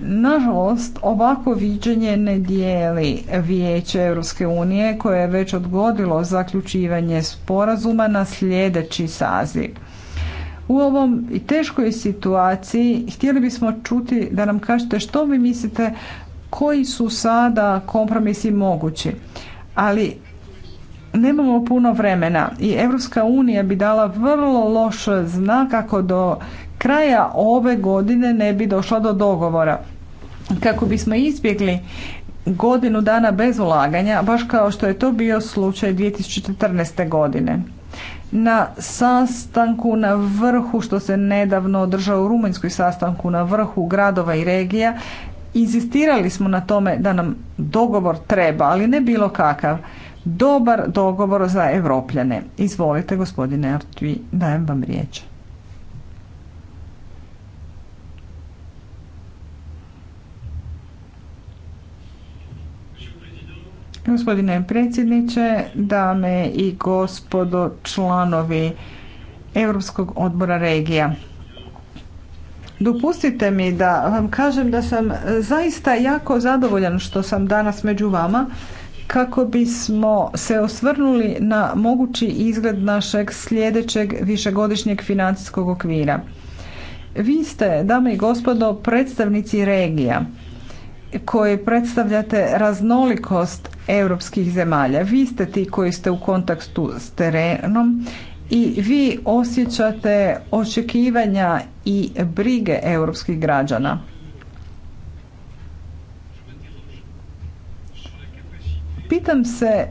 Nažalost, ovako viđenje ne dijeli Vijeće Europske unije koje je već odgodilo zaključivanje sporazuma na sljedeći saziv. U ovom teškoj situaciji htjeli bismo čuti da nam kažete što vi mislite koji su sada kompromisi mogući. Ali nemamo puno vremena i Europska unija bi dala vrlo loš znak ako do kraja ove godine ne bi došla do dogovora. Kako bismo izbjegli godinu dana bez ulaganja, baš kao što je to bio slučaj 2014. godine. Na sastanku na vrhu, što se nedavno održao u Rumunjskoj sastanku na vrhu gradova i regija, inzistirali smo na tome da nam dogovor treba, ali ne bilo kakav. Dobar dogovor za evropljane. Izvolite, gospodine Artvi, dajem vam riječ. Gospodine predsjedniče, dame i gospodo članovi Europskog odbora regija. Dopustite mi da vam kažem da sam zaista jako zadovoljan što sam danas među vama kako bismo se osvrnuli na mogući izgled našeg sljedećeg višegodišnjeg financijskog okvira. Vi ste, dame i gospodo, predstavnici regija koji predstavljate raznolikost europskih zemalja. Vi ste ti koji ste u kontaktu s terenom i vi osjećate očekivanja i brige europskih građana. Pitam se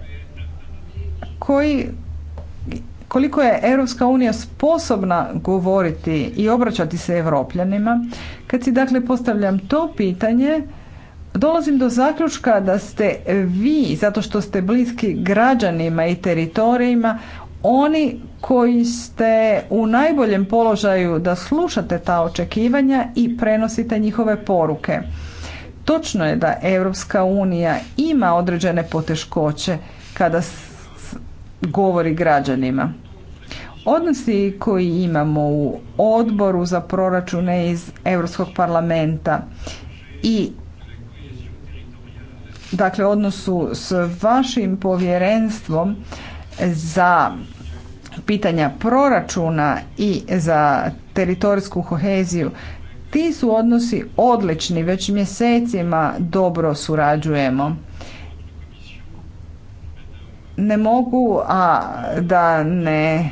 koji koliko je Europska unija sposobna govoriti i obraćati se Europljanima, kad si dakle postavljam to pitanje, Dolazim do zaključka da ste vi, zato što ste bliski građanima i teritorijima, oni koji ste u najboljem položaju da slušate ta očekivanja i prenosite njihove poruke. Točno je da Europska unija ima određene poteškoće kada govori građanima. Odnosi koji imamo u odboru za proračune iz Europskog parlamenta i dakle odnosu s vašim povjerenstvom za pitanja proračuna i za teritorijsku koheziju ti su odnosi odlični već mjesecima dobro surađujemo ne mogu a da ne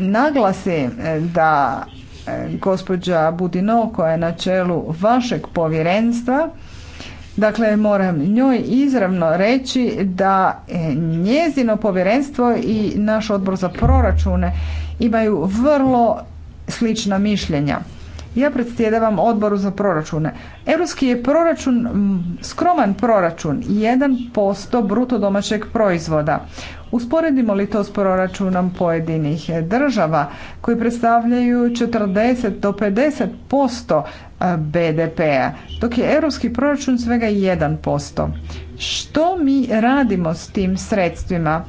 naglasim da e, gospođa Budino koja je na čelu vašeg povjerenstva Dakle, moram njoj izravno reći da e, njezino povjerenstvo i naš odbor za proračune imaju vrlo slična mišljenja. Ja predsjedavam odboru za proračune. Europski je proračun skroman proračun, 1% bruto domaćeg proizvoda. Usporedimo li to s proračunom pojedinih država koji predstavljaju 40 do 50% e, BDP-a, dok je europski proračun svega 1%. Što mi radimo s tim sredstvima?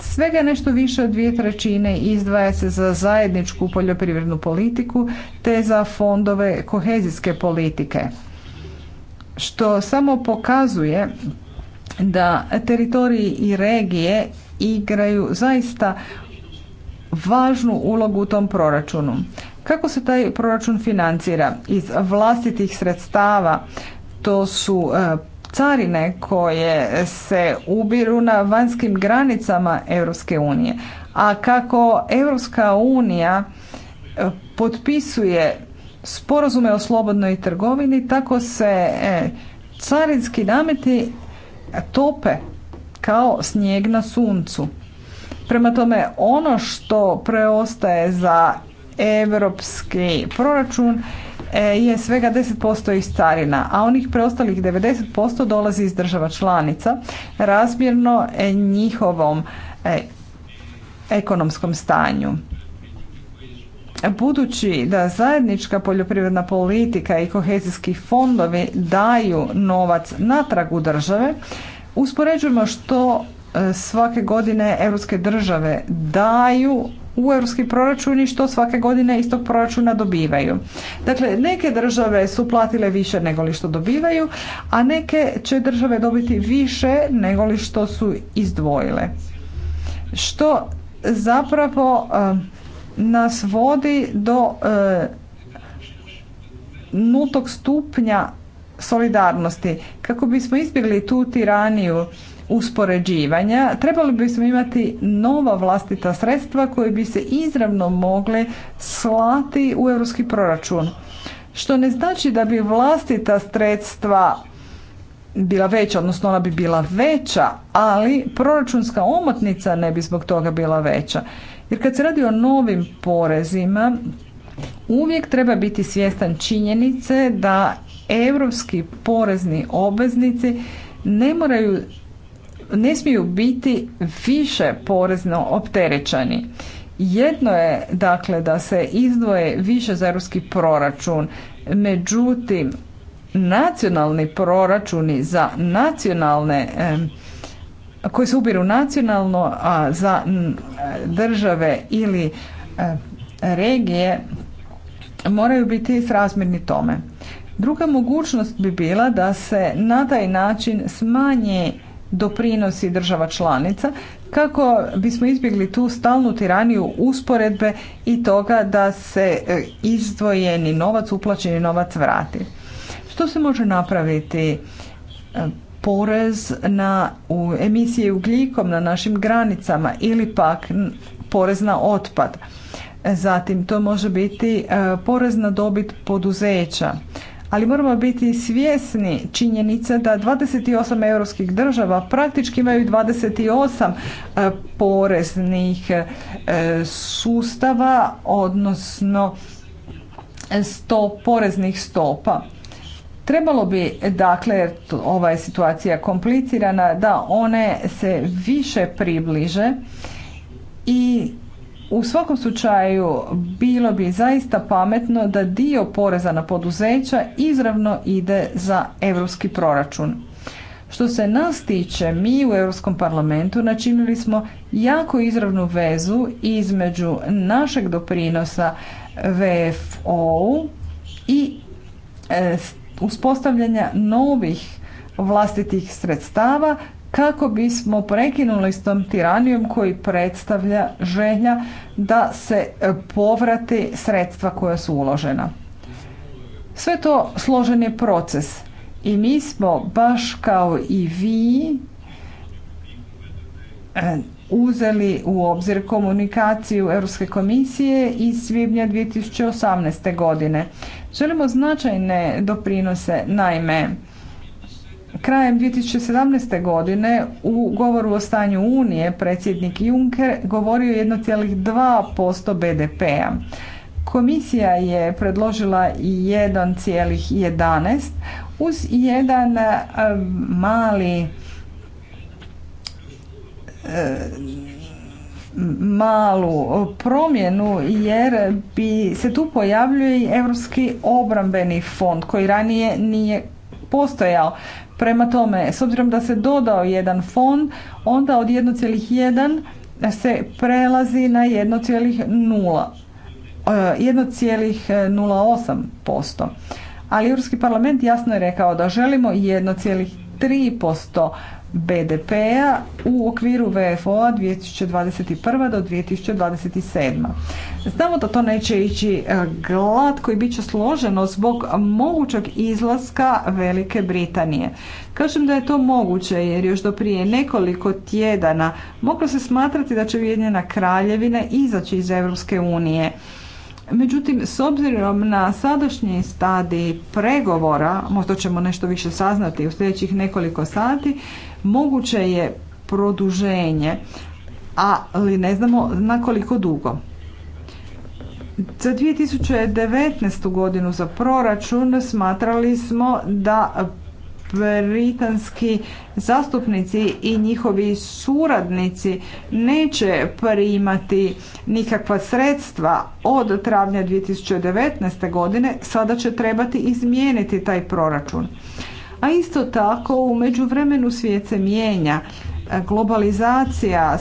Svega nešto više od dvije trećine izdvaja se za zajedničku poljoprivrednu politiku te za fondove kohezijske politike. Što samo pokazuje da teritoriji i regije igraju zaista važnu ulogu u tom proračunu. Kako se taj proračun financira? Iz vlastitih sredstava to su e, carine koje se ubiru na vanjskim granicama Europske unije. A kako Europska unija e, potpisuje sporazume o slobodnoj trgovini, tako se e, carinski nameti tope kao snijeg na suncu. Prema tome, ono što preostaje za europski proračun e, je svega 10% iz carina, a onih preostalih 90% dolazi iz država članica, razmjerno e, njihovom e, ekonomskom stanju. Budući da zajednička poljoprivredna politika i kohezijski fondovi daju novac natrag u države, Uspoređujemo što e, svake godine europske države daju u europski proračun i što svake godine iz tog proračuna dobivaju. Dakle, neke države su platile više nego li što dobivaju, a neke će države dobiti više nego li što su izdvojile. Što zapravo e, nas vodi do e, nutog stupnja solidarnosti. Kako bismo izbjegli tu tiraniju uspoređivanja, trebali bismo imati nova vlastita sredstva koje bi se izravno mogle slati u europski proračun. Što ne znači da bi vlastita sredstva bila veća, odnosno ona bi bila veća, ali proračunska omotnica ne bi zbog toga bila veća. Jer kad se radi o novim porezima, uvijek treba biti svjestan činjenice da europski porezni obveznici ne moraju ne smiju biti više porezno opterećeni. Jedno je dakle da se izdvoje više za europski proračun, međutim nacionalni proračuni za nacionalne koji se ubiru nacionalno a za države ili regije moraju biti srazmjerni tome. Druga mogućnost bi bila da se na taj način smanje doprinosi država članica kako bismo izbjegli tu stalnu tiraniju usporedbe i toga da se e, izdvojeni novac, uplaćeni novac vrati. Što se može napraviti? E, porez na emisije ugljikom na našim granicama ili pak porez na otpad. E, zatim to može biti porez na dobit poduzeća ali moramo biti svjesni činjenica da 28 europskih država praktički imaju 28 e, poreznih e, sustava, odnosno 100 e, poreznih stopa. Trebalo bi, dakle, ova je situacija komplicirana, da one se više približe i u svakom slučaju bilo bi zaista pametno da dio poreza na poduzeća izravno ide za europski proračun. Što se nas tiče, mi u Europskom parlamentu načinili smo jako izravnu vezu između našeg doprinosa vfo i e, uspostavljanja novih vlastitih sredstava kako bismo prekinuli s tom tiranijom koji predstavlja želja da se e, povrati sredstva koja su uložena. Sve to složen je proces i mi smo baš kao i vi e, uzeli u obzir komunikaciju Europske komisije iz svibnja 2018. godine. Želimo značajne doprinose, naime, Krajem 2017. godine u govoru o stanju Unije predsjednik Juncker govorio 1,2% BDP-a. Komisija je predložila 1,11 uz jedan e, mali e, malu promjenu jer bi se tu pojavljuje i Europski obrambeni fond koji ranije nije postojao. Prema tome, s obzirom da se dodao jedan fond, onda od 1,1 se prelazi na 1,0. 1,08%. E, Ali Europski parlament jasno je rekao da želimo 1,3% BDP-a u okviru VFO-a 2021. do 2027. Znamo da to neće ići e, Glad koji bit će složeno zbog mogućeg izlaska Velike Britanije. Kažem da je to moguće jer još do prije nekoliko tjedana moglo se smatrati da će Ujedinjena kraljevina izaći iz Europske unije. Međutim, s obzirom na sadašnji stadi pregovora, možda ćemo nešto više saznati u sljedećih nekoliko sati, Moguće je produženje, ali ne znamo na koliko dugo. Za 2019. godinu za proračun smatrali smo da britanski zastupnici i njihovi suradnici neće primati nikakva sredstva od travnja 2019. godine, sada će trebati izmijeniti taj proračun a isto tako u međuvremenu svijet se mijenja. Globalizacija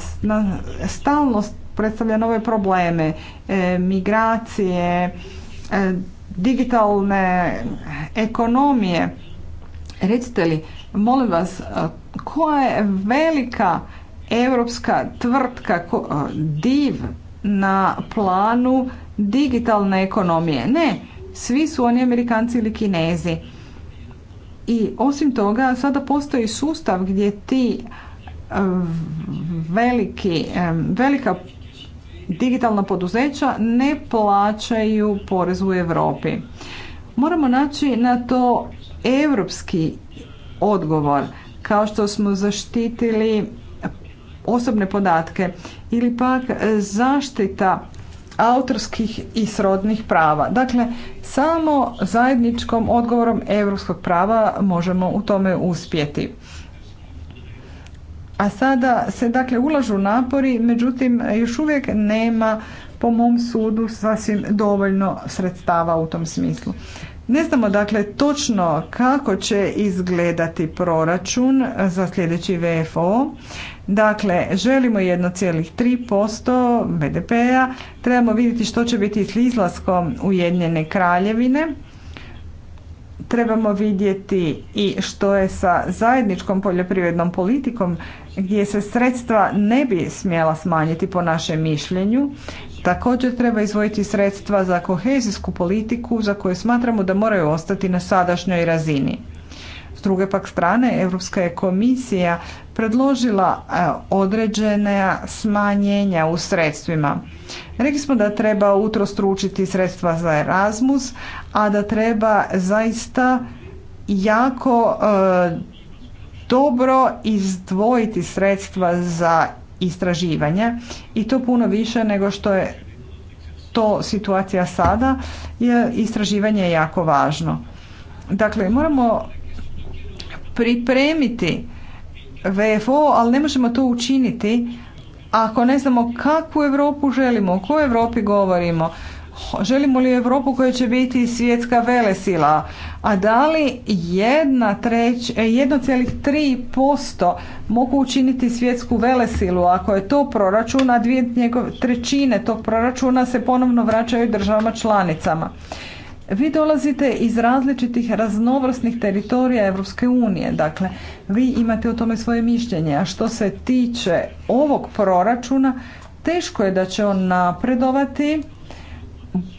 stalno predstavlja nove probleme, e, migracije, e, digitalne ekonomije. Recite li, molim vas, e, koja je velika europska tvrtka div na planu digitalne ekonomije? Ne, svi su oni Amerikanci ili Kinezi. I osim toga sada postoji sustav gdje ti e, veliki, e, velika digitalna poduzeća ne plaćaju porez u Europi. Moramo naći na to europski odgovor kao što smo zaštitili osobne podatke ili pak zaštita autorskih i srodnih prava. Dakle, samo zajedničkom odgovorom europskog prava možemo u tome uspjeti. A sada se dakle ulažu napori, međutim još uvijek nema po mom sudu sasvim dovoljno sredstava u tom smislu. Ne znamo dakle točno kako će izgledati proračun za sljedeći VFO. Dakle, želimo 1,3% BDP-a, trebamo vidjeti što će biti s izlaskom Ujedinjene kraljevine, trebamo vidjeti i što je sa zajedničkom poljoprivrednom politikom gdje se sredstva ne bi smjela smanjiti po našem mišljenju. Također treba izvojiti sredstva za kohezijsku politiku za koju smatramo da moraju ostati na sadašnjoj razini druge pak strane Europska je komisija predložila e, određene smanjenja u sredstvima. Rekli smo da treba utrostručiti sredstva za Erasmus, a da treba zaista jako e, dobro izdvojiti sredstva za istraživanje i to puno više nego što je to situacija sada jer istraživanje je jako važno. Dakle, moramo pripremiti VFO, ali ne možemo to učiniti ako ne znamo kakvu Europu želimo, o kojoj Europi govorimo, želimo li Europu koja će biti svjetska velesila, a da li 1,3% e, mogu učiniti svjetsku velesilu ako je to proračuna, a dvije trećine tog proračuna se ponovno vraćaju državama članicama. Vi dolazite iz različitih raznovrsnih teritorija Europske unije, dakle vi imate o tome svoje mišljenje, a što se tiče ovog proračuna, teško je da će on napredovati,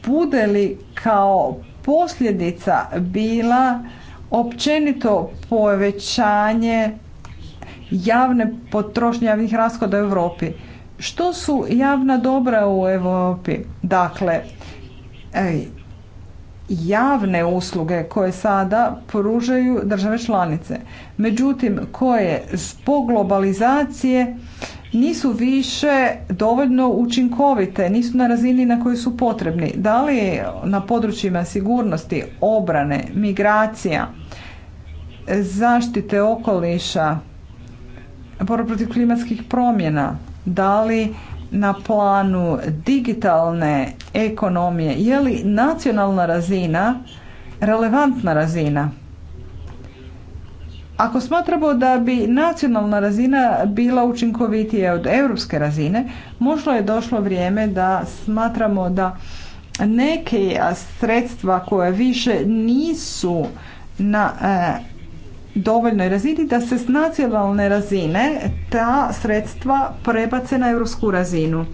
bude li kao posljedica bila općenito povećanje javne potrošnje javnih rashoda u Europi. Što su javna dobra u Europi? Dakle, ej, javne usluge koje sada pružaju države članice. Međutim, koje zbog globalizacije nisu više dovoljno učinkovite, nisu na razini na kojoj su potrebni. Da li na područjima sigurnosti, obrane, migracija, zaštite okoliša, borba protiv klimatskih promjena, da li na planu digitalne ekonomije, je li nacionalna razina relevantna razina? Ako smatramo da bi nacionalna razina bila učinkovitija od europske razine, možda je došlo vrijeme da smatramo da neke sredstva koja više nisu na eh, dovoljnoj razini da se s nacionalne razine ta sredstva prebace na europsku razinu.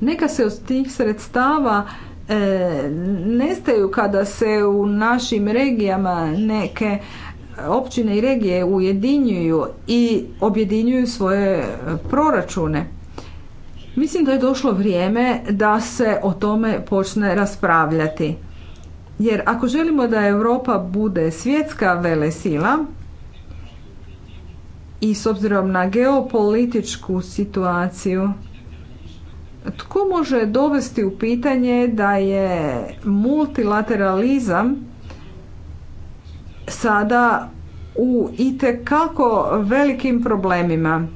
Neka se od tih sredstava e, nestaju kada se u našim regijama neke općine i regije ujedinjuju i objedinjuju svoje proračune. Mislim da je došlo vrijeme da se o tome počne raspravljati. Jer ako želimo da Europa bude svjetska velesila i s obzirom na geopolitičku situaciju tko može dovesti u pitanje da je multilateralizam sada u itekako velikim problemima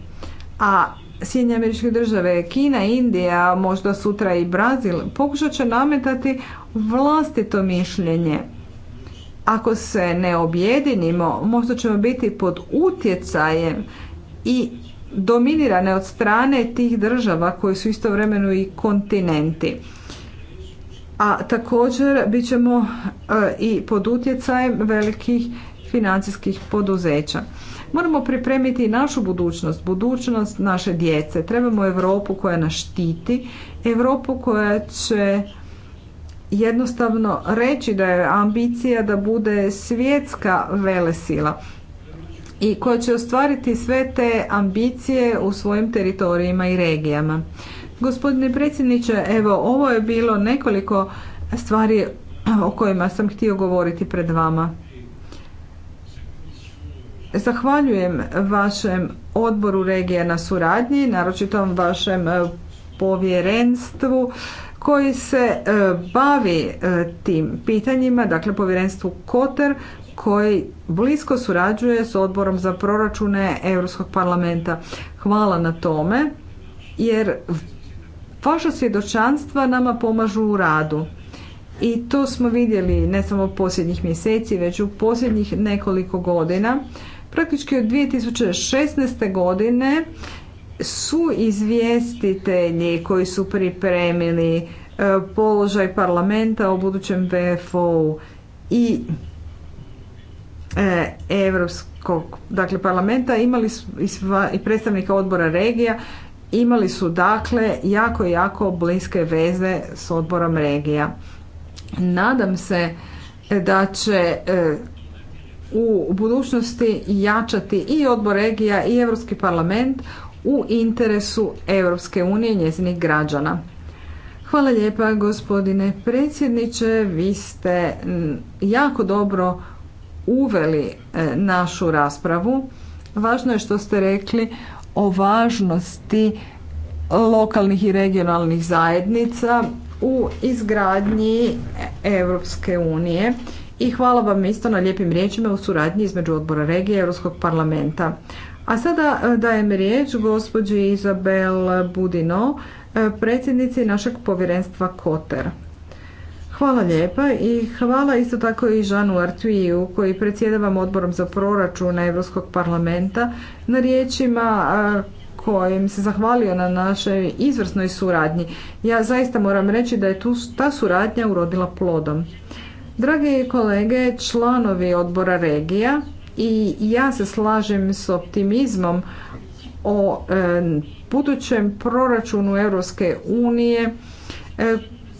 a Sjedinje američke države, Kina, Indija, možda sutra i Brazil, pokušat će nametati vlastito mišljenje. Ako se ne objedinimo, možda ćemo biti pod utjecajem i dominirane od strane tih država koji su istovremeno i kontinenti. A također bit ćemo e, i pod utjecajem velikih financijskih poduzeća. Moramo pripremiti našu budućnost, budućnost naše djece. Trebamo Europu koja nas štiti, Europu koja će jednostavno reći da je ambicija da bude svjetska velesila i koja će ostvariti sve te ambicije u svojim teritorijima i regijama. Gospodine predsjedniče, evo ovo je bilo nekoliko stvari o kojima sam htio govoriti pred vama. Zahvaljujem vašem odboru regija na suradnji, naročito vašem e, povjerenstvu koji se e, bavi e, tim pitanjima, dakle povjerenstvu Koter koji blisko surađuje s odborom za proračune Europskog parlamenta. Hvala na tome jer vaša svjedočanstva nama pomažu u radu. I to smo vidjeli ne samo posljednjih mjeseci, već u posljednjih nekoliko godina Praktički od 2016. godine su izvjestitelji koji su pripremili e, položaj parlamenta o budućem BFO-u i Europskog dakle, parlamenta imali i predstavnika odbora regija imali su dakle jako, jako bliske veze s odborom regija. Nadam se da će e, u budućnosti jačati i odbor regija i Europski parlament u interesu Europske unije i njezinih građana. Hvala lijepa gospodine predsjedniče, vi ste mm, jako dobro uveli e, našu raspravu. Važno je što ste rekli o važnosti lokalnih i regionalnih zajednica u izgradnji Europske unije i hvala vam isto na lijepim riječima u suradnji između odbora regije Europskog parlamenta. A sada e, dajem riječ gospođi Izabel Budino, e, predsjednici našeg povjerenstva Koter. Hvala lijepa i hvala isto tako i Žanu Artviju koji predsjedavam odborom za proračun Europskog parlamenta na riječima e, kojim se zahvalio na našoj izvrsnoj suradnji. Ja zaista moram reći da je tu ta suradnja urodila plodom. Dragi kolege, članovi odbora regija i ja se slažem s optimizmom o e, budućem proračunu Europske unije e,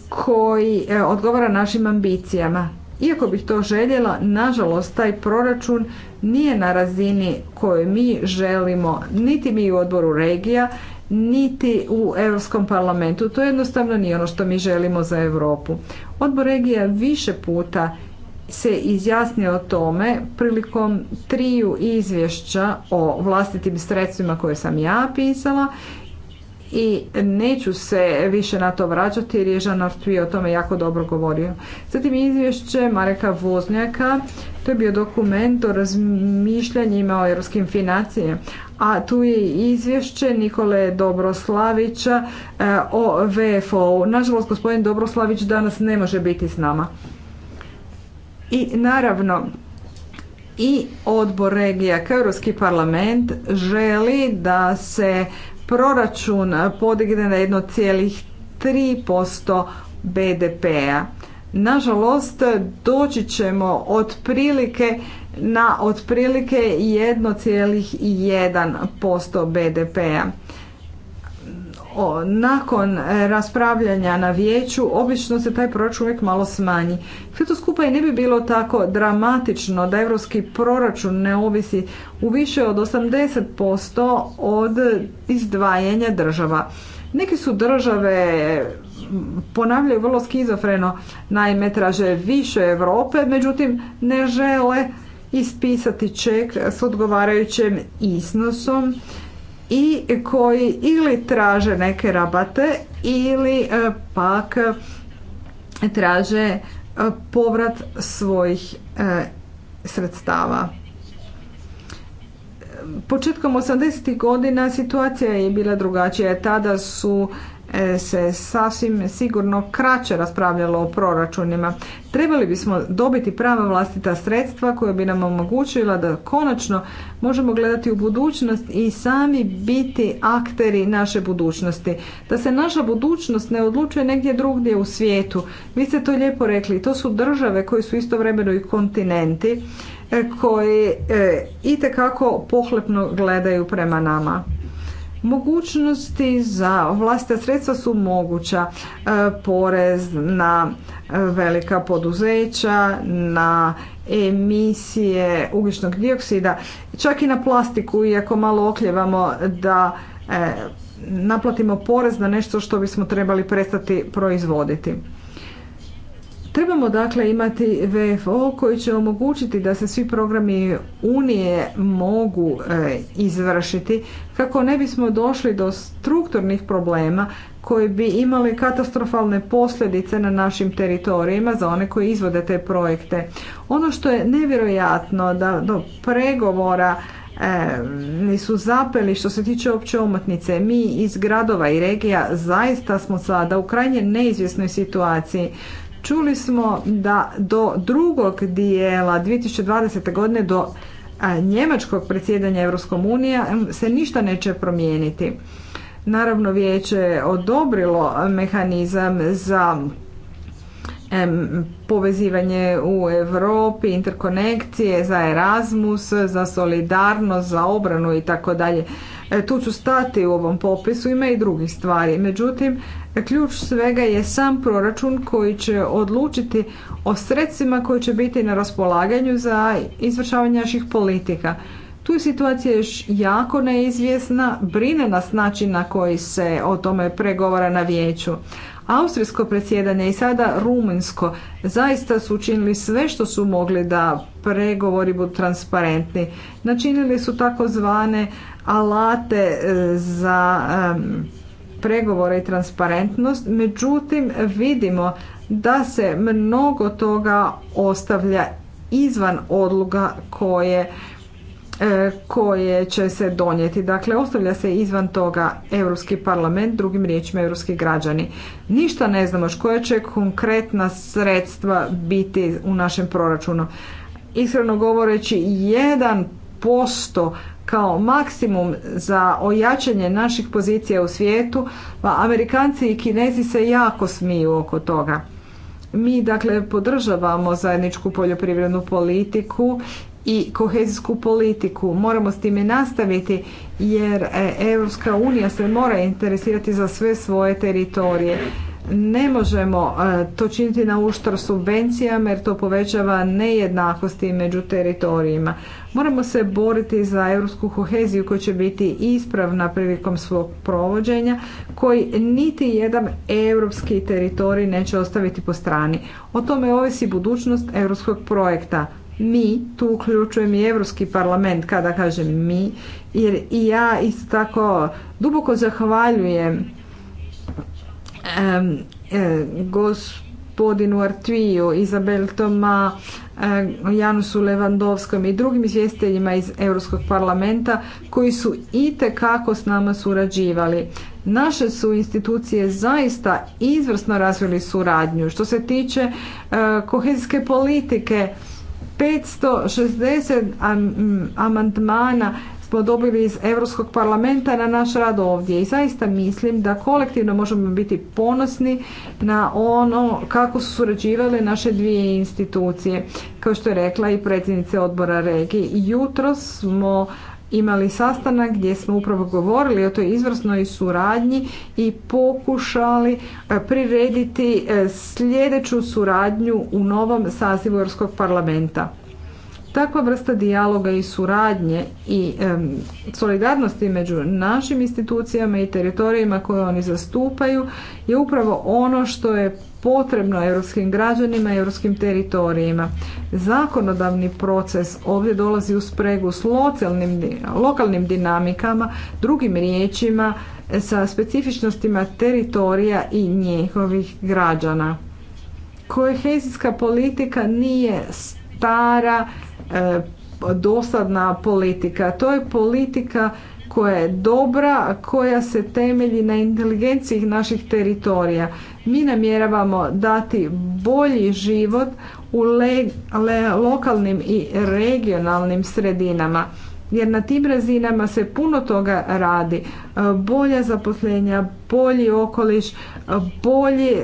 koji e, odgovara našim ambicijama. Iako bih to željela, nažalost taj proračun nije na razini koju mi želimo, niti mi u odboru regija, niti u Europskom parlamentu. To jednostavno nije ono što mi želimo za Europu. Odbor regija više puta se izjasnio o tome prilikom triju izvješća o vlastitim sredstvima koje sam ja pisala i neću se više na to vraćati jer je Jean o tome jako dobro govorio. Zatim izvješće Mareka Voznjaka, to je bio dokument o razmišljanjima o europskim financijama, a tu je i izvješće Nikole Dobroslavića e, o VFO-u. Nažalost, gospodin Dobroslavić danas ne može biti s nama. I naravno, i odbor regija kao Europski parlament želi da se proračun podigne na 1,3% BDP-a. Nažalost, doći ćemo otprilike na otprilike 1,1% BDP-a. Nakon raspravljanja na vijeću obično se taj proračun uvijek malo smanji. Sve to skupa i ne bi bilo tako dramatično da europski proračun ne ovisi u više od 80% od izdvajanja država. Neke su države ponavljaju vrlo skizofreno, naime traže više Europe, međutim ne žele ispisati ček s odgovarajućim iznosom i koji ili traže neke rabate ili e, pak traže e, povrat svojih e, sredstava. Početkom 80. godina situacija je bila drugačija. Tada su E, se sasvim sigurno kraće raspravljalo o proračunima. Trebali bismo dobiti prava vlastita sredstva koja bi nam omogućila da konačno možemo gledati u budućnost i sami biti akteri naše budućnosti. Da se naša budućnost ne odlučuje negdje drugdje u svijetu. Vi ste to lijepo rekli, to su države koje su istovremeno i kontinenti e, koji e, itekako pohlepno gledaju prema nama. Mogućnosti za vlastite sredstva su moguća. E, porez na e, velika poduzeća, na emisije ugljičnog dioksida, čak i na plastiku, iako malo okljevamo da e, naplatimo porez na nešto što bismo trebali prestati proizvoditi. Trebamo dakle imati VFO koji će omogućiti da se svi programi Unije mogu e, izvršiti kako ne bismo došli do strukturnih problema koji bi imali katastrofalne posljedice na našim teritorijima za one koji izvode te projekte. Ono što je nevjerojatno da do pregovora e, nisu zapeli što se tiče opće omotnice. Mi iz gradova i regija zaista smo sada u krajnje neizvjesnoj situaciji. Čuli smo da do drugog dijela 2020. godine do njemačkog predsjedanja Europskom se ništa neće promijeniti. Naravno, vijeće je odobrilo mehanizam za povezivanje u Europi, interkonekcije za Erasmus, za solidarnost, za obranu i tako dalje. E, tu ću stati u ovom popisu, ima i drugih stvari. Međutim, ključ svega je sam proračun koji će odlučiti o sredstvima koji će biti na raspolaganju za izvršavanje naših politika. Tu je situacija još jako neizvjesna, brine nas način na koji se o tome pregovara na vijeću. Austrijsko predsjedanje i sada Rumunjsko zaista su učinili sve što su mogli da pregovori budu transparentni. Načinili su takozvane alate e, za pregovore i transparentnost, međutim vidimo da se mnogo toga ostavlja izvan odluga koje E, koje će se donijeti. Dakle, ostavlja se izvan toga Europski parlament, drugim riječima europski građani. Ništa ne znamo koja će konkretna sredstva biti u našem proračunu. Iskreno govoreći, jedan posto kao maksimum za ojačanje naših pozicija u svijetu, pa Amerikanci i Kinezi se jako smiju oko toga. Mi dakle podržavamo zajedničku poljoprivrednu politiku i kohezijsku politiku. Moramo s time nastaviti jer e, Europska unija se mora interesirati za sve svoje teritorije. Ne možemo e, to činiti na uštar subvencijama jer to povećava nejednakosti među teritorijima. Moramo se boriti za europsku koheziju koja će biti ispravna prilikom svog provođenja, koji niti jedan europski teritorij neće ostaviti po strani. O tome ovisi budućnost europskog projekta mi, tu uključujem i Europski parlament kada kažem mi, jer i ja isto tako duboko zahvaljujem e, gospodinu Artviju, Izabel Toma, e, Janusu Levandovskom i drugim izvjestiteljima iz Europskog parlamenta koji su itekako s nama surađivali. Naše su institucije zaista izvrsno razvili suradnju. Što se tiče e, kohezijske politike, 560 amandmana smo dobili iz Europskog parlamenta na naš rad ovdje i zaista mislim da kolektivno možemo biti ponosni na ono kako su surađivale naše dvije institucije. Kao što je rekla i predsjednica odbora regije, jutro smo imali sastanak gdje smo upravo govorili o toj izvrsnoj suradnji i pokušali e, prirediti e, sljedeću suradnju u novom sazivu Europskog parlamenta. Takva vrsta dijaloga i suradnje i e, solidarnosti među našim institucijama i teritorijima koje oni zastupaju je upravo ono što je potrebno europskim građanima i europskim teritorijima. Zakonodavni proces ovdje dolazi u spregu s lokalnim, lokalnim dinamikama, drugim riječima sa specifičnostima teritorija i njihovih građana. Kohezijska politika nije stara e, dosadna politika. To je politika koja je dobra, koja se temelji na inteligenciji naših teritorija. Mi namjeravamo dati bolji život u lokalnim i regionalnim sredinama jer na tim razinama se puno toga radi. E, bolja zaposlenja, bolji okoliš, e, bolje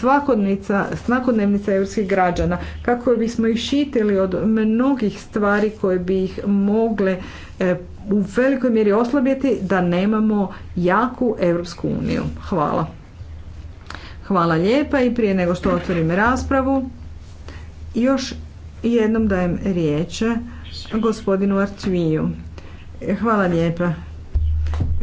svakodnica, svakodnevnica europskih građana, kako bismo ih šitili od mnogih stvari koje bi ih mogle e, u velikoj mjeri oslabiti da nemamo jaku Europsku uniju. Hvala. Hvala lijepa i prije nego što otvorim raspravu, još jednom dajem riječ gospodinu Arcviju. E, hvala lijepa.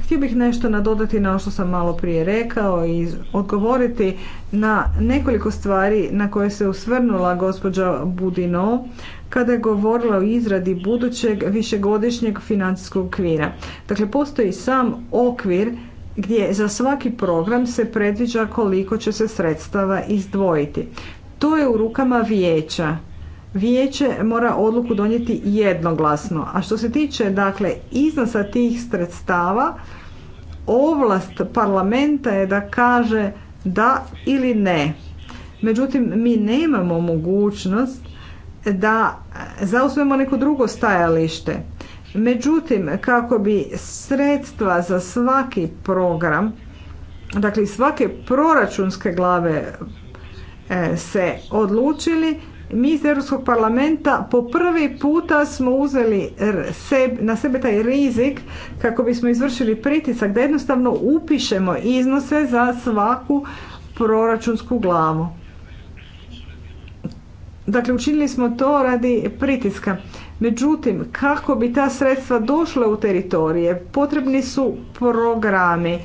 Htio bih nešto nadodati na ono što sam malo prije rekao i odgovoriti na nekoliko stvari na koje se usvrnula gospođa Budino kada je govorila o izradi budućeg višegodišnjeg financijskog okvira. Dakle, postoji sam okvir gdje za svaki program se predviđa koliko će se sredstava izdvojiti. To je u rukama vijeća vijeće mora odluku donijeti jednoglasno. A što se tiče dakle iznosa tih sredstava, ovlast parlamenta je da kaže da ili ne. Međutim, mi nemamo mogućnost da zauzmemo neko drugo stajalište. Međutim, kako bi sredstva za svaki program, dakle svake proračunske glave e, se odlučili, mi iz Europskog parlamenta po prvi puta smo uzeli na sebe taj rizik kako bismo izvršili pritisak da jednostavno upišemo iznose za svaku proračunsku glavu. Dakle, učinili smo to radi pritiska. Međutim, kako bi ta sredstva došla u teritorije, potrebni su programi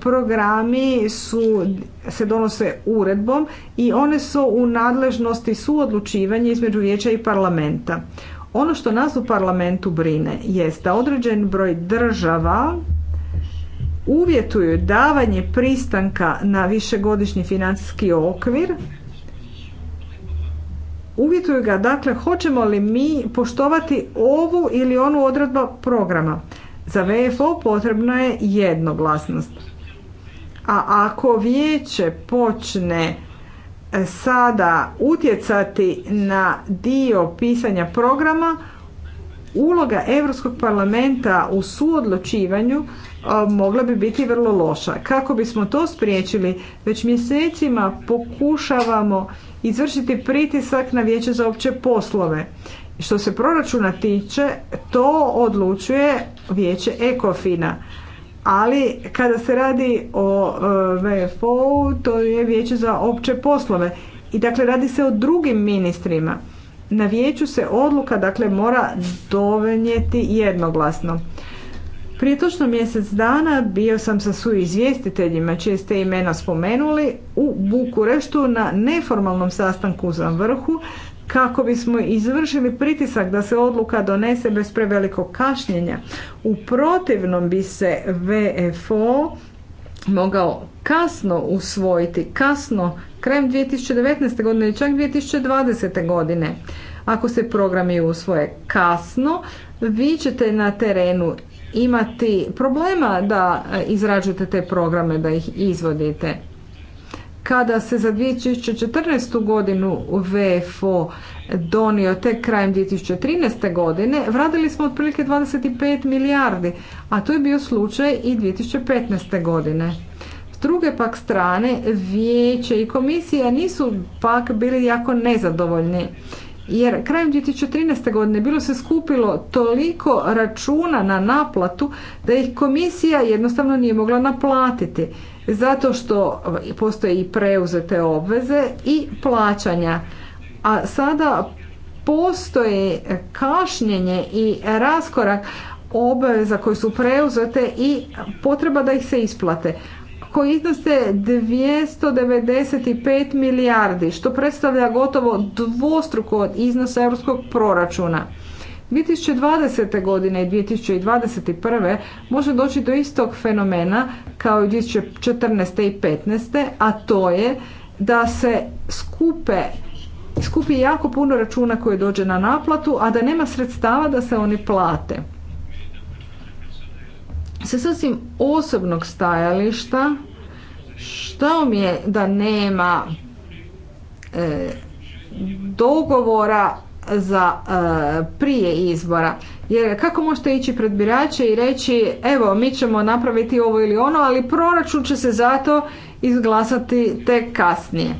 Programi su, se donose uredbom i one su u nadležnosti suodlučivanja između vijeća i parlamenta. Ono što nas u parlamentu brine jest da određen broj država uvjetuju davanje pristanka na višegodišnji financijski okvir uvjetuju ga dakle hoćemo li mi poštovati ovu ili onu odredbu programa. Za VFO potrebno je jednoglasnost. A ako vijeće počne e, sada utjecati na dio pisanja programa, uloga Europskog parlamenta u suodlučivanju e, mogla bi biti vrlo loša. Kako bismo to spriječili, već mjesecima pokušavamo izvršiti pritisak na vijeće za opće poslove. Što se proračuna tiče, to odlučuje vijeće Ekofina ali kada se radi o e, vfo to je vijeće za opće poslove i dakle radi se o drugim ministrima na vijeću se odluka dakle mora dovenjeti jednoglasno prije točno mjesec dana bio sam sa izvjestiteljima, čije ste imena spomenuli u Bukureštu na neformalnom sastanku za vrhu kako bismo izvršili pritisak da se odluka donese bez prevelikog kašnjenja. U protivnom bi se VFO mogao kasno usvojiti, kasno krajem 2019. godine ili čak 2020. godine. Ako se programi usvoje kasno, vi ćete na terenu imati problema da izrađujete te programe, da ih izvodite. Kada se za 2014. godinu VFO donio tek krajem 2013. godine, vratili smo otprilike 25 milijardi, a to je bio slučaj i 2015. godine. S druge pak strane, vijeće i komisija nisu pak bili jako nezadovoljni jer krajem 2013. godine bilo se skupilo toliko računa na naplatu da ih komisija jednostavno nije mogla naplatiti zato što postoje i preuzete obveze i plaćanja. A sada postoji kašnjenje i raskorak obveza koje su preuzete i potreba da ih se isplate koji iznose 295 milijardi, što predstavlja gotovo dvostruko od iznosa europskog proračuna. 2020. godine i 2021. može doći do istog fenomena kao i 2014. i 2015. a to je da se skupe skupi jako puno računa koji dođe na naplatu, a da nema sredstava da se oni plate. Sa sasvim osobnog stajališta, što mi je da nema e, dogovora za e, prije izbora. Jer kako možete ići pred birače i reći evo mi ćemo napraviti ovo ili ono, ali proračun će se zato izglasati tek kasnije.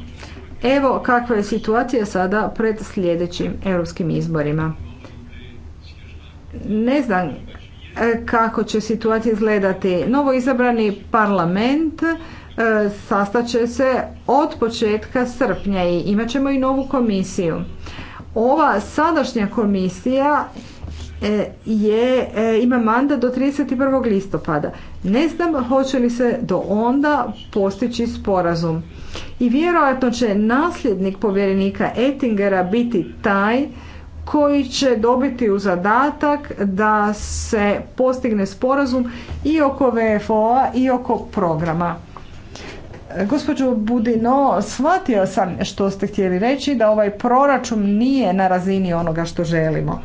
Evo kakva je situacija sada pred sljedećim europskim izborima. Ne znam e, kako će situacija izgledati. Novo izabrani parlament e, sastaće se od početka srpnja i imat ćemo i novu komisiju. Ova sadašnja komisija e, je, e, ima mandat do 31. listopada. Ne znam hoće li se do onda postići sporazum. I vjerojatno će nasljednik povjerenika Ettingera biti taj koji će dobiti u zadatak da se postigne sporazum i oko VFO-a i oko programa. Gospođo Budino, shvatio sam što ste htjeli reći da ovaj proračun nije na razini onoga što želimo.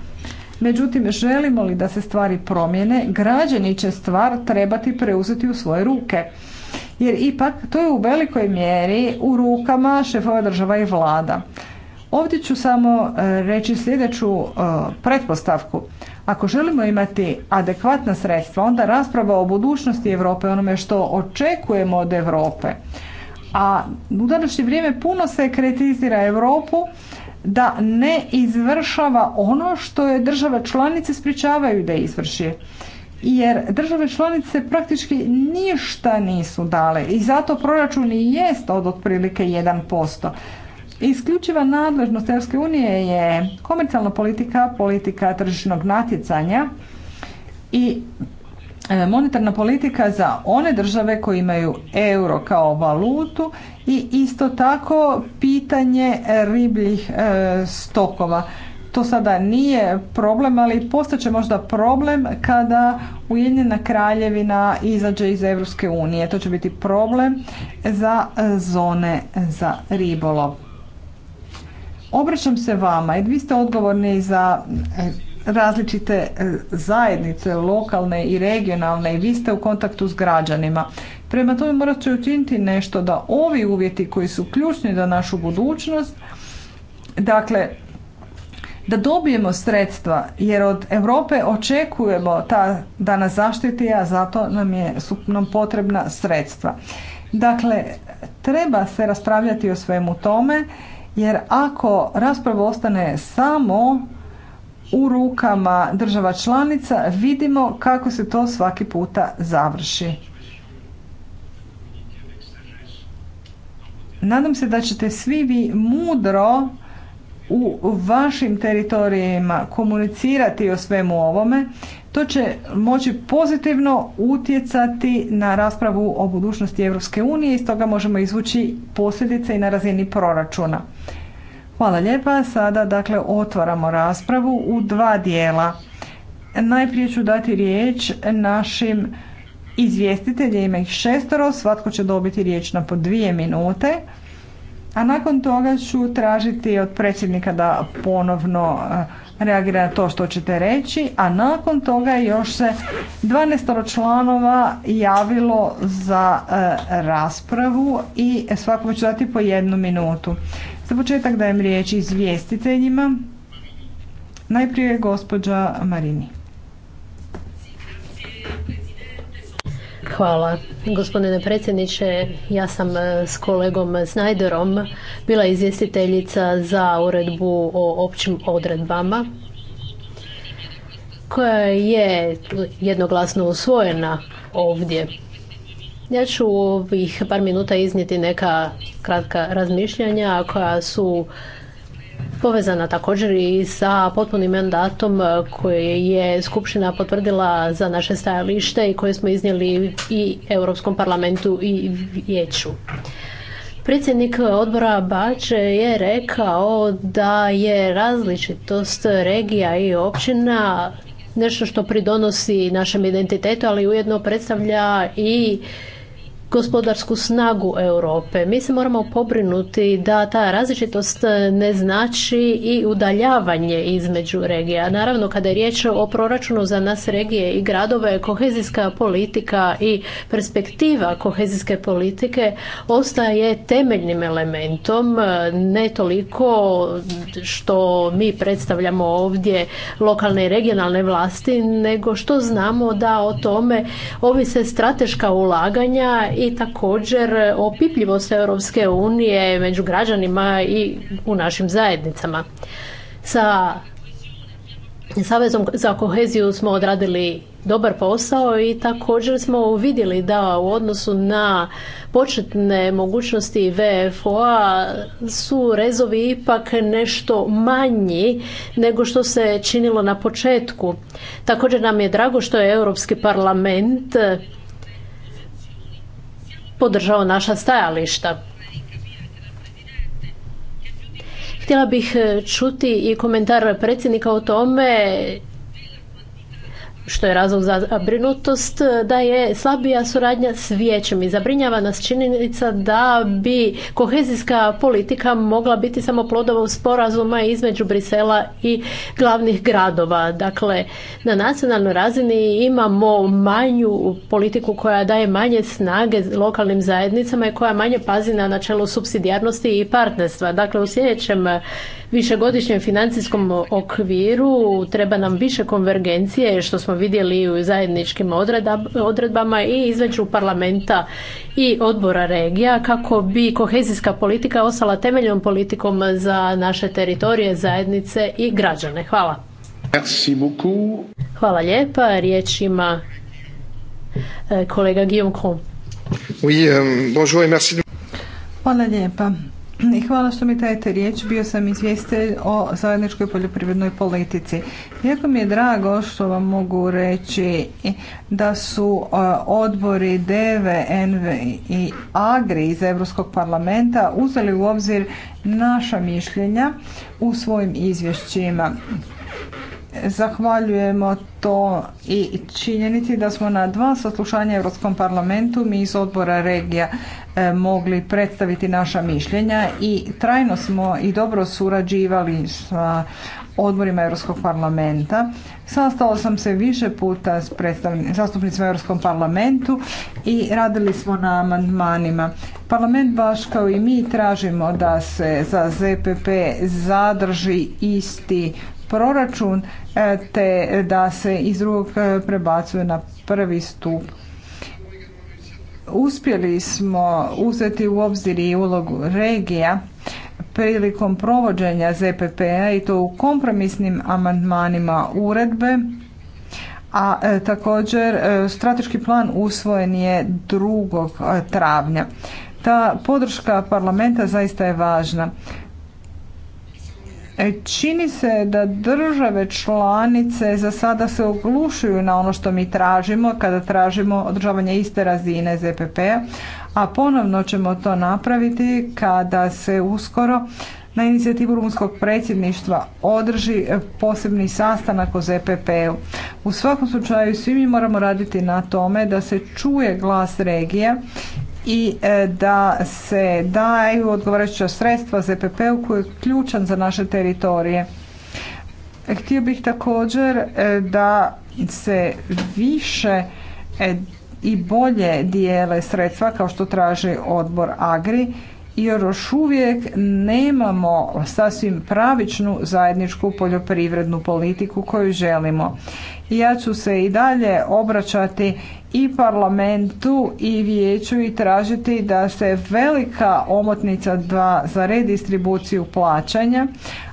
Međutim, želimo li da se stvari promjene, građani će stvar trebati preuzeti u svoje ruke. Jer ipak to je u velikoj mjeri u rukama šefova država i vlada. Ovdje ću samo eh, reći sljedeću eh, pretpostavku. Ako želimo imati adekvatna sredstva, onda rasprava o budućnosti Europe, onome što očekujemo od Europe, a u današnje vrijeme puno se kritizira Europu da ne izvršava ono što je države članice spričavaju da izvrši. Jer države članice praktički ništa nisu dale i zato proračun i jest od otprilike 1%. Isključiva nadležnost Europske unije je komercijalna politika, politika tržišnog natjecanja i e, monetarna politika za one države koje imaju euro kao valutu i isto tako pitanje ribljih e, stokova. To sada nije problem, ali postaće možda problem kada Ujedinjena kraljevina izađe iz Europske unije. To će biti problem za e, zone za ribolov. Obraćam se vama jer vi ste odgovorni za e, različite e, zajednice lokalne i regionalne i vi ste u kontaktu s građanima. Prema tome morat će učiniti nešto da ovi uvjeti koji su ključni za našu budućnost, dakle da dobijemo sredstva jer od Europe očekujemo ta, da nas zaštiti, a zato nam je, su nam potrebna sredstva. Dakle, treba se raspravljati o svemu tome jer ako rasprava ostane samo u rukama država članica vidimo kako se to svaki puta završi. Nadam se da ćete svi vi mudro u vašim teritorijima komunicirati o svemu ovome to će moći pozitivno utjecati na raspravu o budućnosti Europske unije i stoga možemo izvući posljedice i na razini proračuna. Hvala lijepa. Sada dakle otvaramo raspravu u dva dijela. Najprije ću dati riječ našim izvjestiteljima. ima ih šestoro, svatko će dobiti riječ na po dvije minute, a nakon toga ću tražiti od predsjednika da ponovno reagira na to što ćete reći, a nakon toga još se 12 članova javilo za e, raspravu i svakome ću dati po jednu minutu. Za početak dajem riječ izvjestiteljima. Najprije gospođa Marini. Hvala. Gospodine predsjedniče, ja sam e, s kolegom Snajderom bila izvjestiteljica za uredbu o općim odredbama koja je jednoglasno usvojena ovdje. Ja ću ovih par minuta iznijeti neka kratka razmišljanja koja su povezana također i sa potpunim mandatom e, koje je Skupština potvrdila za naše stajalište i koje smo iznijeli i Europskom parlamentu i vijeću. Predsjednik odbora Bače je rekao da je različitost regija i općina nešto što pridonosi našem identitetu, ali ujedno predstavlja i gospodarsku snagu Europe. Mi se moramo pobrinuti da ta različitost e, ne znači i udaljavanje između regija. Naravno, kada je riječ o proračunu za nas regije i gradove, kohezijska politika i perspektiva kohezijske politike ostaje temeljnim elementom, e, ne toliko što mi predstavljamo ovdje lokalne i regionalne vlasti, nego što znamo da o tome ovise strateška ulaganja i i također opipljivost Europske unije među građanima i u našim zajednicama. Sa Savezom za koheziju smo odradili dobar posao i također smo uvidjeli da u odnosu na početne mogućnosti VFO-a su rezovi ipak nešto manji nego što se činilo na početku. Također nam je drago što je Europski parlament podržao naša stajališta. Htjela bih e, čuti i komentar predsjednika o tome što je razlog za zabrinutost, da je slabija suradnja s vijećem i zabrinjava nas činjenica da bi kohezijska politika mogla biti samo plodovom sporazuma između Brisela i glavnih gradova. Dakle, na nacionalnoj razini imamo manju politiku koja daje manje snage lokalnim zajednicama i koja manje pazi na načelo subsidijarnosti i partnerstva. Dakle, u sljedećem višegodišnjem financijskom okviru treba nam više konvergencije što smo vidjeli u zajedničkim odredbama i između parlamenta i odbora regija kako bi kohezijska politika ostala temeljnom politikom za naše teritorije, zajednice i građane. Hvala. Hvala lijepa. Riječ ima e, kolega Guillaume euh, Hvala lijepa. I hvala što mi dajete riječ. Bio sam izvjestitelj o zajedničkoj poljoprivrednoj politici. Jako mi je drago što vam mogu reći da su e, odbori DEVE, NV i AGRI iz Europskog parlamenta uzeli u obzir naša mišljenja u svojim izvješćima zahvaljujemo to i činjenici da smo na dva saslušanja Europskom parlamentu mi iz odbora regija e, mogli predstaviti naša mišljenja i trajno smo i dobro surađivali sa odborima Europskog parlamenta. Sastao sam se više puta s zastupnicima Europskom parlamentu i radili smo na amandmanima. Parlament baš kao i mi tražimo da se za ZPP zadrži isti proračun e, te da se iz drugog e, prebacuje na prvi stup. Uspjeli smo uzeti u obzir i ulogu regija prilikom provođenja ZPP-a i to u kompromisnim amandmanima uredbe, a e, također strateški plan usvojen je 2. travnja. Ta podrška parlamenta zaista je važna. E, čini se da države članice za sada se oglušuju na ono što mi tražimo kada tražimo održavanje iste razine ZPP-a, a ponovno ćemo to napraviti kada se uskoro na inicijativu rumunskog predsjedništva održi posebni sastanak o ZPP-u. U svakom slučaju svi mi moramo raditi na tome da se čuje glas regije i e, da se daju odgovarajuća sredstva ZPP-u koji je ključan za naše teritorije. Htio bih također e, da se više e, i bolje dijele sredstva kao što traži odbor AGRI jer još uvijek nemamo sasvim pravičnu zajedničku poljoprivrednu politiku koju želimo. Ja ću se i dalje obraćati i parlamentu i vijeću i tražiti da se velika omotnica dva za redistribuciju plaćanja,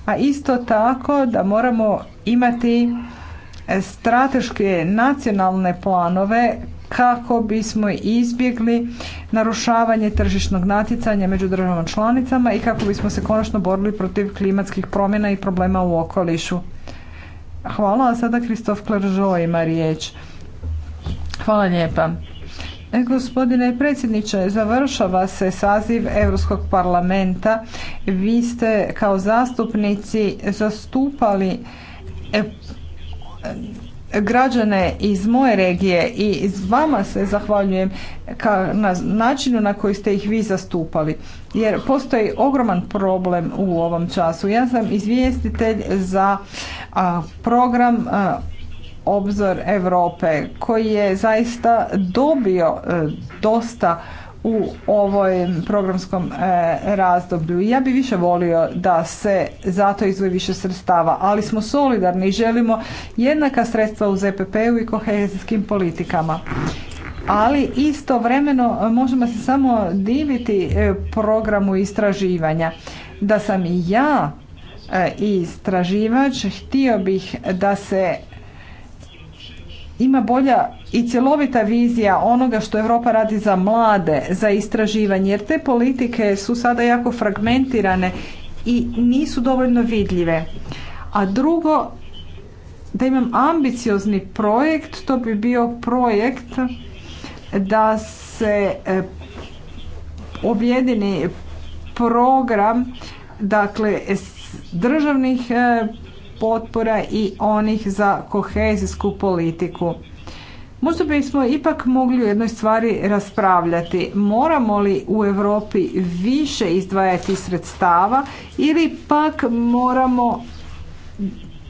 a isto tako da moramo imati strateške nacionalne planove kako bismo izbjegli narušavanje tržišnog natjecanja među državama članicama i kako bismo se konačno borili protiv klimatskih promjena i problema u okolišu. Hvala, a sada Kristof Kleržo ima riječ. Hvala lijepa. E, gospodine predsjedniče, završava se saziv Europskog parlamenta. Vi ste kao zastupnici zastupali e, građane iz moje regije i iz vama se zahvaljujem na načinu na koji ste ih vi zastupali. Jer postoji ogroman problem u ovom času. Ja sam izvijestitelj za program Obzor Europe koji je zaista dobio e, dosta u ovom programskom e, razdoblju. Ja bi više volio da se zato izvoji više sredstava, ali smo solidarni i želimo jednaka sredstva u ZPP-u i kohezijskim politikama. Ali istovremeno e, možemo se samo diviti e, programu istraživanja. Da sam i ja istraživač, htio bih da se ima bolja i cjelovita vizija onoga što Europa radi za mlade, za istraživanje, jer te politike su sada jako fragmentirane i nisu dovoljno vidljive. A drugo, da imam ambiciozni projekt, to bi bio projekt da se e, objedini program dakle državnih e, potpora i onih za kohezijsku politiku. Možda bismo ipak mogli u jednoj stvari raspravljati. Moramo li u Europi više izdvajati sredstava ili pak moramo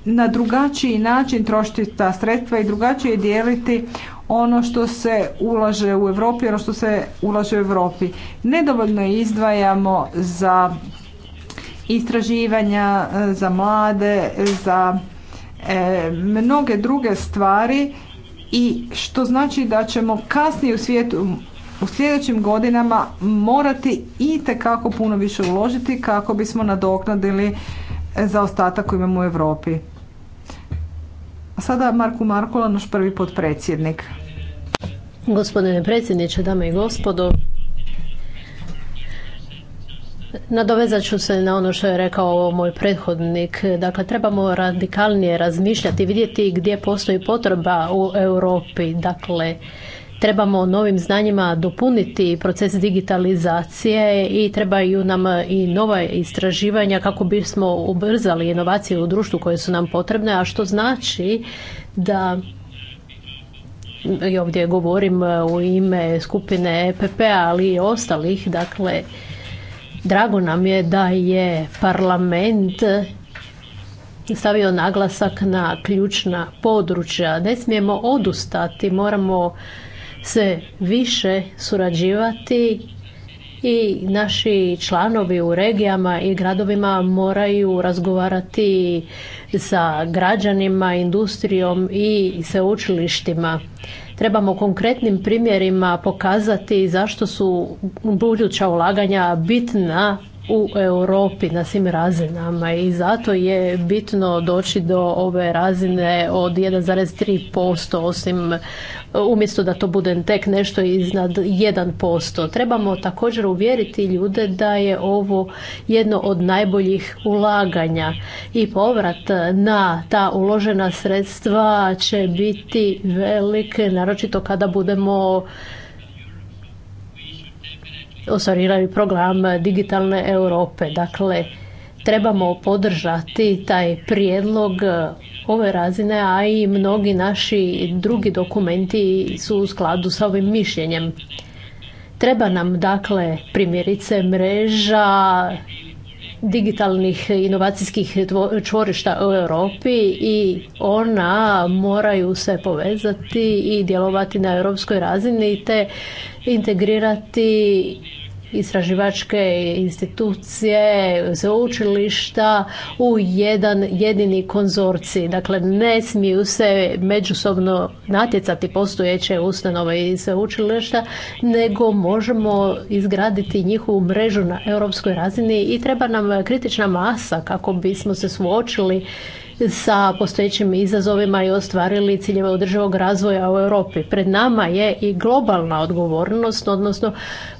na drugačiji način trošiti ta sredstva i drugačije dijeliti ono što se ulaže u Europi, ono što se ulaže u Europi. Nedovoljno izdvajamo za istraživanja e, za mlade, za e, mnoge druge stvari i što znači da ćemo kasnije u svijetu u sljedećim godinama morati i kako puno više uložiti kako bismo nadoknadili e, zaostatak koji imamo u Europi. A sada Marku Markula, naš prvi potpredsjednik. Gospodine predsjedniče, dame i gospodo, Nadovezat ću se na ono što je rekao moj prethodnik. Dakle, trebamo radikalnije razmišljati, vidjeti gdje postoji potreba u Europi. Dakle, trebamo novim znanjima dopuniti proces digitalizacije i trebaju nam i nova istraživanja kako bismo ubrzali inovacije u društvu koje su nam potrebne, a što znači da i ovdje govorim u ime skupine EPP, ali i ostalih, dakle, Drago nam je da je parlament stavio naglasak na ključna područja. Ne smijemo odustati, moramo se više surađivati i naši članovi u regijama i gradovima moraju razgovarati sa građanima, industrijom i sveučilištima. Trebamo konkretnim primjerima pokazati zašto su buduća ulaganja bitna u Europi na svim razinama i zato je bitno doći do ove razine od 1,3% osim umjesto da to bude tek nešto iznad 1%. Trebamo također uvjeriti ljude da je ovo jedno od najboljih ulaganja i povrat na ta uložena sredstva će biti velike naročito kada budemo osvariraju program digitalne Europe. Dakle, trebamo podržati taj prijedlog e, ove razine, a i mnogi naši drugi dokumenti su u skladu sa ovim mišljenjem. Treba nam dakle primjerice mreža digitalnih inovacijskih čvorišta u Europi i ona moraju se povezati i djelovati na europskoj razini te integrirati istraživačke institucije, sveučilišta u jedan jedini konzorcij. Dakle, ne smiju se međusobno natjecati postojeće ustanove i sveučilišta, nego možemo izgraditi njihovu mrežu na europskoj razini i treba nam kritična masa kako bismo se suočili sa postojećim izazovima i ostvarili ciljeve održivog razvoja u Europi. Pred nama je i globalna odgovornost, odnosno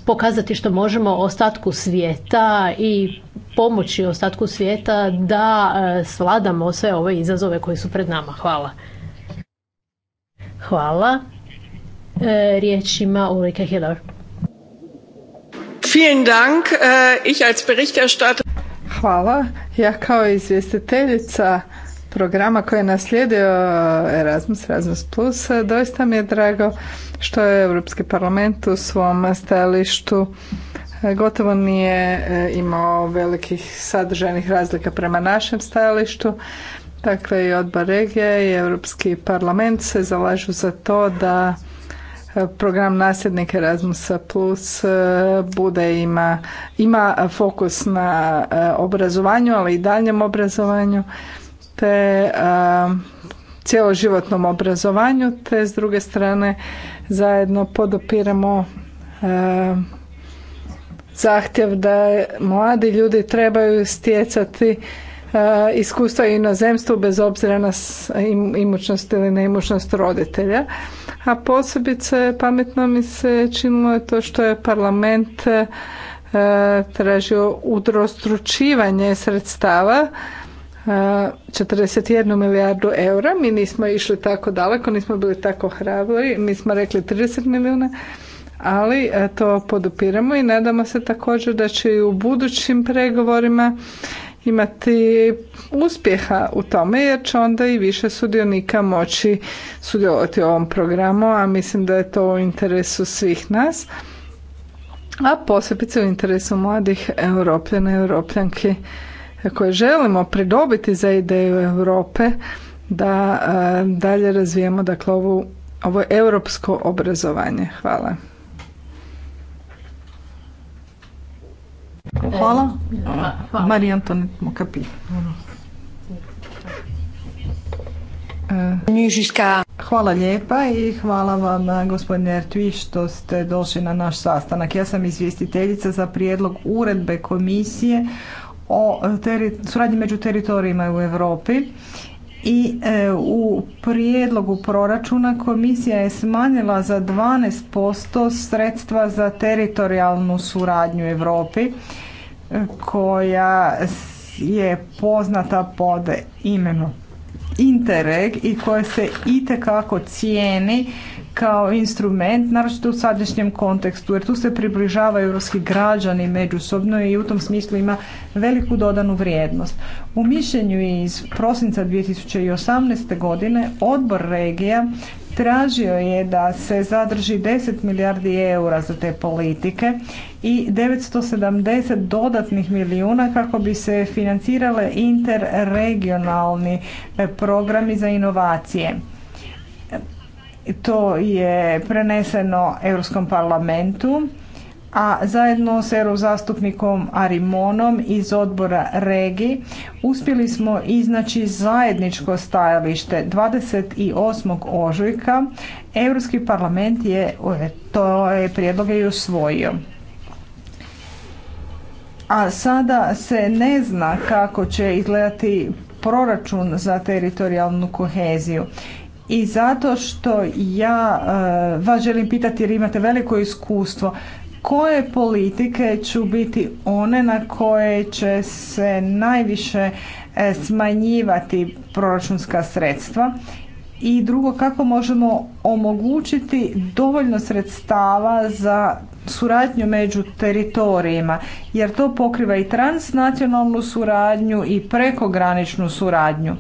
pokazati što možemo ostatku svijeta i pomoći ostatku svijeta da e, svladamo sve ove izazove koji su pred nama. Hvala. Hvala. E, riječ ima Ulrike Hiller. Vielen Dank. E, ich als Berichterstatter Hvala. Ja kao izvjestiteljica programa koji je naslijedio e, Erasmus, Erasmus Plus, doista mi je drago što je Europski parlament u svom stajalištu e, gotovo nije e, imao velikih sadržajnih razlika prema našem stajalištu. Dakle, i odbor regije i Europski parlament se zalažu za to da program nasljednik Erasmus+, Plus bude ima, ima fokus na obrazovanju, ali i daljem obrazovanju te cjeloživotnom obrazovanju, te s druge strane zajedno podopiramo zahtjev da mladi ljudi trebaju stjecati iskustva na zemstvu bez obzira na imućnost ili neimućnost roditelja. A posebice pametno mi se činilo to što je parlament tražio udrostručivanje sredstava 41 milijardu eura. Mi nismo išli tako daleko, nismo bili tako hrabri, mi smo rekli 30 milijuna, ali e, to podupiramo i nadamo se također da će i u budućim pregovorima imati uspjeha u tome jer će onda i više sudionika moći sudjelovati u ovom programu, a mislim da je to u interesu svih nas, a posebice u interesu mladih europljana i europljanki koje želimo pridobiti za ideju Europe da dalje razvijemo dakle ovu, ovo europsko obrazovanje. Hvala. Hvala. Marija Antonet Mokapi. Hvala lijepa i hvala vam gospodine Ertvi što ste došli na naš sastanak. Ja sam izvjestiteljica za prijedlog uredbe komisije o suradnji među teritorijima u Europi i e, u prijedlogu proračuna komisija je smanjila za 12% sredstva za teritorijalnu suradnju Europi e, koja je poznata pod imenom Interreg i koja se itekako cijeni kao instrument, naročito u sadašnjem kontekstu, jer tu se približava europski građani međusobno i u tom smislu ima veliku dodanu vrijednost. U mišljenju iz prosinca 2018. godine odbor regija tražio je da se zadrži 10 milijardi eura za te politike i 970 dodatnih milijuna kako bi se financirale interregionalni programi za inovacije. To je preneseno Europskom parlamentu, a zajedno s eurozastupnikom Arimonom iz odbora Regi uspjeli smo iznaći zajedničko stajalište 28. ožujka. Europski parlament je e, to je prijedloge i usvojio. A sada se ne zna kako će izgledati proračun za teritorijalnu koheziju i zato što ja eh, vas želim pitati jer imate veliko iskustvo koje politike ću biti one na koje će se najviše eh, smanjivati proračunska sredstva i drugo kako možemo omogućiti dovoljno sredstava za suradnju među teritorijima jer to pokriva i transnacionalnu suradnju i prekograničnu suradnju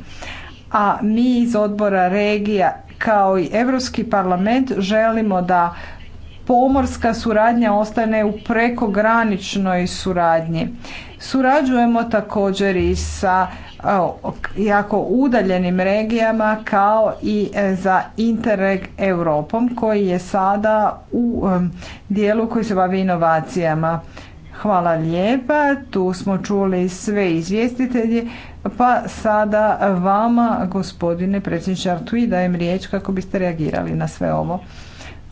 a mi iz odbora regija kao i Europski parlament želimo da pomorska suradnja ostane u prekograničnoj suradnji. Surađujemo također i sa jako udaljenim regijama kao i e, za Interreg Europom koji je sada u dijelu koji se bavi inovacijama. Hvala lijepa, tu smo čuli sve izvjestitelje, pa sada vama, gospodine predsjedniče Artui, dajem riječ kako biste reagirali na sve ovo.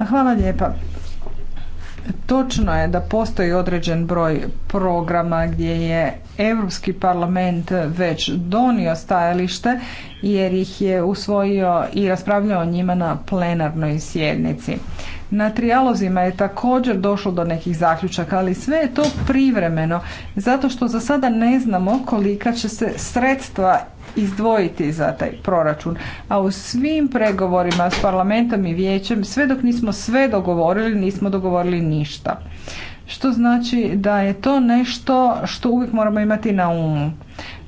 Hvala lijepa. Točno je da postoji određen broj programa gdje je Europski parlament već donio stajalište jer ih je usvojio i raspravljao o njima na plenarnoj sjednici. Na trijalozima je također došlo do nekih zaključaka, ali sve je to privremeno zato što za sada ne znamo kolika će se sredstva izdvojiti za taj proračun. A u svim pregovorima s parlamentom i vijećem, sve dok nismo sve dogovorili, nismo dogovorili ništa. Što znači da je to nešto što uvijek moramo imati na umu.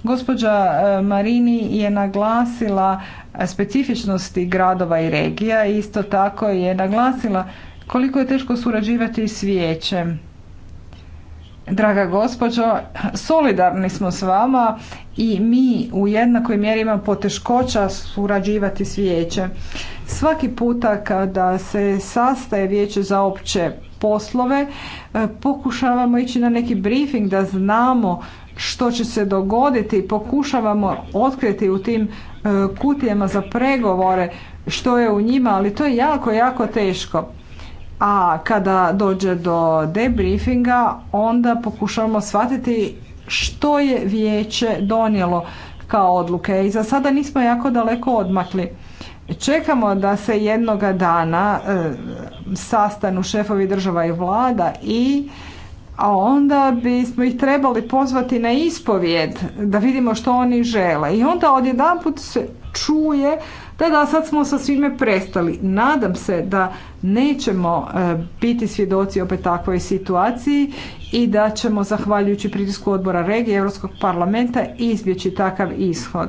Gospođa e, Marini je naglasila specifičnosti gradova i regija, isto tako je naglasila koliko je teško surađivati s vijećem Draga gospođo, solidarni smo s vama i mi u jednakoj mjeri imamo poteškoća surađivati s vijećem. Svaki puta kada se sastaje vijeće za opće poslove, e, pokušavamo ići na neki briefing da znamo što će se dogoditi, pokušavamo otkriti u tim e, kutijama za pregovore što je u njima, ali to je jako, jako teško a kada dođe do debriefinga onda pokušavamo shvatiti što je vijeće donijelo kao odluke i za sada nismo jako daleko odmakli. Čekamo da se jednoga dana e, sastanu šefovi država i vlada i a onda bismo ih trebali pozvati na ispovjed da vidimo što oni žele. I onda odjedanput se čuje da, da, sad smo sa svime prestali. Nadam se da nećemo e, biti svjedoci opet takvoj situaciji i da ćemo, zahvaljujući pritisku odbora regije Europskog parlamenta, izbjeći takav ishod.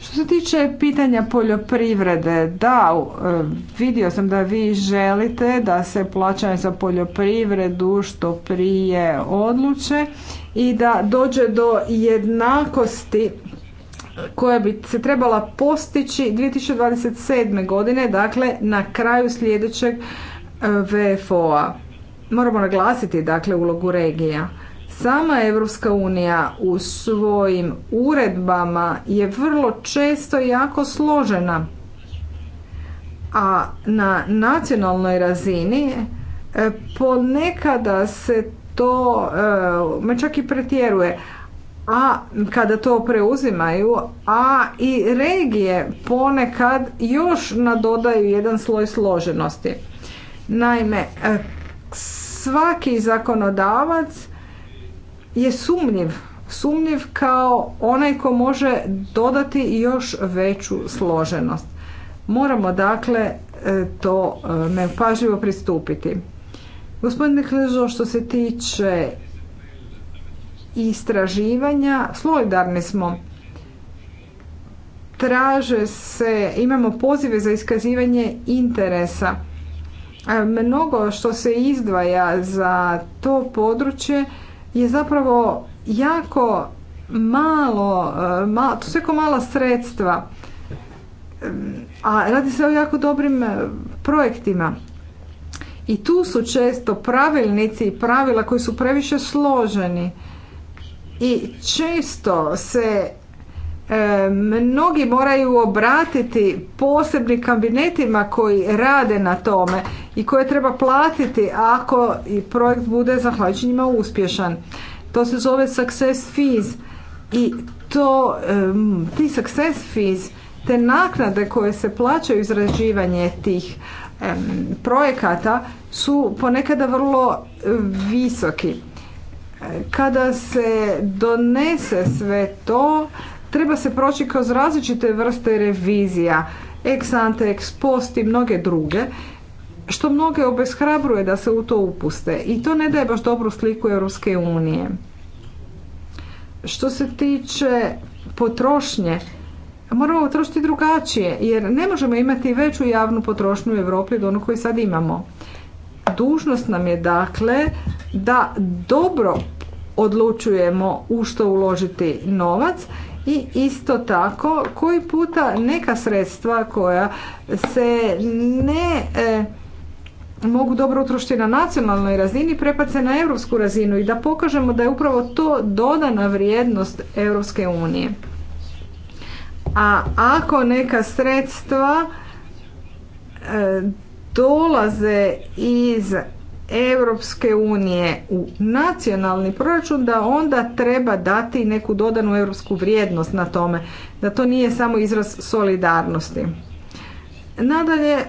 Što se tiče pitanja poljoprivrede, da, e, vidio sam da vi želite da se plaćanje za poljoprivredu što prije odluče i da dođe do jednakosti koja bi se trebala postići 2027. godine, dakle na kraju sljedećeg e, VFO-a. Moramo naglasiti dakle ulogu regija. Sama Europska unija u svojim uredbama je vrlo često jako složena. A na nacionalnoj razini e, ponekada se to, e, me čak i pretjeruje, a kada to preuzimaju, a i regije ponekad još nadodaju jedan sloj složenosti. Naime, e, svaki zakonodavac je sumnjiv, sumnjiv kao onaj ko može dodati još veću složenost. Moramo dakle e, to neupažljivo pristupiti. Gospodine Kležo, što se tiče istraživanja solidarni smo. Traže se, imamo pozive za iskazivanje interesa. E, mnogo što se izdvaja za to područje je zapravo jako malo, e, to su jako mala sredstva. A radi se o jako dobrim e, projektima. I tu su često pravilnici i pravila koji su previše složeni i često se e, mnogi moraju obratiti posebnim kabinetima koji rade na tome i koje treba platiti ako i projekt bude zahvaljujući uspješan. To se zove success fees i to, e, ti success fees, te naknade koje se plaćaju izrađivanje tih projekata su ponekada vrlo e, visoki kada se donese sve to, treba se proći kroz različite vrste revizija, ex ante, ex post i mnoge druge, što mnoge obeshrabruje da se u to upuste i to ne daje baš dobru sliku Europske unije. Što se tiče potrošnje, moramo potrošiti drugačije jer ne možemo imati veću javnu potrošnju u Europi od onog koju sad imamo. Dužnost nam je dakle da dobro odlučujemo u što uložiti novac i isto tako koji puta neka sredstva koja se ne e, mogu dobro utrošiti na nacionalnoj razini prepace na europsku razinu i da pokažemo da je upravo to dodana vrijednost Europske unije. A ako neka sredstva e, dolaze iz Europske unije u nacionalni proračun da onda treba dati neku dodanu europsku vrijednost na tome, da to nije samo izraz solidarnosti. Nadalje, e,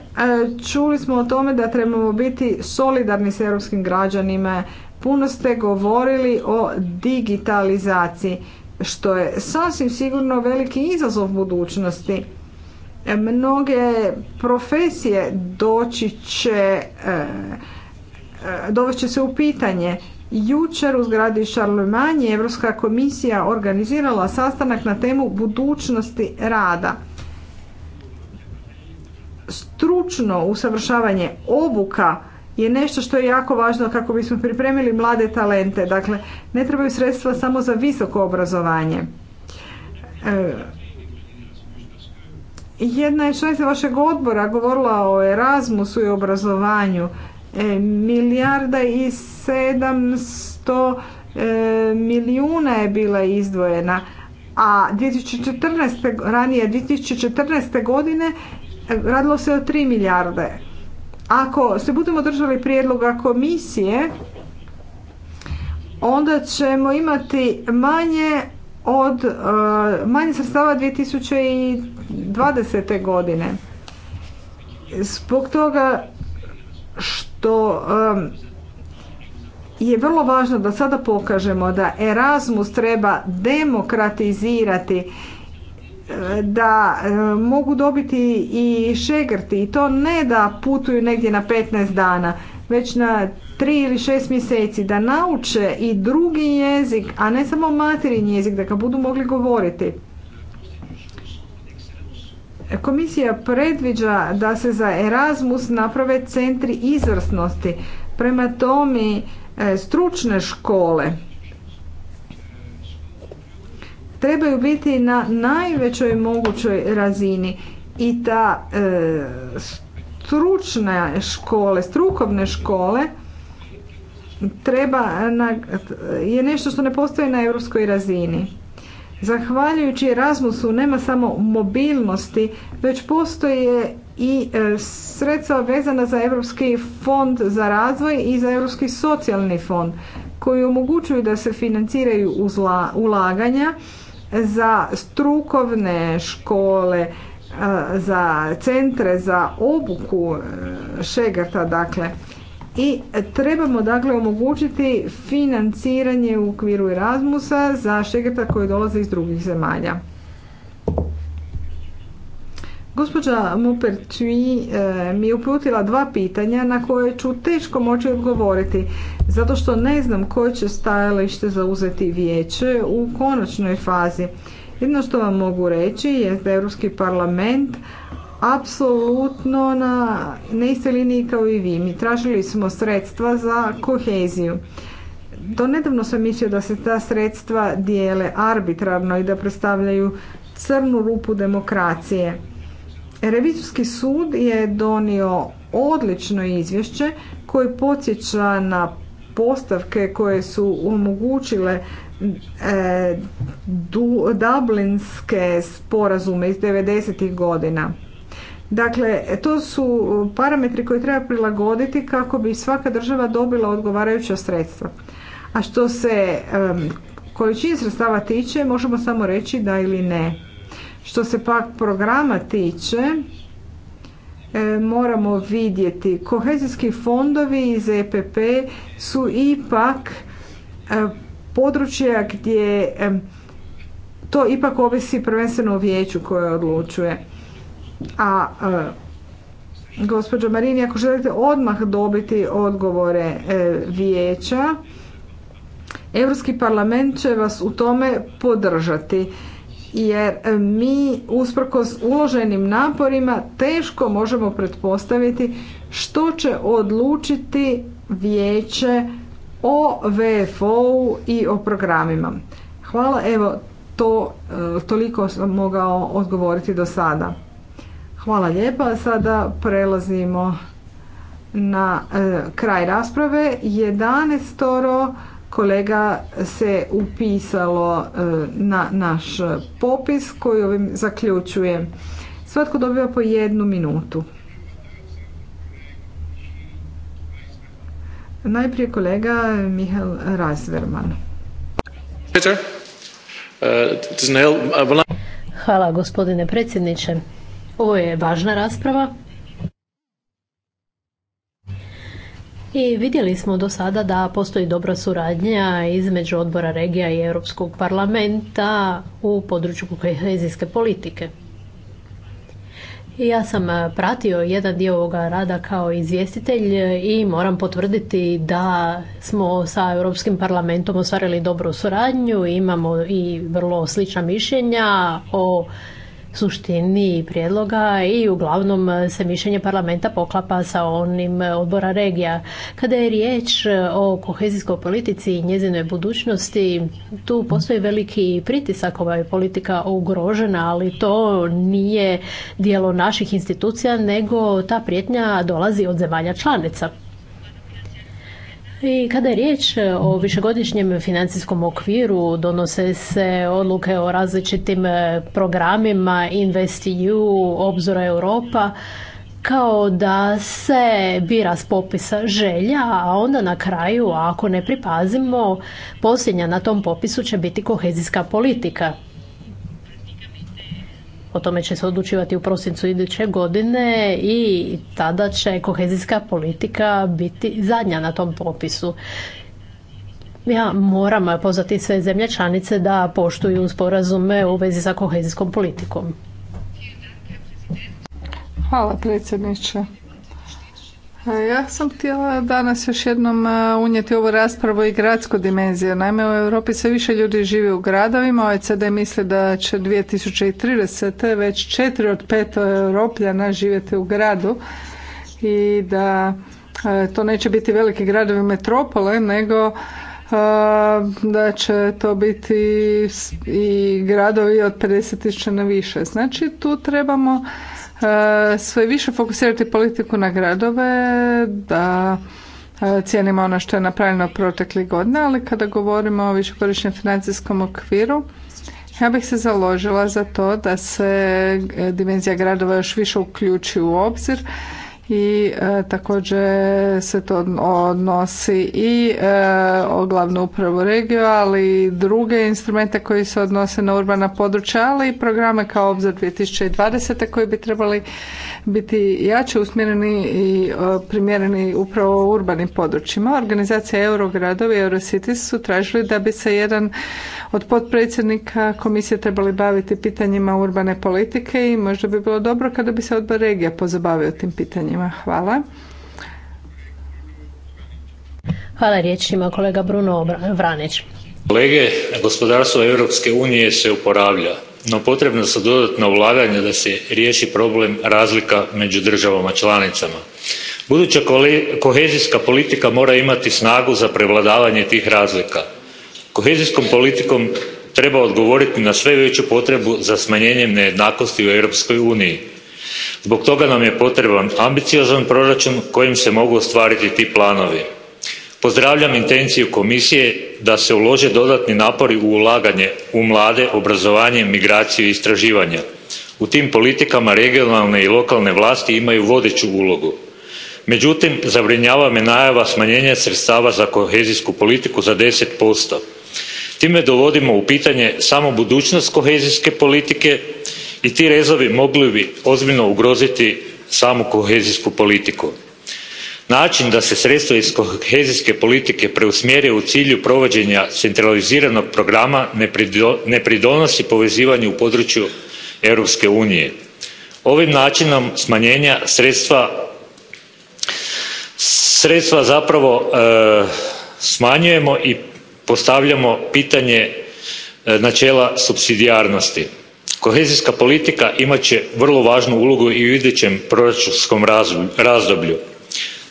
čuli smo o tome da trebamo biti solidarni s europskim građanima. Puno ste govorili o digitalizaciji, što je sasvim sigurno veliki izazov budućnosti. E, mnoge profesije doći će e, E, dovest se u pitanje. Jučer u zgradi Šarlemanje Europska komisija organizirala sastanak na temu budućnosti rada. Stručno usavršavanje obuka je nešto što je jako važno kako bismo pripremili mlade talente. Dakle, ne trebaju sredstva samo za visoko obrazovanje. E, jedna je članica vašeg odbora govorila o Erasmusu i obrazovanju. E, milijarda i 700 e, milijuna je bila izdvojena, a 2014. ranije 2014. godine e, radilo se o 3 milijarde. Ako se budemo držali prijedloga komisije, onda ćemo imati manje od manje sredstava 2020. godine. Zbog toga što to um, je vrlo važno da sada pokažemo da Erasmus treba demokratizirati uh, da uh, mogu dobiti i šegrti i to ne da putuju negdje na 15 dana već na 3 ili 6 mjeseci da nauče i drugi jezik a ne samo materijni jezik da ga budu mogli govoriti Komisija predviđa da se za Erasmus naprave centri izvrsnosti. Prema tome e, stručne škole trebaju biti na najvećoj mogućoj razini i ta e, stručne škole, strukovne škole treba je nešto što ne postoji na europskoj razini. Zahvaljujući Erasmusu nema samo mobilnosti, već postoje i e, sredstva vezana za Europski fond za razvoj i za Europski socijalni fond koji omogućuju da se financiraju uzla, ulaganja za strukovne škole, e, za centre za obuku e, šegrta, dakle i trebamo dakle omogućiti financiranje u okviru Erasmusa za šegrta koji dolaze iz drugih zemalja. Gospođa Mupertui eh, mi je uputila dva pitanja na koje ću teško moći odgovoriti, zato što ne znam koje će stajalište zauzeti vijeće u konačnoj fazi. Jedno što vam mogu reći je da Europski parlament apsolutno na, na kao i vi. Mi tražili smo sredstva za koheziju. Do nedavno sam mislio da se ta sredstva dijele arbitrarno i da predstavljaju crnu rupu demokracije. Revizorski sud je donio odlično izvješće koje podsjeća na postavke koje su omogućile e, du, dublinske sporazume iz 90. godina. Dakle, to su parametri koje treba prilagoditi kako bi svaka država dobila odgovarajuća sredstva. A što se količine sredstava tiče, možemo samo reći da ili ne. Što se pak programa tiče, e, moramo vidjeti. Kohezijski fondovi iz EPP su ipak e, područja gdje to ipak ovisi prvenstveno o vijeću koje odlučuje. A e, gospođo Marini, ako želite odmah dobiti odgovore e, vijeća, Europski parlament će vas u tome podržati jer e, mi usprkos uloženim naporima teško možemo pretpostaviti što će odlučiti vijeće o VFO-u i o programima. Hvala, evo to toliko sam mogao odgovoriti do sada. Hvala lijepa. Sada prelazimo na e, kraj rasprave. 11 kolega se upisalo e, na naš popis koji ovim zaključujem. Svatko dobiva po jednu minutu. Najprije kolega Mihael Razverman. E, Hvala gospodine predsjedniče. Ovo je važna rasprava. I vidjeli smo do sada da postoji dobra suradnja između odbora regija i Europskog parlamenta u području kohezijske politike. Ja sam pratio jedan dio ovoga rada kao izvjestitelj i moram potvrditi da smo sa Europskim parlamentom ostvarili dobru suradnju, imamo i vrlo slična mišljenja o suštini prijedloga i uglavnom se mišljenje parlamenta poklapa sa onim odbora regija. Kada je riječ o kohezijskoj politici i njezinoj budućnosti, tu postoji veliki pritisak, ova je politika ugrožena, ali to nije dijelo naših institucija, nego ta prijetnja dolazi od zemalja članica. I kada je riječ e, o višegodišnjem financijskom okviru, donose se odluke o različitim e, programima InvestEU, Obzora Europa, kao da se bira s popisa želja, a onda na kraju, ako ne pripazimo, posljednja na tom popisu će biti kohezijska politika. O tome će se odlučivati u prosincu iduće godine i tada će kohezijska politika biti zadnja na tom popisu. Ja moram pozvati sve zemlje članice da poštuju sporazume u vezi sa kohezijskom politikom. Hvala predsjedniče. Ja sam htjela danas još jednom e, unijeti ovu raspravu i gradsku dimenziju. Naime, u Europi sve više ljudi živi u gradovima. OECD misli da će 2030. već četiri od pet europljana živjeti u gradu i da e, to neće biti veliki gradovi metropole, nego e, da će to biti i gradovi od 50.000 na više. Znači, tu trebamo E, sve više fokusirati politiku na gradove, da e, cijenimo ono što je napravljeno proteklih godina, ali kada govorimo o višegodišnjem financijskom okviru, ja bih se založila za to da se e, dimenzija gradova još više uključi u obzir i e, također se to odnosi i e, o glavnu upravu regiju, ali i druge instrumente koji se odnose na urbana područja, ali i programe kao Obzor 2020. koji bi trebali biti jače usmjereni i e, primjereni upravo u urbanim područjima. Organizacija Eurogradovi i Eurocities su tražili da bi se jedan od potpredsjednika komisije trebali baviti pitanjima urbane politike i možda bi bilo dobro kada bi se odbor regija pozabavio tim pitanjima. Hvala. Hvala riječima kolega Bruno Vranić. Kolege, gospodarstvo Europske unije se uporavlja no potrebna su dodatna ulaganja da se riješi problem razlika među državama članicama. Buduća kohezijska politika mora imati snagu za prevladavanje tih razlika. Kohezijskom politikom treba odgovoriti na sve veću potrebu za smanjenjem nejednakosti u Europskoj uniji. Zbog toga nam je potreban ambiciozan proračun kojim se mogu ostvariti ti planovi. Pozdravljam intenciju Komisije da se ulože dodatni napori u ulaganje u mlade, obrazovanje, migraciju i istraživanja. U tim politikama regionalne i lokalne vlasti imaju vodeću ulogu. Međutim, zabrinjava me najava smanjenja sredstava za kohezijsku politiku za 10%. Time dovodimo u pitanje samo budućnost kohezijske politike i ti rezovi mogli bi ozbiljno ugroziti samu kohezijsku politiku način da se sredstva iz kohezijske politike preusmjere u cilju provođenja centraliziranog programa ne pridonosi povezivanju u području europske unije. ovim načinom smanjenja sredstva sredstva zapravo e, smanjujemo i postavljamo pitanje e, načela supsidijarnosti. kohezijska politika imat će vrlo važnu ulogu i u idućem proračunskom razdoblju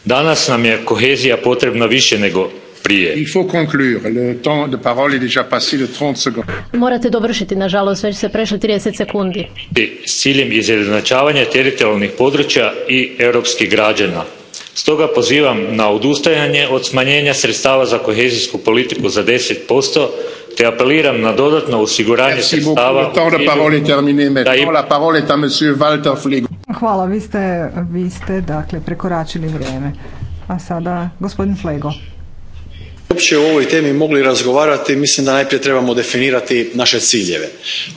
danas nam je kohezija potrebna više nego prije. Morate dovršiti, nažalost, već se prešli 30 sekundi. S ciljem izjednačavanja teritorijalnih područja i europskih građana stoga pozivam na odustajanje od smanjenja sredstava za kohezijsku politiku za 10% te apeliram na dodatno osiguranje sredstava Hvala, vi ste, vi ste dakle prekoračili vrijeme. A sada gospodin Flego uopće o ovoj temi mogli razgovarati mislim da najprije trebamo definirati naše ciljeve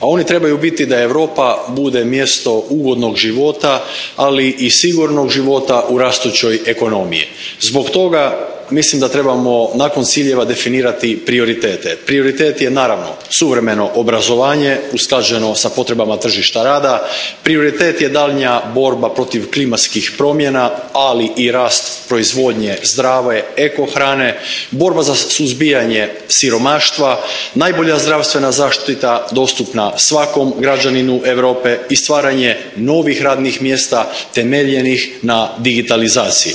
a oni trebaju biti da europa bude mjesto ugodnog života ali i sigurnog života u rastućoj ekonomiji. zbog toga mislim da trebamo nakon ciljeva definirati prioritete. prioritet je naravno suvremeno obrazovanje usklađeno sa potrebama tržišta rada prioritet je daljnja borba protiv klimatskih promjena ali i rast proizvodnje zdrave eko hrane borba za suzbijanje siromaštva najbolja zdravstvena zaštita dostupna svakom građaninu europe i stvaranje novih radnih mjesta temeljenih na digitalizaciji.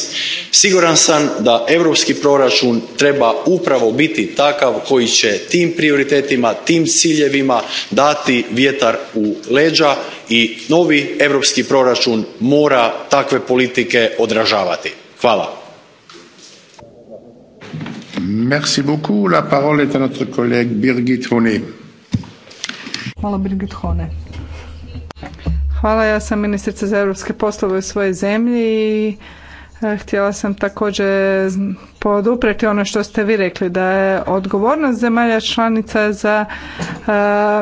siguran sam da europski proračun treba upravo biti takav koji će tim prioritetima tim ciljevima dati vjetar u leđa i novi europski proračun mora takve politike odražavati. hvala. Merci beaucoup. La parole est à notre collègue Birgit Hone. Hvala Birgit Hone. Hvala, ja sam ministrica za europske poslove u svojoj zemlji i E, htjela sam također podupreti ono što ste vi rekli, da je odgovornost zemalja članica za e,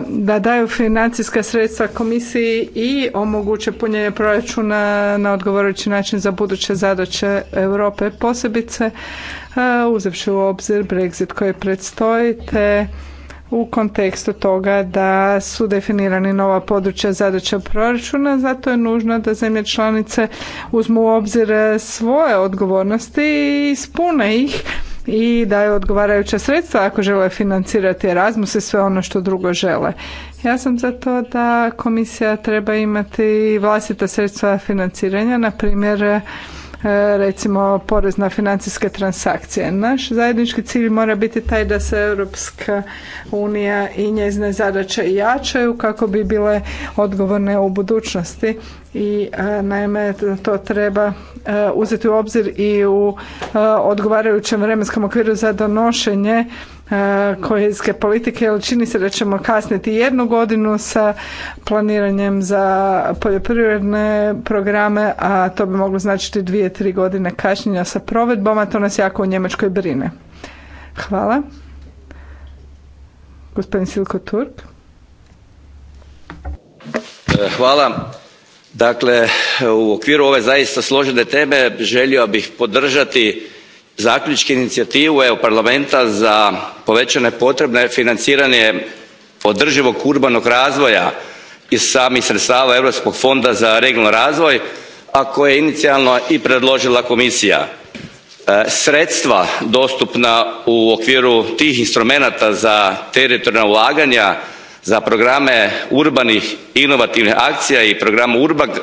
da daju financijska sredstva komisiji i omoguće punjenje proračuna na odgovarajući način za buduće zadaće Europe posebice, e, uzevši u obzir Brexit koji predstoji te u kontekstu toga da su definirani nova područja zadaća proračuna, zato je nužno da zemlje članice uzmu u obzir svoje odgovornosti i ispune ih i daju odgovarajuća sredstva ako žele financirati Erasmus i sve ono što drugo žele. Ja sam za to da komisija treba imati vlastita sredstva financiranja, na primjer E, recimo porez na financijske transakcije. Naš zajednički cilj mora biti taj da se Europska unija i njezne zadaće jačaju kako bi bile odgovorne u budućnosti i e, naime to treba e, uzeti u obzir i u odgovarajućem vremenskom okviru za donošenje E, kohezijske politike, jer čini se da ćemo kasniti jednu godinu sa planiranjem za poljoprivredne programe, a to bi moglo značiti dvije, tri godine kašnjenja sa provedbom, a to nas jako u Njemačkoj brine. Hvala. Gospodin Silko Turk. E, hvala. Dakle, u okviru ove zaista složene teme želio bih podržati zaključke inicijativu eu parlamenta za povećane potrebne financiranje održivog urbanog razvoja iz samih sredstava europskog fonda za regionalni razvoj a koje je inicijalno i predložila komisija. E, sredstva dostupna u okviru tih instrumenata za teritorijalna ulaganja za programe urbanih inovativnih akcija i program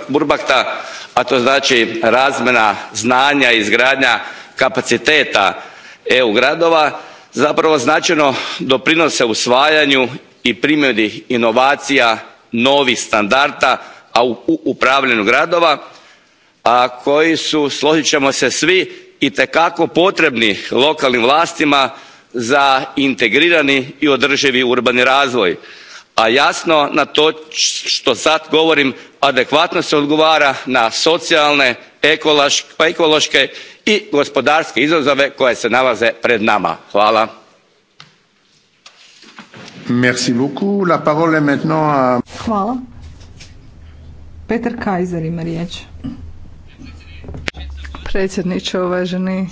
Urbakta, a to znači razmjena znanja i izgradnja kapaciteta EU gradova zapravo značajno doprinose usvajanju i primjeni inovacija novih standarda a u upravljanju gradova, a koji su složit ćemo se svi itekako potrebni lokalnim vlastima za integrirani i održivi urbani razvoj a jasno na to što sad govorim adekvatno se odgovara na socijalne pa ekološke i gospodarske izazove koje se nalaze pred nama. hvala. hvala. Peter Kaiser ima riječ. Predsjedniče, uvaženi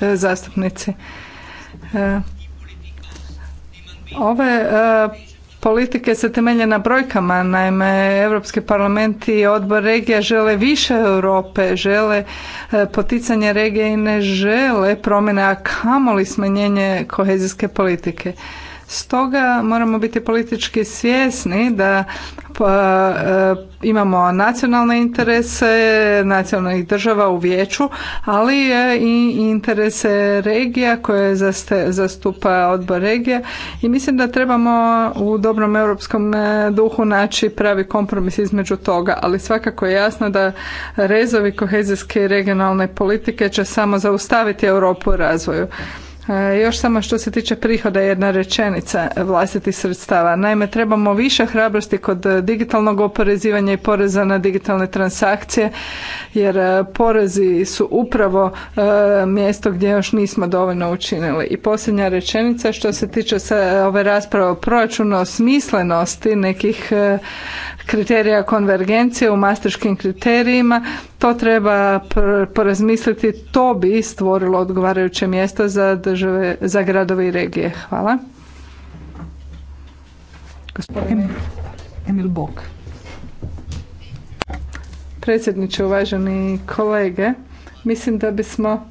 e, zastupnici. E, ove e, politike se temelje na brojkama. Naime, Europski parlament i odbor regija žele više Europe, žele e, poticanje regije i ne žele promjene, a kamoli smanjenje kohezijske politike. Stoga moramo biti politički svjesni da pa, e, imamo nacionalne interese nacionalnih država u vijeću, ali i interese regija koje zastupa odbor regija i mislim da trebamo u dobrom europskom e, duhu naći pravi kompromis između toga, ali svakako je jasno da rezovi kohezijske i regionalne politike će samo zaustaviti Europu u razvoju. E, još samo što se tiče prihoda jedna rečenica e, vlastitih sredstava. Naime, trebamo više hrabrosti kod e, digitalnog oporezivanja i poreza na digitalne transakcije, jer porezi su upravo mjesto gdje još nismo dovoljno učinili. I posljednja rečenica što se tiče ove rasprave o proračunu o smislenosti nekih kriterija konvergencije u masterškim kriterijima, to treba porazmisliti, to bi stvorilo odgovarajuće mjesta za za gradove i regije. Hvala. Gospodin Emil Bok. Predsjedniče, uvaženi kolege, mislim da bismo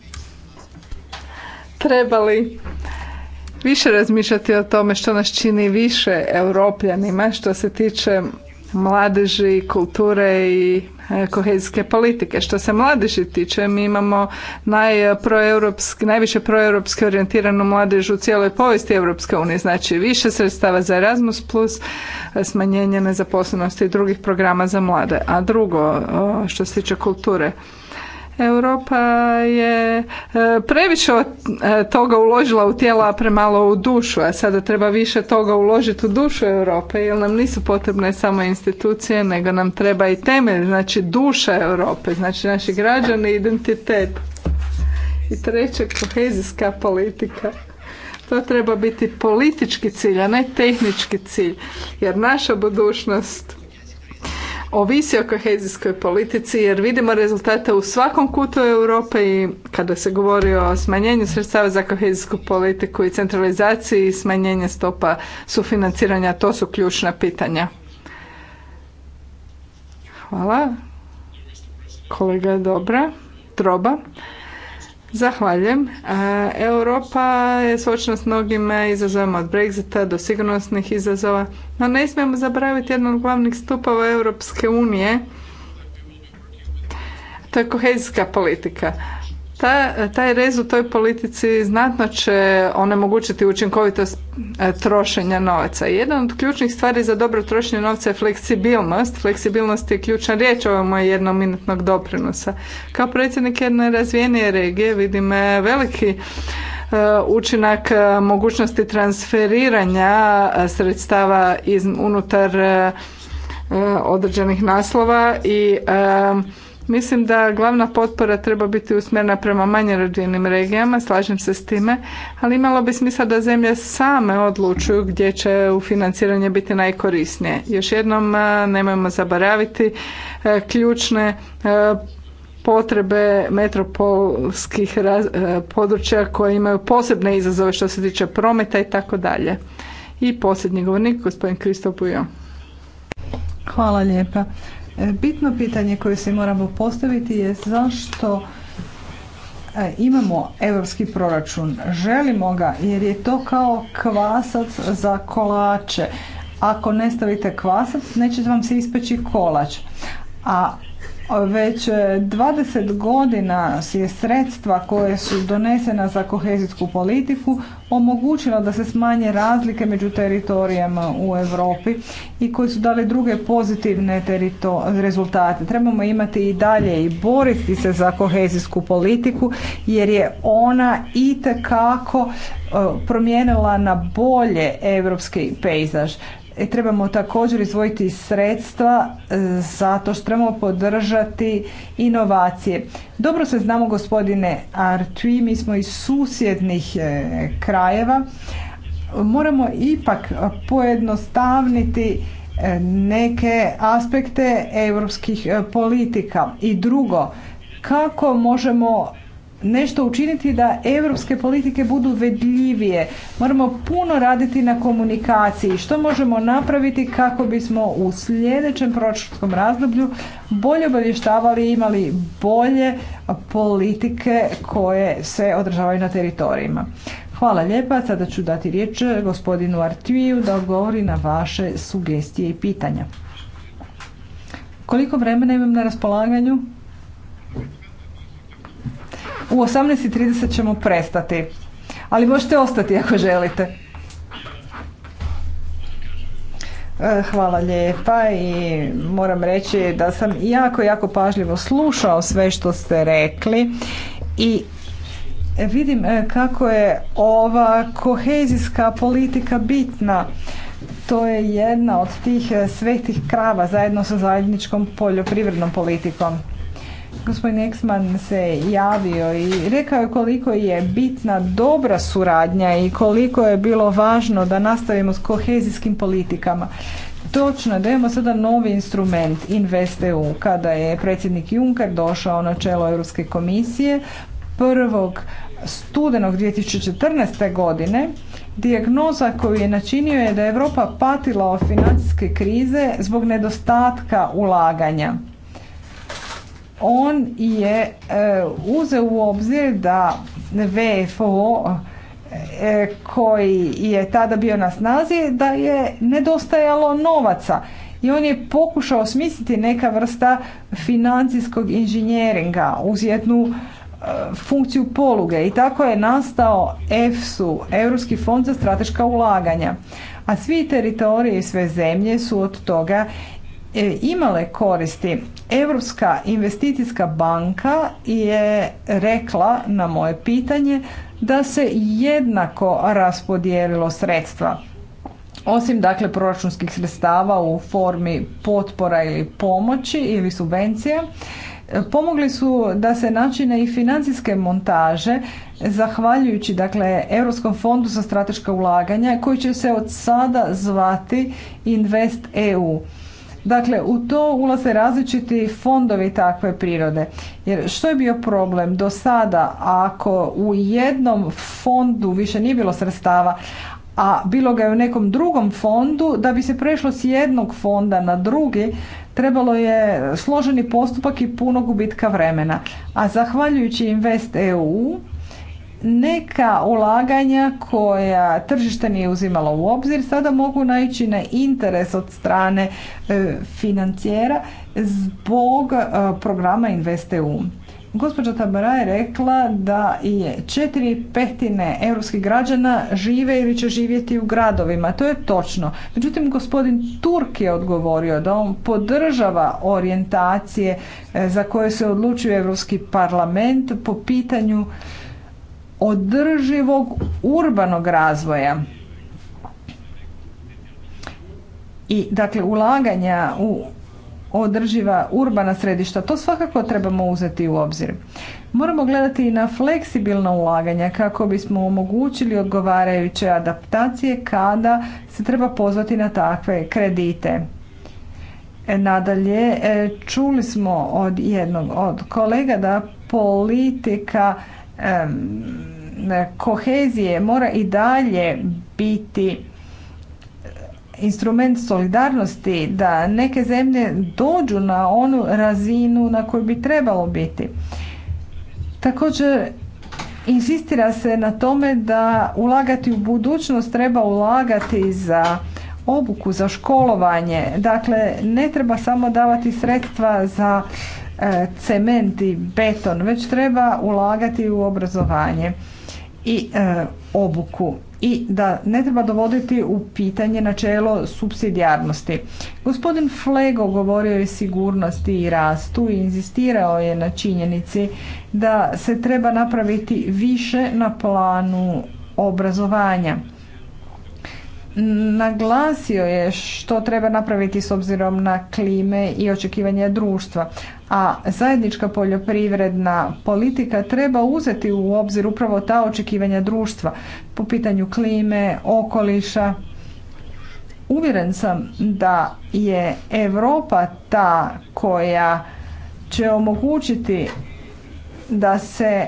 trebali više razmišljati o tome što nas čini više europljanima što se tiče mladeži, kulture i e, kohezijske politike. Što se mladeži tiče, mi imamo e, najviše proeuropski orijentiranu mladež u cijeloj povijesti Europske unije, znači više sredstava za Erasmus+, plus e, smanjenje nezaposlenosti i drugih programa za mlade. A drugo, što se tiče kulture, Europa je e, previše e, toga uložila u tijela, a premalo u dušu, a sada treba više toga uložiti u dušu Europe, jer nam nisu potrebne samo institucije, nego nam treba i temelj, znači duša Europe, znači naši građani, identitet. I treće, kohezijska politika. To treba biti politički cilj, a ne tehnički cilj, jer naša budućnost ovisi o kohezijskoj politici jer vidimo rezultate u svakom kutu Europe i kada se govori o smanjenju sredstava za kohezijsku politiku i centralizaciji i smanjenje stopa sufinanciranja, to su ključna pitanja. Hvala. Kolega je dobra. Troba. Zahvaljujem. Europa je suočena s mnogim izazovima od Brexita do sigurnosnih izazova, no ne smijemo zaboraviti jedan od glavnih stupova Europske unije, to je kohezijska politika taj rez u toj politici znatno će onemogućiti učinkovitost e, trošenja novaca. Jedan od ključnih stvari za dobro trošenje novca je fleksibilnost. Fleksibilnost je ključna riječ ovo moj jednominutnog doprinosa. Kao predsjednik jedne razvijenije regije vidim e, veliki e, učinak mogućnosti transferiranja sredstava iz, unutar određenih naslova i Mislim da glavna potpora treba biti usmjerena prema manje razvijenim regijama, slažem se s time, ali imalo bi smisla da zemlje same odlučuju gdje će u financiranje biti najkorisnije. Još jednom nemojmo zaboraviti e, ključne e, potrebe metropolskih e, područja koje imaju posebne izazove što se tiče prometa i tako dalje. I posljednji govornik, gospodin Kristo Bujo. Hvala lijepa. E, bitno pitanje koje se moramo postaviti je zašto e, imamo europski proračun. Želimo ga jer je to kao kvasac za kolače. Ako ne stavite kvasac, neće vam se ispeći kolač. A već 20 e, godina je sredstva koje su donesena za kohezijsku politiku omogućila da se smanje razlike među teritorijama u Europi i koji su dali druge pozitivne rezultate. Trebamo imati i dalje i boriti se za kohezijsku politiku jer je ona itekako e, promijenila na bolje europski pejzaž. E, trebamo također izvojiti sredstva e, zato što trebamo podržati inovacije. Dobro se znamo gospodine Artvi, mi smo iz susjednih e, krajeva. Moramo ipak pojednostavniti neke aspekte europskih politika. I drugo, kako možemo nešto učiniti da europske politike budu vedljivije. Moramo puno raditi na komunikaciji. Što možemo napraviti kako bismo u sljedećem proračunskom razdoblju bolje obavještavali i imali bolje politike koje se održavaju na teritorijima. Hvala lijepa. Sada ću dati riječ gospodinu Artviju da odgovori na vaše sugestije i pitanja. Koliko vremena imam na raspolaganju? U 18.30 ćemo prestati, ali možete ostati ako želite. E, hvala lijepa i moram reći da sam jako, jako pažljivo slušao sve što ste rekli i vidim e, kako je ova kohezijska politika bitna. To je jedna od tih e, svetih krava zajedno sa zajedničkom poljoprivrednom politikom. Gospodin Eksman se javio i rekao je koliko je bitna dobra suradnja i koliko je bilo važno da nastavimo s kohezijskim politikama. Točno, da imamo sada novi instrument InvestEU. Kada je predsjednik Juncker došao na čelo Europske komisije, prvog studenog 2014. godine dijagnoza koju je načinio je da je Europa patila od financijske krize zbog nedostatka ulaganja on je e, uzeo u obzir da VFO e, koji je tada bio na snazi da je nedostajalo novaca i on je pokušao smisliti neka vrsta financijskog inženjeringa uz jednu e, funkciju poluge i tako je nastao EFSU, Europski fond za strateška ulaganja. A svi teritoriji i sve zemlje su od toga E, imale koristi. Europska investicijska banka je rekla na moje pitanje da se jednako raspodijelilo sredstva. Osim dakle proračunskih sredstava u formi potpora ili pomoći ili subvencija, pomogli su da se načine i financijske montaže zahvaljujući dakle Europskom fondu za strateška ulaganja koji će se od sada zvati Invest EU Dakle, u to ulaze različiti fondovi takve prirode. Jer što je bio problem do sada ako u jednom fondu više nije bilo sredstava, a bilo ga je u nekom drugom fondu, da bi se prešlo s jednog fonda na drugi, trebalo je složeni postupak i puno gubitka vremena. A zahvaljujući Invest EU, neka ulaganja koja tržište nije uzimalo u obzir sada mogu naići na interes od strane e, financijera zbog e, programa InvestEU. Gospođa Tabara je rekla da je četiri petine europskih građana žive ili će živjeti u gradovima. To je točno. Međutim, gospodin Turk je odgovorio da on podržava orijentacije e, za koje se odlučuje Europski parlament po pitanju održivog urbanog razvoja. I dakle ulaganja u održiva urbana središta, to svakako trebamo uzeti u obzir. Moramo gledati i na fleksibilna ulaganja kako bismo omogućili odgovarajuće adaptacije kada se treba pozvati na takve kredite. E, nadalje, e, čuli smo od jednog od kolega da politika kohezije mora i dalje biti instrument solidarnosti da neke zemlje dođu na onu razinu na koju bi trebalo biti. Također insistira se na tome da ulagati u budućnost treba ulagati za obuku, za školovanje. Dakle, ne treba samo davati sredstva za e, cement i beton, već treba ulagati u obrazovanje i e, obuku i da ne treba dovoditi u pitanje načelo supsidijarnosti. Gospodin Flego govorio je o sigurnosti i rastu i inzistirao je na činjenici da se treba napraviti više na planu obrazovanja. Naglasio je što treba napraviti s obzirom na klime i očekivanje društva, a zajednička poljoprivredna politika treba uzeti u obzir upravo ta očekivanja društva po pitanju klime, okoliša. Uvjeren sam da je Europa ta koja će omogućiti da se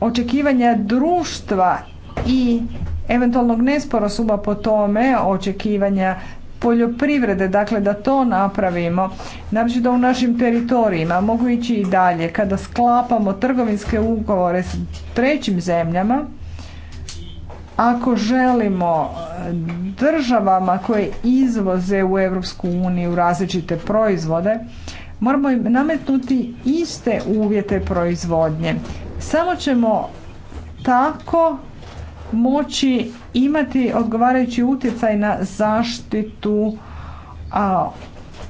očekivanja društva i eventualnog nesporazuma po tome, očekivanja poljoprivrede, dakle da to napravimo, znači da u našim teritorijima mogu ići i dalje, kada sklapamo trgovinske ugovore s trećim zemljama, ako želimo eh, državama koje izvoze u Europsku uniju različite proizvode, moramo im nametnuti iste uvjete proizvodnje. Samo ćemo tako moći imati odgovarajući utjecaj na zaštitu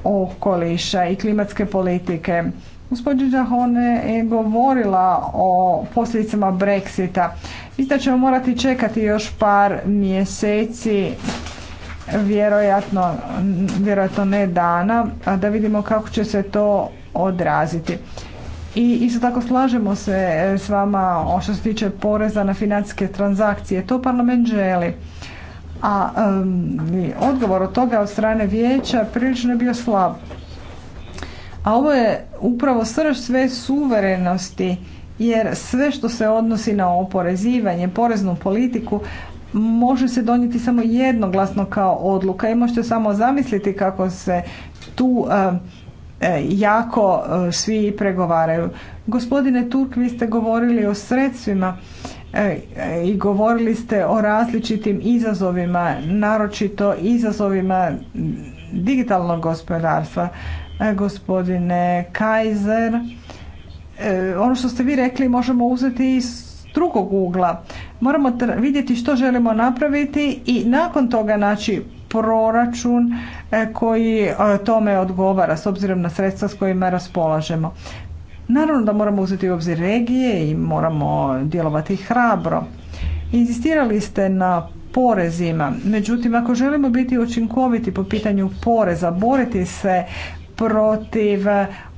okoliša i klimatske politike. Gospodin Žahone je govorila o posljedicama Brexita. Mislim ćemo morati čekati još par mjeseci, vjerojatno, vjerojatno ne dana, a da vidimo kako će se to odraziti. I isto tako slažemo se e, s vama što se tiče poreza na financijske transakcije. To parlament želi. A um, odgovor od toga od strane vijeća prilično je bio slab. A ovo je upravo srž sve suverenosti jer sve što se odnosi na oporezivanje, poreznu politiku može se donijeti samo jednoglasno kao odluka i možete samo zamisliti kako se tu E, jako e, svi pregovaraju. Gospodine Turk, vi ste govorili o sredstvima e, i govorili ste o različitim izazovima, naročito izazovima digitalnog gospodarstva. Gospodine Kaiser, ono što ste vi rekli možemo uzeti iz drugog ugla. Moramo vidjeti što želimo napraviti i nakon toga naći proračun e, koji e, tome odgovara s obzirom na sredstva s kojima raspolažemo. Naravno da moramo uzeti u obzir regije i moramo djelovati hrabro. Inzistirali ste na porezima, međutim ako želimo biti učinkoviti po pitanju poreza, boriti se protiv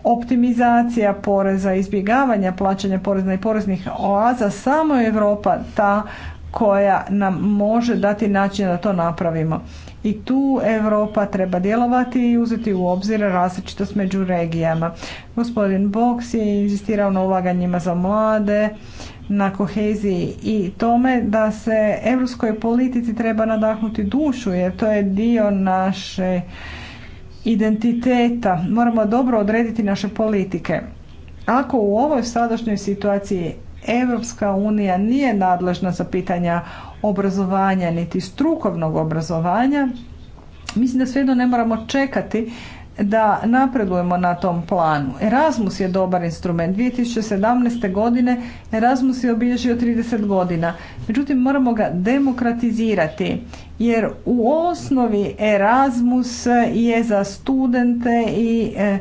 optimizacija poreza, izbjegavanja plaćanja poreza i poreznih oaza, samo Europa ta koja nam može dati način da to napravimo. I tu Europa treba djelovati i uzeti u obzir različitost među regijama. Gospodin Boks je inzistirao na ulaganjima za mlade, na koheziji i tome da se europskoj politici treba nadahnuti dušu jer to je dio naše identiteta. Moramo dobro odrediti naše politike. Ako u ovoj sadašnjoj situaciji Europska unija nije nadležna za pitanja obrazovanja niti strukovnog obrazovanja, mislim da svejedno ne moramo čekati da napredujemo na tom planu. Erasmus je dobar instrument. 2017. godine Erasmus je obilježio 30 godina. Međutim, moramo ga demokratizirati jer u osnovi Erasmus je za studente i eh,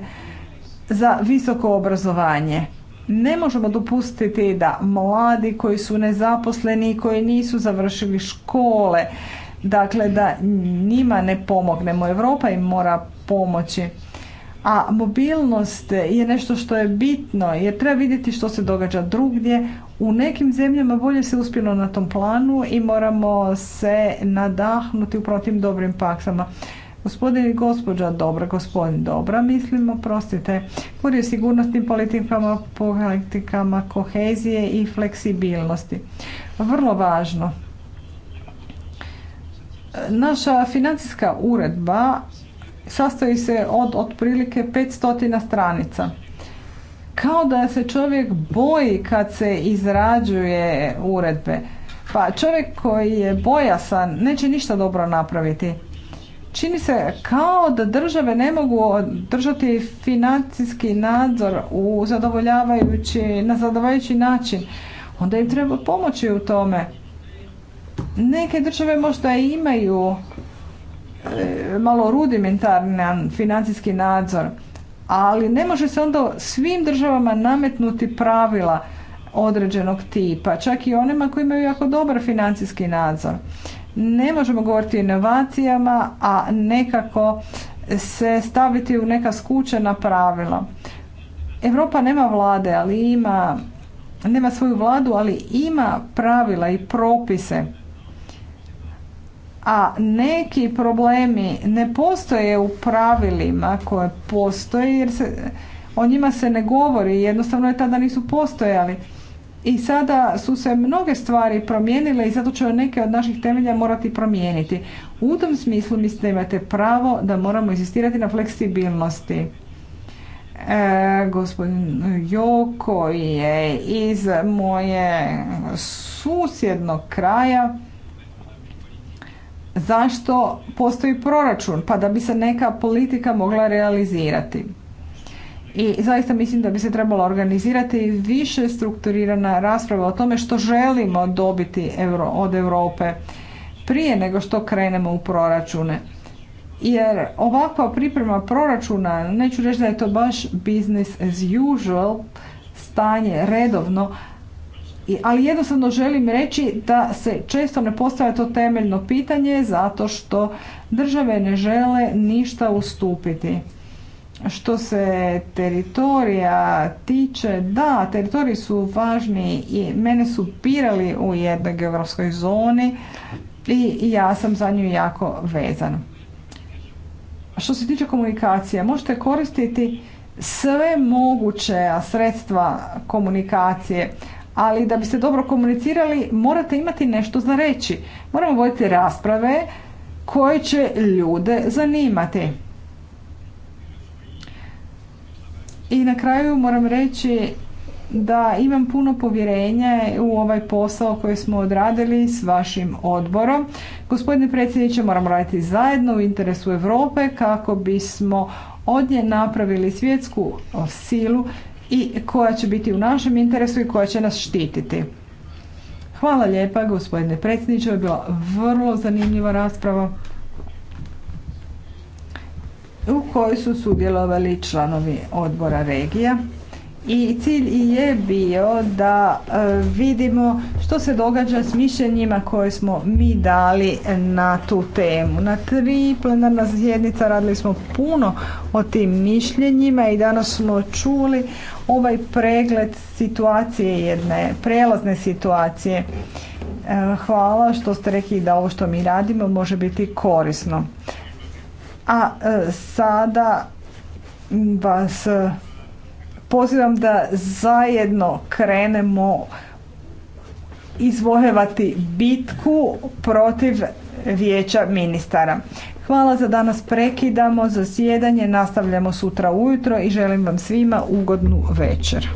za visoko obrazovanje. Ne možemo dopustiti da mladi koji su nezaposleni i koji nisu završili škole, dakle da njima ne pomognemo. Europa im mora pomoći. A mobilnost je nešto što je bitno jer treba vidjeti što se događa drugdje. U nekim zemljama bolje se uspjelo na tom planu i moramo se nadahnuti upravo tim dobrim paksama. Gospodin i gospođa Dobra, gospodin Dobra, mislimo, prostite, govori o sigurnosnim politikama, politikama kohezije i fleksibilnosti. Vrlo važno. Naša financijska uredba sastoji se od otprilike 500 stranica. Kao da se čovjek boji kad se izrađuje uredbe. Pa čovjek koji je bojasan neće ništa dobro napraviti. Čini se kao da države ne mogu držati financijski nadzor u zadovoljavajući, na zadovoljavajući način. Onda im treba pomoći u tome. Neke države možda imaju e, malo rudimentaran financijski nadzor, ali ne može se onda svim državama nametnuti pravila određenog tipa, čak i onima koji imaju jako dobar financijski nadzor. Ne možemo govoriti o inovacijama, a nekako se staviti u neka skučena pravila. Europa nema vlade, ali ima, nema svoju vladu, ali ima pravila i propise. A neki problemi ne postoje u pravilima koje postoje jer o njima se ne govori, jednostavno je tada nisu postojali i sada su se mnoge stvari promijenile i zato će neke od naših temelja morati promijeniti. U tom smislu mislim da imate pravo da moramo insistirati na fleksibilnosti. E, gospodin Joko je iz moje susjednog kraja zašto postoji proračun pa da bi se neka politika mogla realizirati. I zaista mislim da bi se trebalo organizirati više strukturirana rasprava o tome što želimo dobiti od Europe prije nego što krenemo u proračune. Jer ovakva priprema proračuna, neću reći da je to baš business as usual, stanje redovno, ali jednostavno želim reći da se često ne postavlja to temeljno pitanje zato što države ne žele ništa ustupiti. Što se teritorija tiče, da, teritoriji su važni i mene su pirali u jednoj geografskoj zoni i ja sam za nju jako vezan. Što se tiče komunikacije, možete koristiti sve moguće sredstva komunikacije, ali da biste dobro komunicirali morate imati nešto za reći. Moramo voditi rasprave koje će ljude zanimati. I na kraju moram reći da imam puno povjerenja u ovaj posao koji smo odradili s vašim odborom. Gospodine predsjedniče, moramo raditi zajedno u interesu Europe kako bismo od nje napravili svjetsku silu i koja će biti u našem interesu i koja će nas štititi. Hvala lijepa gospodine predsjedniče, je bila vrlo zanimljiva rasprava u kojoj su sudjelovali članovi odbora regija i cilj je bio da e, vidimo što se događa s mišljenjima koje smo mi dali na tu temu. Na tri plenarna sjednica radili smo puno o tim mišljenjima i danas smo čuli ovaj pregled situacije jedne prelazne situacije. E, hvala što ste rekli da ovo što mi radimo može biti korisno. A e, sada vas e, pozivam da zajedno krenemo izvojevati bitku protiv vijeća ministara. Hvala za danas prekidamo zasjedanje, nastavljamo sutra ujutro i želim vam svima ugodnu večer.